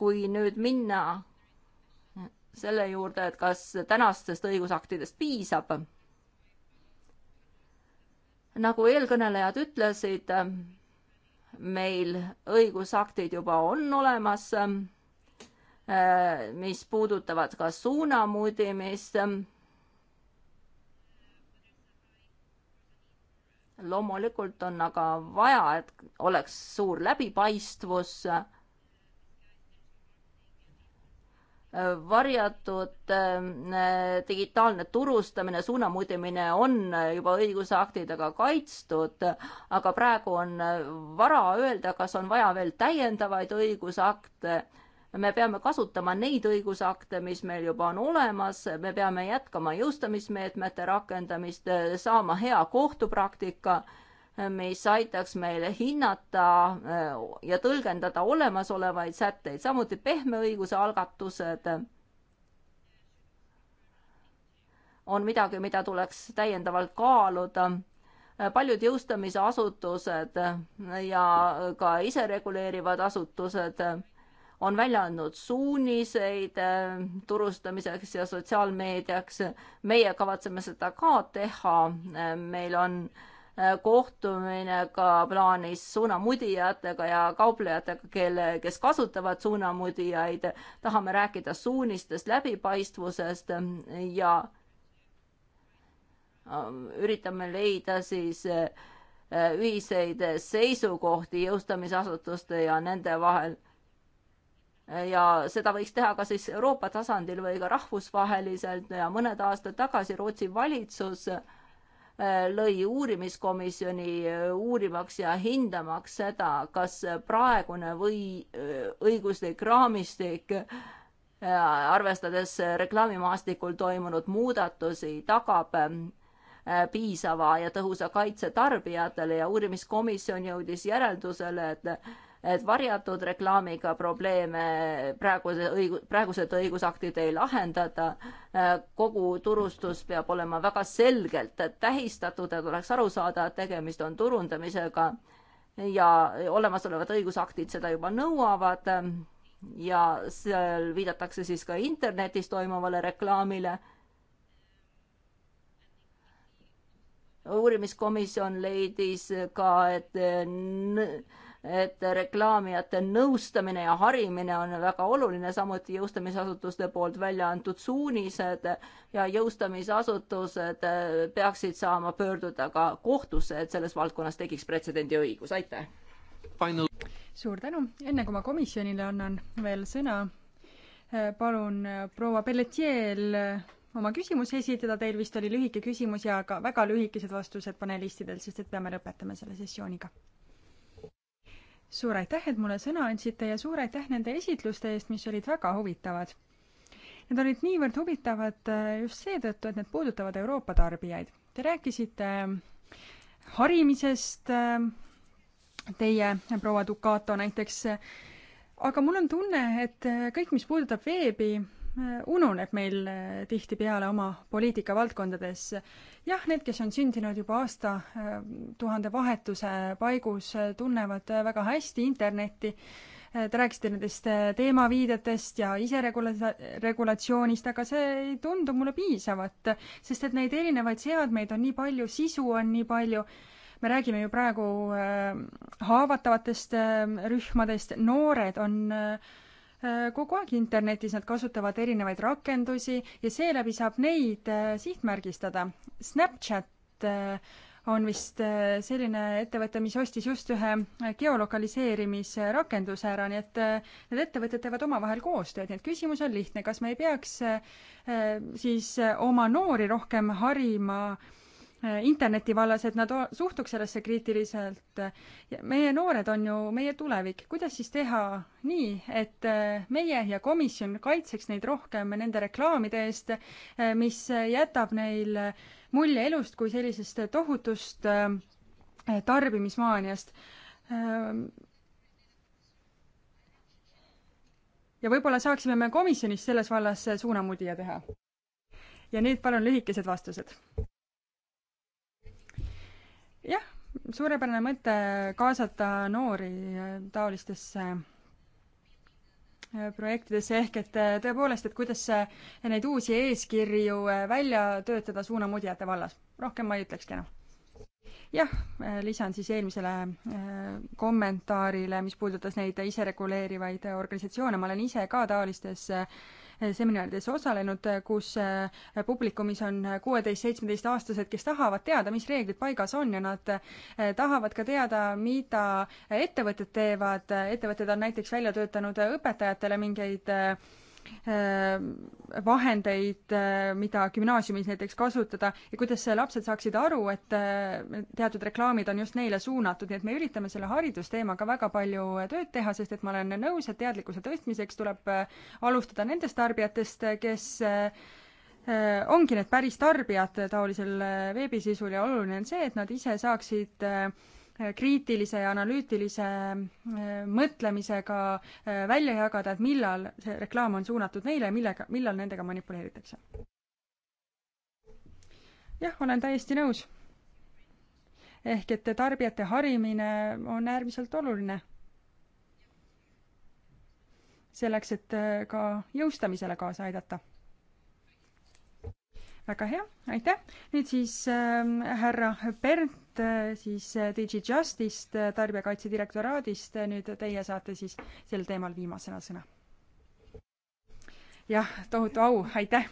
kui nüüd minna selle juurde, et kas tänastest õigusaktidest piisab, nagu eelkõnelejad ütlesid, meil õigusaktid juba on olemas, mis puudutavad ka suunamudimist loomulikult on aga vaja, et oleks suur läbipaistvus varjatud äh, digitaalne turustamine, suunamudimine on juba õigusaktidega kaitstud, aga praegu on vara öelda, kas on vaja veel täiendavaid õigusakte me peame kasutama neid õigusakte, mis meil juba on olemas, me peame jätkama jõustamismeetmete rakendamist, saama hea kohtupraktika, mis aitaks meil hinnata eh, ja tõlgendada olemasolevaid sätteid, samuti pehme õiguse algatused on midagi, mida tuleks täiendavalt kaaluda paljud jõustamisasutused ja ka isereguleerivad asutused on välja andnud suuniseid äh, turustamiseks ja sotsiaalmeediaks. meie kavatseme seda ka teha. Äh, meil on äh, kohtumine ka plaanis suunamudijatega ja kauplejatega, kelle, kes kasutavad suunamudijaid. tahame rääkida suunistest, läbipaistvusest ja üritame leida siis ühiseid seisukohti jõustamisasutuste ja nende vahel ja seda võiks teha ka siis Euroopa tasandil või ka rahvusvaheliselt ja mõned aastad tagasi Rootsi valitsus äh, lõi uurimiskomisjoni äh, uurimaks ja hindamaks seda, kas praegune või äh, õiguslik raamistik arvestades reklaamimaastikul toimunud muudatusi, tagab piisava ja tõhusa kaitse tarbijatele ja uurimiskomisjon jõudis järeldusele, et et varjatud reklaamiga probleeme praeguse õigu-, praegused õigusaktid ei lahendada. kogu turustus peab olema väga selgelt tähistatud, et oleks aru saada, et tegemist on turundamisega ja olemasolevad õigusaktid seda juba nõuavad ja seal viidatakse siis ka internetis toimuvale reklaamile uurimiskomisjon leidis ka, et et reklaamijate nõustamine ja harimine on väga oluline, samuti jõustamisasutuste poolt välja antud suunised ja jõustamisasutused eh, peaksid saama pöörduda ka kohtusse, et selles valdkonnas tekiks pretsedendiõigus, aitäh! suur tänu, enne kui ma komisjonile annan veel sõna, eh, palun eh, proua Pelletiel oma küsimuse esitada, teil vist oli lühike küsimus ja ka väga lühikesed vastused panelistidel, sest et peame lõpetama selle sessiooniga suur aitäh, et mulle sõna andsite ja suur aitäh nende esitluste eest, mis olid väga huvitavad. Need olid niivõrd huvitavad äh, just seetõttu, et need puudutavad Euroopa tarbijaid. Te rääkisite äh, harimisest, äh, teie, proua Ducato näiteks, aga mul on tunne, et kõik, mis puudutab veebi, Äh, ununeb meil äh, tihtipeale oma poliitikavaldkondades. Äh, jah, need, kes on sündinud juba aastatuhande vahetuse paigus, tunnevad väga hästi Internetti. Te rääkisite nendest teemaviidetest ja iseregula-, regulatsioonist, aga see ei tundu mulle piisavat, sest et neid erinevaid seadmeid on nii palju, sisu on nii palju me räägime ju praegu haavatavatest rühmadest, noored on äh, Äh, kogu aeg internetis, nad kasutavad erinevaid rakendusi ja seeläbi saab neid äh, sihtmärgistada. Snapchat äh, on vist selline ettevõte, mis ostis just ühe geolokaliseerimisrakenduse ära, nii et need ettevõtted teevad omavahel koostööd, nii et küsimus on lihtne, kas me ei peaks siis oma noori rohkem harima äh, Äh, interneti vallas, et nad suhtuks sellesse kriitiliselt. meie noored on ju meie tulevik, kuidas siis teha nii, et äh, meie ja komisjon kaitseks neid rohkem nende reklaamide eest, äh, mis jätab neil mulje elust kui sellisest tohutust tarbimismaaniast. Ähm, ja võib-olla saaksime me komisjonis selles vallas suunamudija teha. ja nüüd palun lühikesed vastused jah, suurepärane mõte kaasata noori äh, taolistesse äh, projektidesse, ehk et äh, tõepoolest, et kuidas neid uusi eeskirju välja töötada suunamudjate vallas. rohkem ma ei ütlekski enam jah, lisan siis eelmisele kommentaarile, mis puudutas neid isereguleerivaid organisatsioone, ma olen ise ka taolistes seminarides osalenud, kus eh, publikumis on kuueteist, seitsmeteistaastased, kes tahavad teada, mis reeglid paigas on ja nad eh, tahavad ka teada, mida ettevõtted teevad, ettevõtted on näiteks välja töötanud õpetajatele mingeid eh, Äh, vahendeid, äh, mida gümnaasiumis näiteks kasutada ja kuidas lapsed saaksid aru, et äh, teatud reklaamid on just neile suunatud, nii et me üritame selle haridusteemaga väga palju tööd teha, sest et ma olen nõus, et teadlikkuse tõstmiseks tuleb alustada nendest tarbijatest, kes ongi need päris tarbijad taolisel veebisisul ja oluline on see, et nad ise saaksid Äh, kriitilise ja analüütilise äh, mõtlemisega äh, välja jagada, et millal see reklaam on suunatud neile ja millega, millal nendega manipuleeritakse. jah, olen täiesti nõus. ehk et tarbijate harimine on äärmiselt oluline. selleks, et ka jõustamisele kaasa aidata väga hea, aitäh. nüüd siis äh, härra Bernt et äh, siis äh, DG Justice'ist, äh, Tarbijakaitse Direktoraadist, nüüd teie saate siis sel teemal viimasena sõna. jah, tohutu au, aitäh!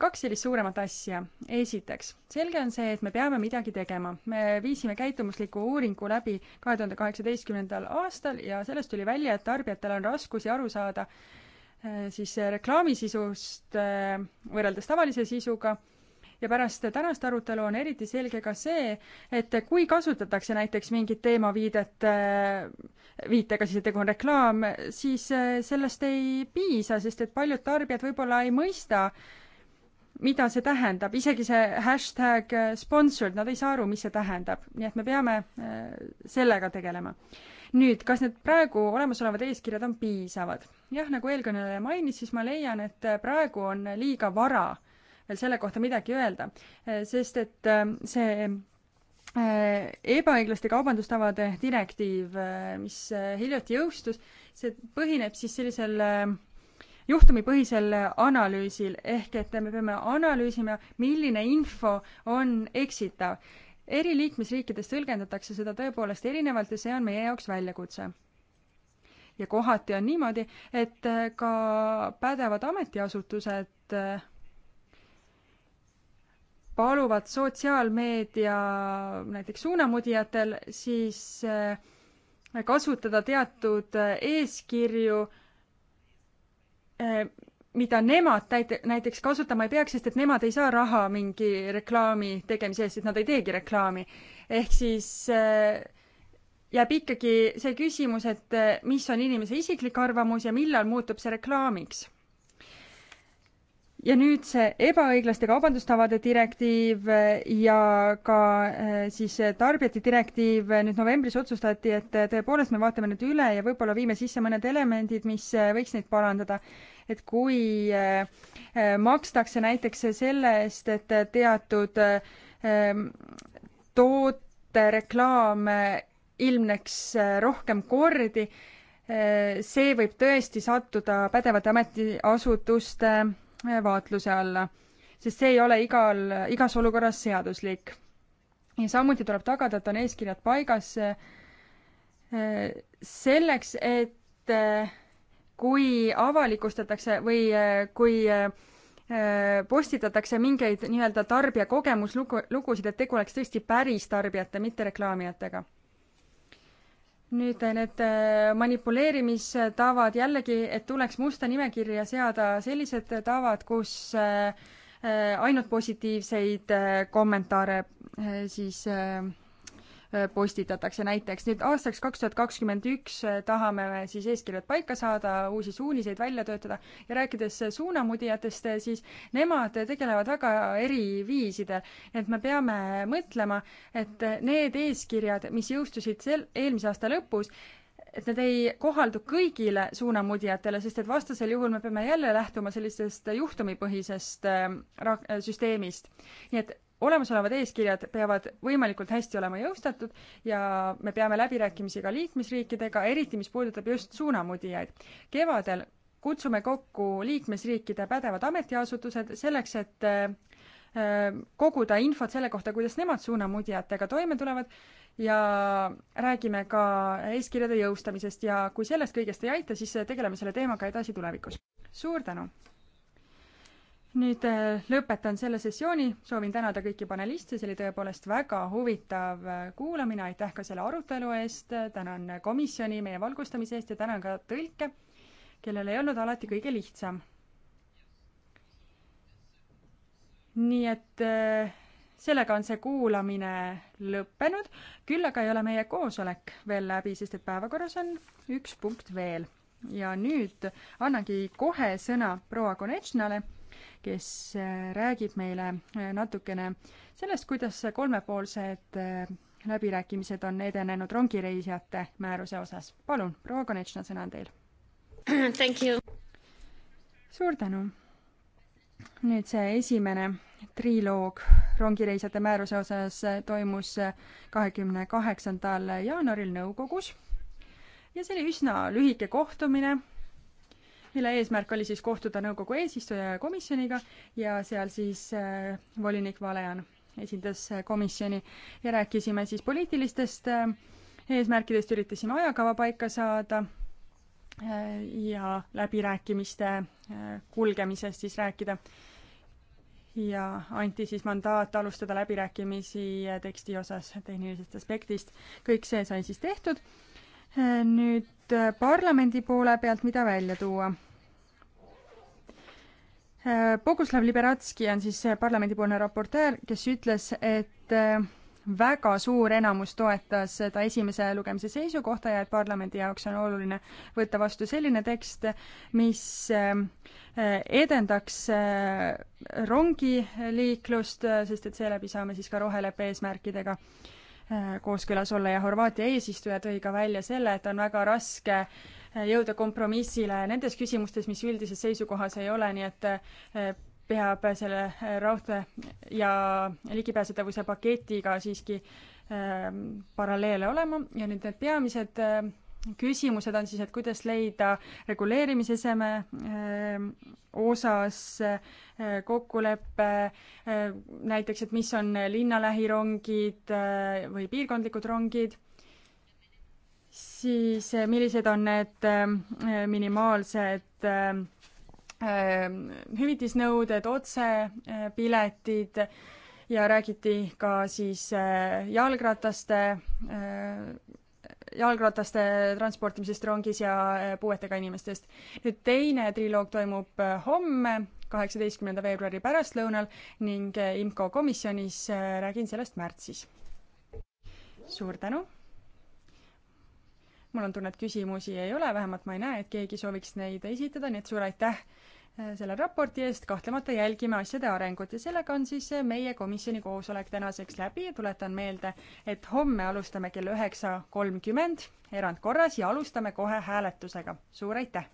kaks sellist suuremat asja. esiteks, selge on see, et me peame midagi tegema. me viisime käitumusliku uuringu läbi kahe tuhande kaheksateistkümnendal aastal ja sellest tuli välja, et tarbijatel on raskusi aru saada siis reklaami sisust võrreldes tavalise sisuga ja pärast tänast arutelu on eriti selge ka see, et kui kasutatakse näiteks mingit teemaviidet, äh, viitega siis, et tegu on reklaam, siis äh, sellest ei piisa, sest et paljud tarbijad võib-olla ei mõista, mida see tähendab, isegi see hashtag äh, sponsored, nad ei saa aru, mis see tähendab, nii et me peame sellega tegelema. nüüd, kas need praegu olemasolevad eeskirjad on piisavad? jah, nagu eelkõneleja mainis, siis ma leian, et praegu on liiga vara äh, veel selle kohta midagi öelda, sest et ähm, see äh, ebaõiglaste kaubandustavade direktiiv, äh, mis äh, hiljuti jõustus, see põhineb siis sellisel juhtumipõhisel analüüsil, ehk et me peame analüüsima, milline info on eksitav. eri liikmesriikides tõlgendatakse seda tõepoolest erinevalt ja see on meie jaoks väljakutse. ja kohati on niimoodi, et ka pädevad ametiasutused paluvad sotsiaalmeedia näiteks suunamudijatel siis eh, kasutada teatud eh, eeskirju, eh, mida nemad täite-, näiteks kasutama ei peaks, sest et nemad ei saa raha mingi reklaami tegemise eest, et nad ei teegi reklaami. ehk siis jääb ikkagi see küsimus, et mis on inimese isiklik arvamus ja millal muutub see reklaamiks ja nüüd see ebaõiglaste kaubandustavade direktiiv äh, ja ka äh, siis äh, tarbijate direktiiv, nüüd novembris otsustati, et tõepoolest me vaatame need üle ja võib-olla viime sisse mõned elemendid, mis võiks neid parandada. et kui makstakse näiteks selle eest, et teatud ähm, toote reklaam ilmneks rohkem kordi, see võib tõesti sattuda pädevate ametiasutuste vaatluse alla, sest see ei ole igal, igas olukorras seaduslik. ja samuti tuleb tagada, et on eeskirjad paigas selleks, et kui avalikustatakse või kui postitatakse mingeid nii-öelda tarbija kogemuslugu, lugusid, et tegu oleks tõesti päris tarbijate, mitte reklaamijatega nüüd eh, need eh, manipuleerimistavad jällegi, et tuleks musta nimekirja seada sellised tavad, kus eh, ainult positiivseid kommentaare siis Äh, postitatakse näiteks. nüüd aastaks kaks tuhat kakskümmend üks äh, tahame me siis eeskirjad paika saada, uusi suuniseid välja töötada ja rääkides äh, suunamudijatest, siis nemad tegelevad väga eri viisidel. et me peame mõtlema, et need eeskirjad, mis jõustusid sel, eelmise aasta lõpus, et need ei kohaldu kõigile suunamudjatele, sest et vastasel juhul me peame jälle lähtuma sellisest juhtumipõhisest ra-, süsteemist. nii et olemasolevad eeskirjad peavad võimalikult hästi olema jõustatud ja me peame läbirääkimisi ka liikmesriikidega, eriti mis puudutab just suunamudijaid. kevadel kutsume kokku liikmesriikide pädevad ametiasutused selleks, et äh, koguda infot selle kohta, kuidas nemad suunamudjatega toime tulevad ja räägime ka eeskirjade jõustamisest ja kui sellest kõigest ei aita, siis tegeleme selle teemaga edasi tulevikus. suur tänu! nüüd äh, lõpetan selle sessiooni, soovin tänada kõiki paneliste, see oli tõepoolest väga huvitav äh, kuulamine, aitäh ka selle arutelu eest, tänan komisjoni meie valgustamise eest ja tänan ka tõlke, kellel ei olnud alati kõige lihtsam. nii et äh, sellega on see kuulamine lõppenud, küll aga ei ole meie koosolek veel läbi, sest et päevakorras on üks punkt veel. ja nüüd annangi kohe sõna proua Konechnale kes äh, räägib meile äh, natukene sellest, kuidas kolmepoolsed äh, läbirääkimised on edenenud rongireisijate määruse osas. palun, proua Konechna, sõna on teil. suur tänu. nüüd see esimene triloog rongireisijate määruse osas toimus kahekümne kaheksandal jaanuaril nõukogus ja see oli üsna lühike kohtumine mille eesmärk oli siis kohtuda nõukogu eesistuja ja komisjoniga ja seal siis äh, volinik Valean esindas äh, komisjoni ja rääkisime siis poliitilistest äh, eesmärkidest, üritasime ajakava paika saada ja läbirääkimiste kulgemisest siis rääkida. ja anti siis mandaat alustada läbirääkimisi teksti osas tehnilisest aspektist. kõik see sai siis tehtud nüüd äh, parlamendi poole pealt, mida välja tuua? Äh, Boguslav Liberatski on siis äh, parlamendipoolne raportöör, kes ütles, et väga suur enamus toetas seda esimese lugemise seisukohta ja et parlamendi jaoks on oluline võtta vastu selline tekst, mis edendaks rongiliiklust, sest et seeläbi saame siis ka roheleppe eesmärkidega Äh, kooskõlas olla ja Horvaatia eesistuja tõi ka välja selle, et on väga raske äh, jõuda kompromissile nendes küsimustes, mis üldises seisukohas ei ole, nii et äh, peab selle raudtee ja ligipääsetavuse paketiga siiski paralleele olema ja nüüd need peamised küsimused on siis, et kuidas leida reguleerimiseseme äh, osas äh, kokkulepe, äh, näiteks, et mis on linna lähirongid või piirkondlikud rongid, siis millised on need minimaalsed hüvitisnõuded, otsepiletid ja räägiti ka siis jalgrataste jalgrataste transportimisest rongis ja äh, puuetega inimestest. nüüd teine triloog toimub äh, homme, kaheksateistkümnenda veebruari pärastlõunal ning äh, IMCO komisjonis räägin sellest märtsis. suur tänu! mul on tunne, et küsimusi ei ole, vähemalt ma ei näe, et keegi sooviks neid esitada, nii et suur aitäh Äh, selle raporti eest, kahtlemata jälgime asjade arengut ja sellega on siis äh, meie komisjoni koosolek tänaseks läbi ja tuletan meelde, et homme alustame kell üheksa kolmkümmend erandkorras ja alustame kohe hääletusega. suur aitäh!